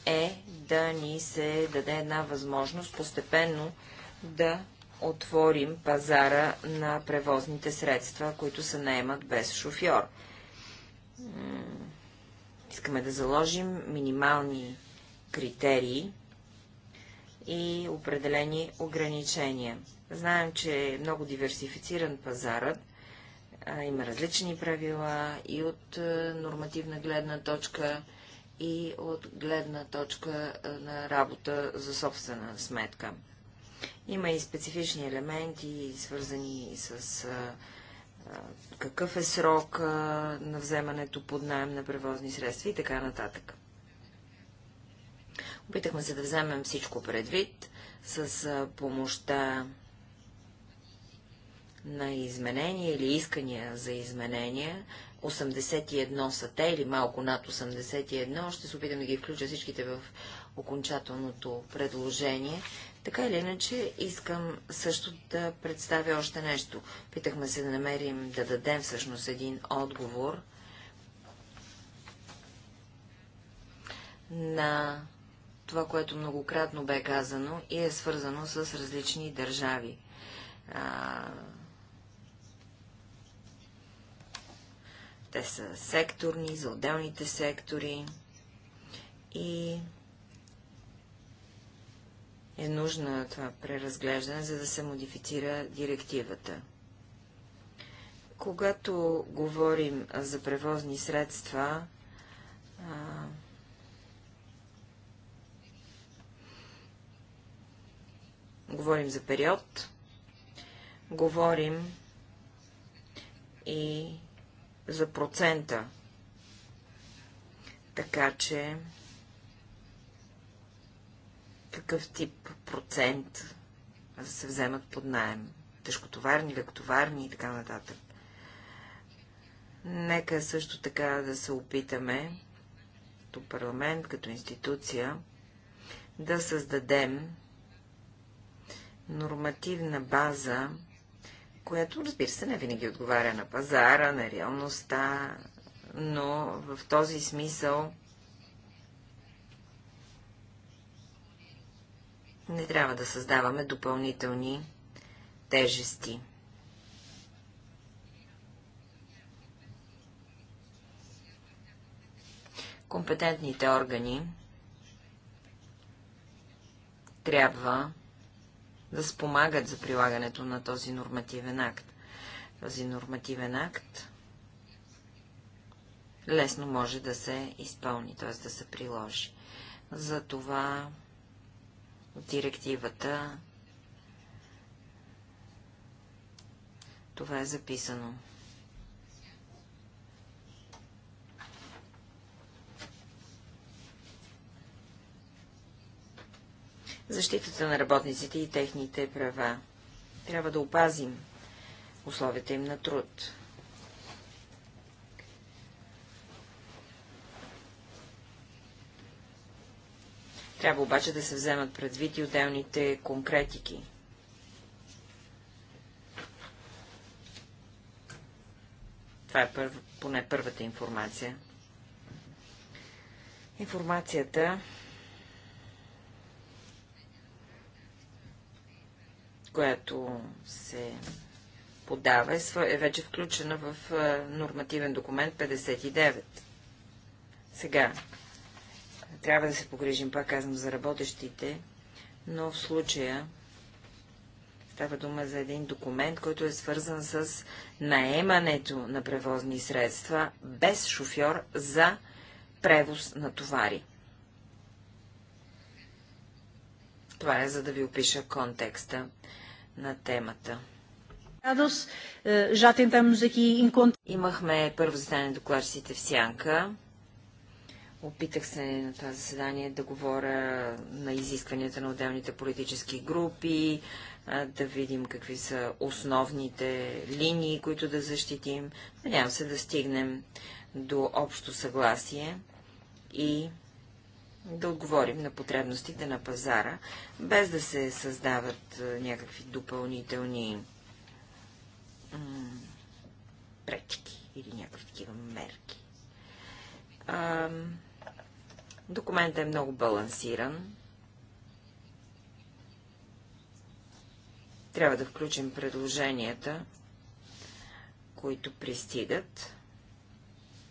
е да ни се даде една възможност постепенно да отворим пазара на превозните средства, които се наемат без шофьор. Искаме да заложим минимални критерии и определени ограничения. Знаем, че е много диверсифициран пазарът, има различни правила и от нормативна гледна точка, и от гледна точка на работа за собствена сметка. Има и специфични елементи, свързани с какъв е срок на вземането под найем на превозни средства и така нататък. Опитахме се да вземем всичко предвид с помощта на изменения или искания за изменения. 81 са те или малко над 81. Ще се опитам да ги включа всичките в окончателното предложение, така или иначе, искам също да представя още нещо. Питахме се да намерим, да дадем всъщност един отговор на това, което многократно бе казано и е свързано с различни държави. А... Те са секторни, за отделните сектори и е нужна това преразглеждане, за да се модифицира директивата. Когато говорим за превозни средства, а... говорим за период, говорим и за процента. Така че какъв тип процент да се вземат под найем. Тежкотоварни, лекотоварни и така нататък. Нека също така да се опитаме като парламент, като институция да създадем нормативна база, която, разбира се, не винаги отговаря на пазара, на реалността, но в този смисъл не трябва да създаваме допълнителни тежести. Компетентните органи трябва да спомагат за прилагането на този нормативен акт. Този нормативен акт лесно може да се изпълни, т.е. да се приложи. Затова директивата. Това е записано. Защитата на работниците и техните права. Трябва да опазим условията им на труд. Трябва обаче да се вземат предвид и отделните конкретики. Това е първ, поне първата информация. Информацията, която се подава, е, е вече включена в е, нормативен документ 59. Сега, трябва да се погрижим, пак казвам, за работещите, но в случая става дума за един документ, който е свързан с наемането на превозни средства без шофьор за превоз на товари. Това е за да ви опиша контекста на темата. Е, Имахме първо заседание докладчиците в Сянка. Опитах се на това заседание да говоря на изискванията на отделните политически групи, да видим какви са основните линии, които да защитим. Надявам се да стигнем до общо съгласие и да отговорим на потребностите на пазара, без да се създават някакви допълнителни пречки или някакви такива мерки. Документът е много балансиран. Трябва да включим предложенията, които пристигат.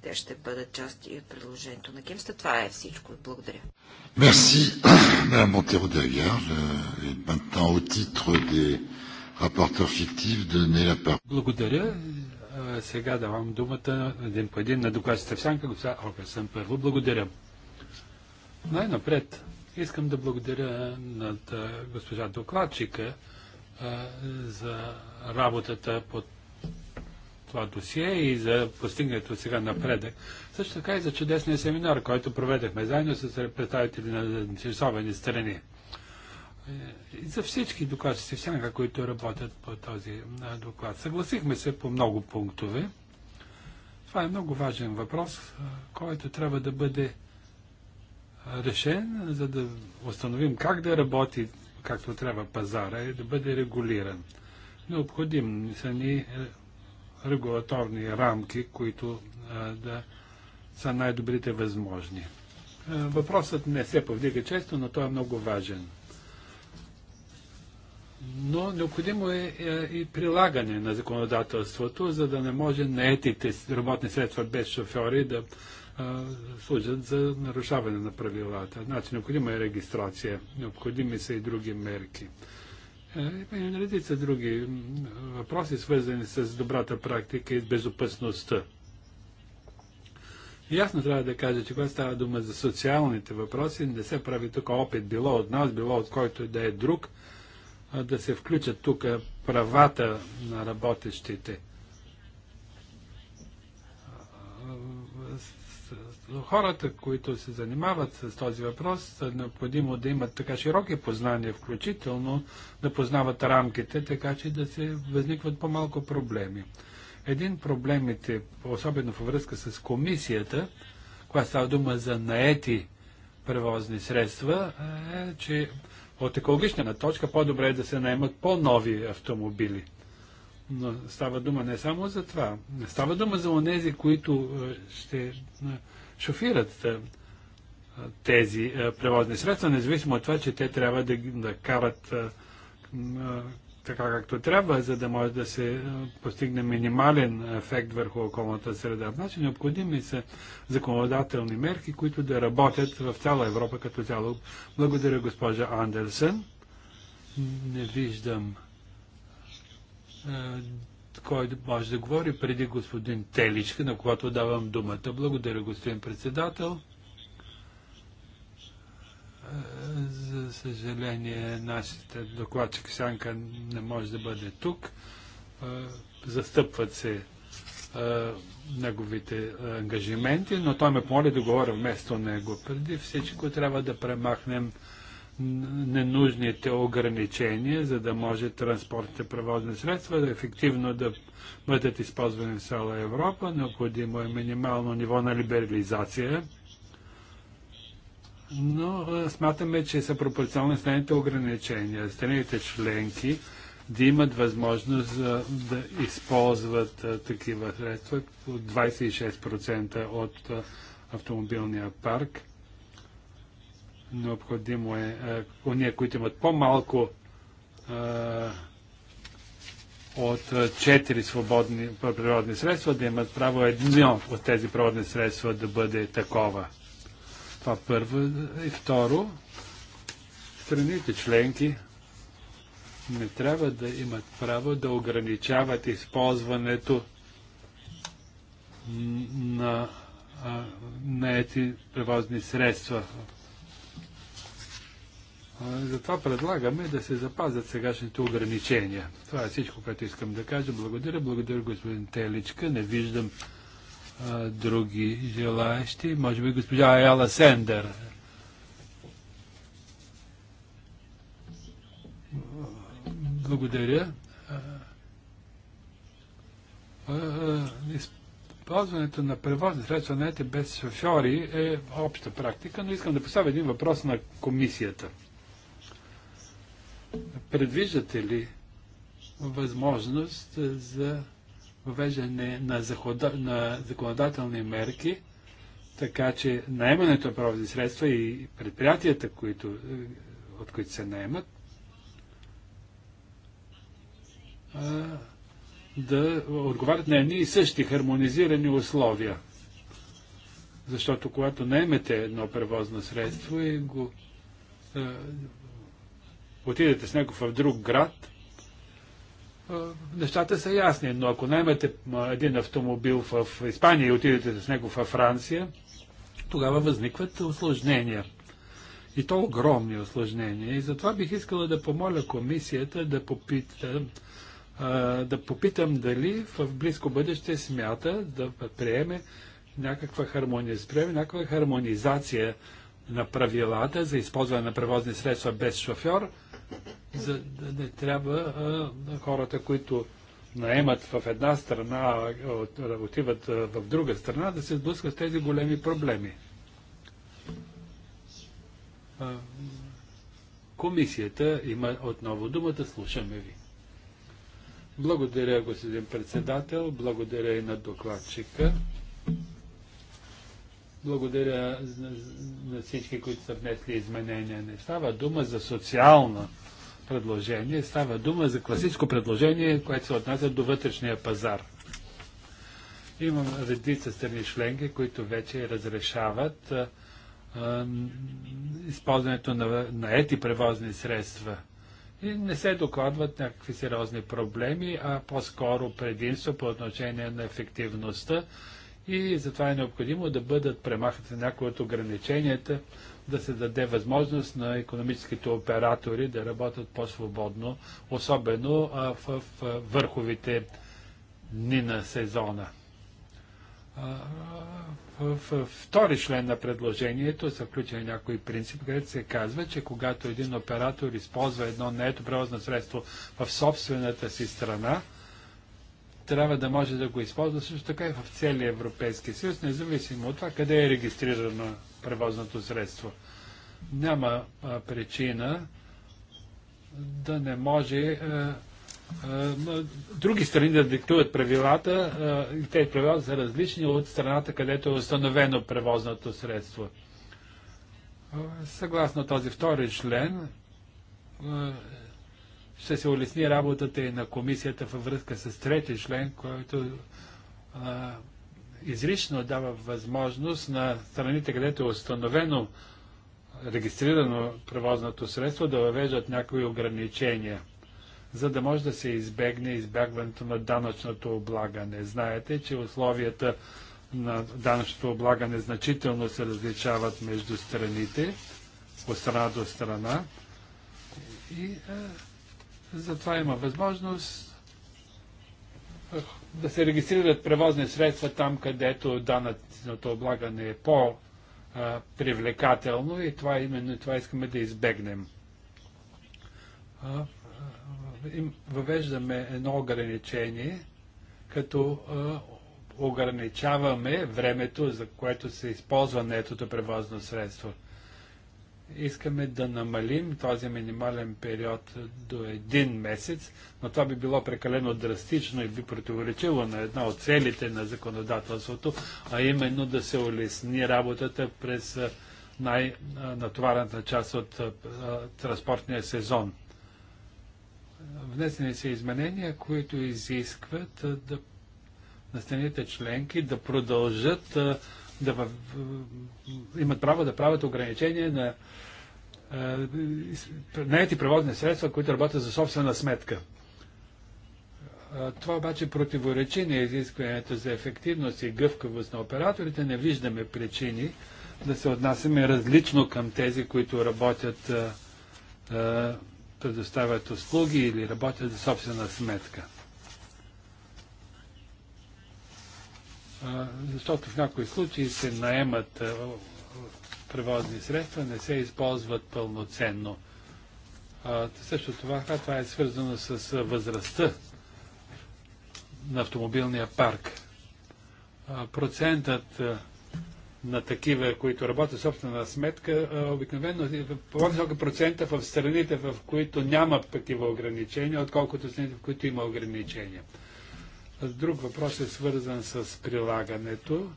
Те ще бъдат част и от предложението на Кимста. Това е всичко. Благодаря. Merci, <coughs> Madame Montero de Et maintenant, au titre des rapporteurs fictifs, donner la parole. Благодаря. Сега давам думата един по един на докладчица Всянка, госпожа Алкасън. Първо, благодаря. Най-напред искам да благодаря на госпожа докладчика за работата по това досие и за постигнато сега напредък. Също така и за чудесния семинар, който проведахме заедно с представители на заинтересовани страни. Е, и за всички докладчици в сянка, които работят по този доклад. Съгласихме се по много пунктове. Това е много важен въпрос, който трябва да бъде решен, за да установим как да работи както трябва пазара и да бъде регулиран. Необходими са ни е, регулаторни рамки, които а, е, да са най-добрите възможни. А, е, въпросът не се повдига често, но той е много важен. Но необходимо е и прилагане на законодателството, за да не може наетите работни средства без шофьори да служат за нарушаване на правилата. Значи необходима е регистрация, необходими са и други мерки. Е, има и редица други въпроси, свързани с добрата практика и с безопасността. Ясно трябва да кажа, че когато става дума за социалните въпроси, не се прави тук опит, било от нас, било от който да е друг, да се включат тук правата на работещите – хората, които се занимават с този въпрос, е необходимо да имат така широки познания, включително да познават рамките, така че да се възникват по-малко проблеми. Един проблемите, особено във връзка с комисията, когато става дума за наети превозни средства, е, че от екологична точка по-добре е да се наемат по-нови автомобили. Но става дума не само за това. Не става дума за онези, които е, ще е, шофират тези превозни средства, независимо от това, че те трябва да, да карат така както трябва, за да може да се постигне минимален ефект върху околната среда. Значи необходими са законодателни мерки, които да работят в цяла Европа като цяло. Благодаря госпожа Андерсен. Не виждам кой може да говори преди господин Теличка, на когато давам думата. Благодаря, господин председател. За съжаление, нашата докладчик Сянка не може да бъде тук. Застъпват се неговите ангажименти, но той ме помоли да говоря вместо него. Преди всичко трябва да премахнем ненужните ограничения, за да може транспортните превозни средства да ефективно да бъдат използвани в цяла Европа. Необходимо е минимално ниво на либерализация. Но смятаме, че са пропорционални следните ограничения. Страните членки да имат възможност за, да използват такива средства от 26% от автомобилния парк Необходимо е, е уния, които имат по-малко е, от 4 е, свободни природни средства, да имат право едно от тези природни средства да бъде такова. Това първо. И второ, страните членки не трябва да имат право да ограничават използването на ети превозни средства затова предлагаме да се запазят сегашните ограничения. Това е всичко, което искам да кажа. Благодаря. Благодаря, господин Теличка. Не виждам а, други желаящи. Може би госпожа Аяла Сендер. Благодаря. Използването на превозни средства, знаете, без шофьори е обща практика, но искам да поставя един въпрос на комисията – Предвиждате ли възможност за въвеждане на, захода, на законодателни мерки, така че наемането на правозни средства и предприятията, които, е, от които се наемат, да отговарят на едни и същи хармонизирани условия. Защото когато наемете едно превозно средство и го е, отидете с него в друг град, нещата са ясни, но ако наймете един автомобил в Испания и отидете с него във Франция, тогава възникват осложнения. И то огромни осложнения. И затова бих искала да помоля комисията да попита да попитам дали в близко бъдеще смята да приеме някаква приеме някаква хармонизация на правилата за използване на превозни средства без шофьор – за да не трябва а, хората, които наемат в една страна, отиват в друга страна, да се сблъскат с тези големи проблеми. А, комисията има отново думата, слушаме ви. Благодаря, господин председател, благодаря и на докладчика. Благодаря на всички, които са внесли изменения. Не става дума за социално предложение, става дума за класическо предложение, което се отнася до вътрешния пазар. Имам редица страни членки, които вече разрешават използването на, на ети превозни средства. И не се докладват някакви сериозни проблеми, а по-скоро предимство по отношение на ефективността и затова е необходимо да бъдат премахнати някои от ограниченията, да се даде възможност на економическите оператори да работят по-свободно, особено в, върховите дни на сезона. в, втори член на предложението са включени някои принцип, където се казва, че когато един оператор използва едно неето превозно средство в собствената си страна, трябва да може да го използва също така и в целия Европейски съюз, независимо от това къде е регистрирано превозното средство. Няма а, причина да не може а, а, други страни да диктуват правилата и тези правила са различни от страната, където е установено превозното средство. Съгласно този втори член, ще се улесни работата и на комисията във връзка с трети член, който а, изрично дава възможност на страните, където е установено регистрирано превозното средство, да въвеждат някои ограничения, за да може да се избегне избягването на данъчното облагане. Знаете, че условията на данъчното облагане значително се различават между страните, от страна до страна. И а, затова има възможност да се регистрират превозни средства там, където данъчното облагане е по-привлекателно и това именно това искаме да избегнем. Въвеждаме едно ограничение, като ограничаваме времето, за което се използва нетото превозно средство – искаме да намалим този минимален период до един месец, но това би било прекалено драстично и би противоречило на една от целите на законодателството, а именно да се улесни работата през най-натоварната част от транспортния сезон. Внесени са изменения, които изискват да, на страните членки да продължат а, да в, имат право да правят ограничения на наети превозни средства, които работят за собствена сметка. Това обаче противоречи на изискването за ефективност и гъвкавост на операторите. Не виждаме причини да се отнасяме различно към тези, които работят, предоставят услуги или работят за собствена сметка. защото в някои случаи се наемат превозни средства, не се използват пълноценно. Също това, това е свързано с възрастта на автомобилния парк. Процентът на такива, които работят собствена сметка, обикновено е по-висока процента в страните, в които няма такива ограничения, отколкото страните, в които има ограничения. Друг въпрос е свързан с прилагането.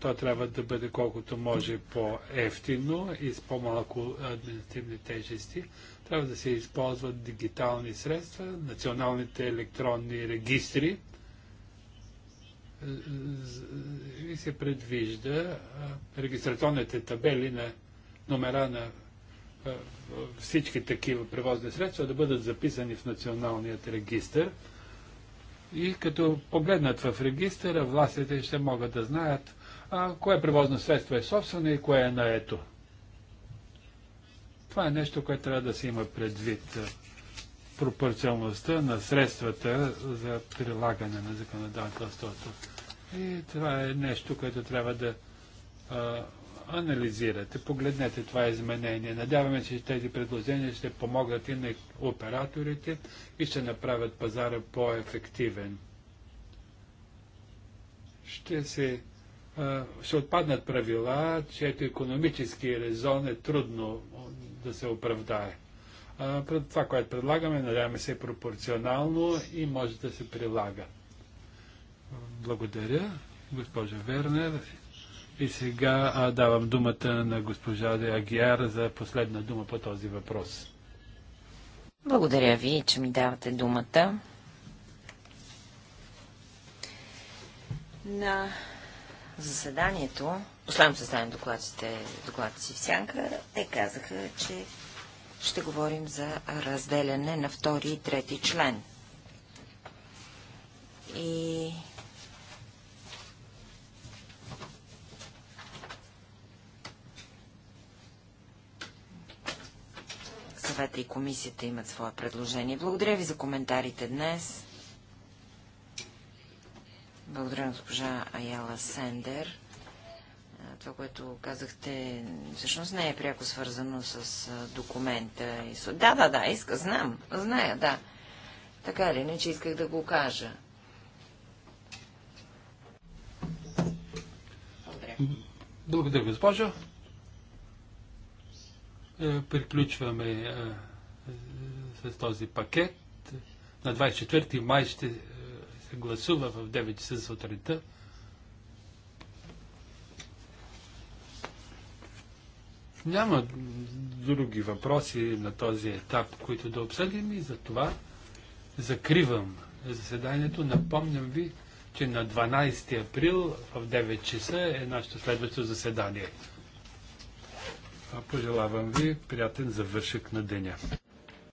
То трябва да бъде колкото може по-ефтино и с по-малко административни тежести. Трябва да се използват дигитални средства, националните електронни регистри. И се предвижда регистрационните табели на номера на всички такива превозни средства да бъдат записани в националният регистр. И като погледнат в регистъра, властите ще могат да знаят а, кое превозно средство е собствено и кое е наето. Това е нещо, което трябва да се има предвид пропорционалността на средствата за прилагане на законодателството. И това е нещо, което трябва да а, анализирате, погледнете това изменение. Надяваме, се, че тези предложения ще помогнат и на операторите и ще направят пазара по-ефективен. Ще се ще отпаднат правила, чието економически резон е трудно да се оправдае. Това, което предлагаме, надяваме се е пропорционално и може да се прилага. Благодаря, госпожа Вернер. И сега а, давам думата на госпожа Де Агиар за последна дума по този въпрос. Благодаря ви, че ми давате думата. На заседанието, последното заседание докладците, си в Сянка, те казаха, че ще говорим за разделяне на втори и трети член. И Съвета и комисията имат свое предложение. Благодаря ви за коментарите днес. Благодаря на госпожа Аяла Сендер. Това, което казахте, всъщност не е пряко свързано с документа. и Да, да, да, иска, знам, зная, да. Така ли, не, че исках да го кажа. Благодаря. Благодаря, госпожо. Е, приключваме е, с този пакет. На 24 май ще е, се гласува в 9 часа сутринта. Няма други въпроси на този етап, които да обсъдим и за това закривам заседанието. Напомням ви, че на 12 април в 9 часа е нашето следващо заседание. Пожелавам ви приятен завършък на деня.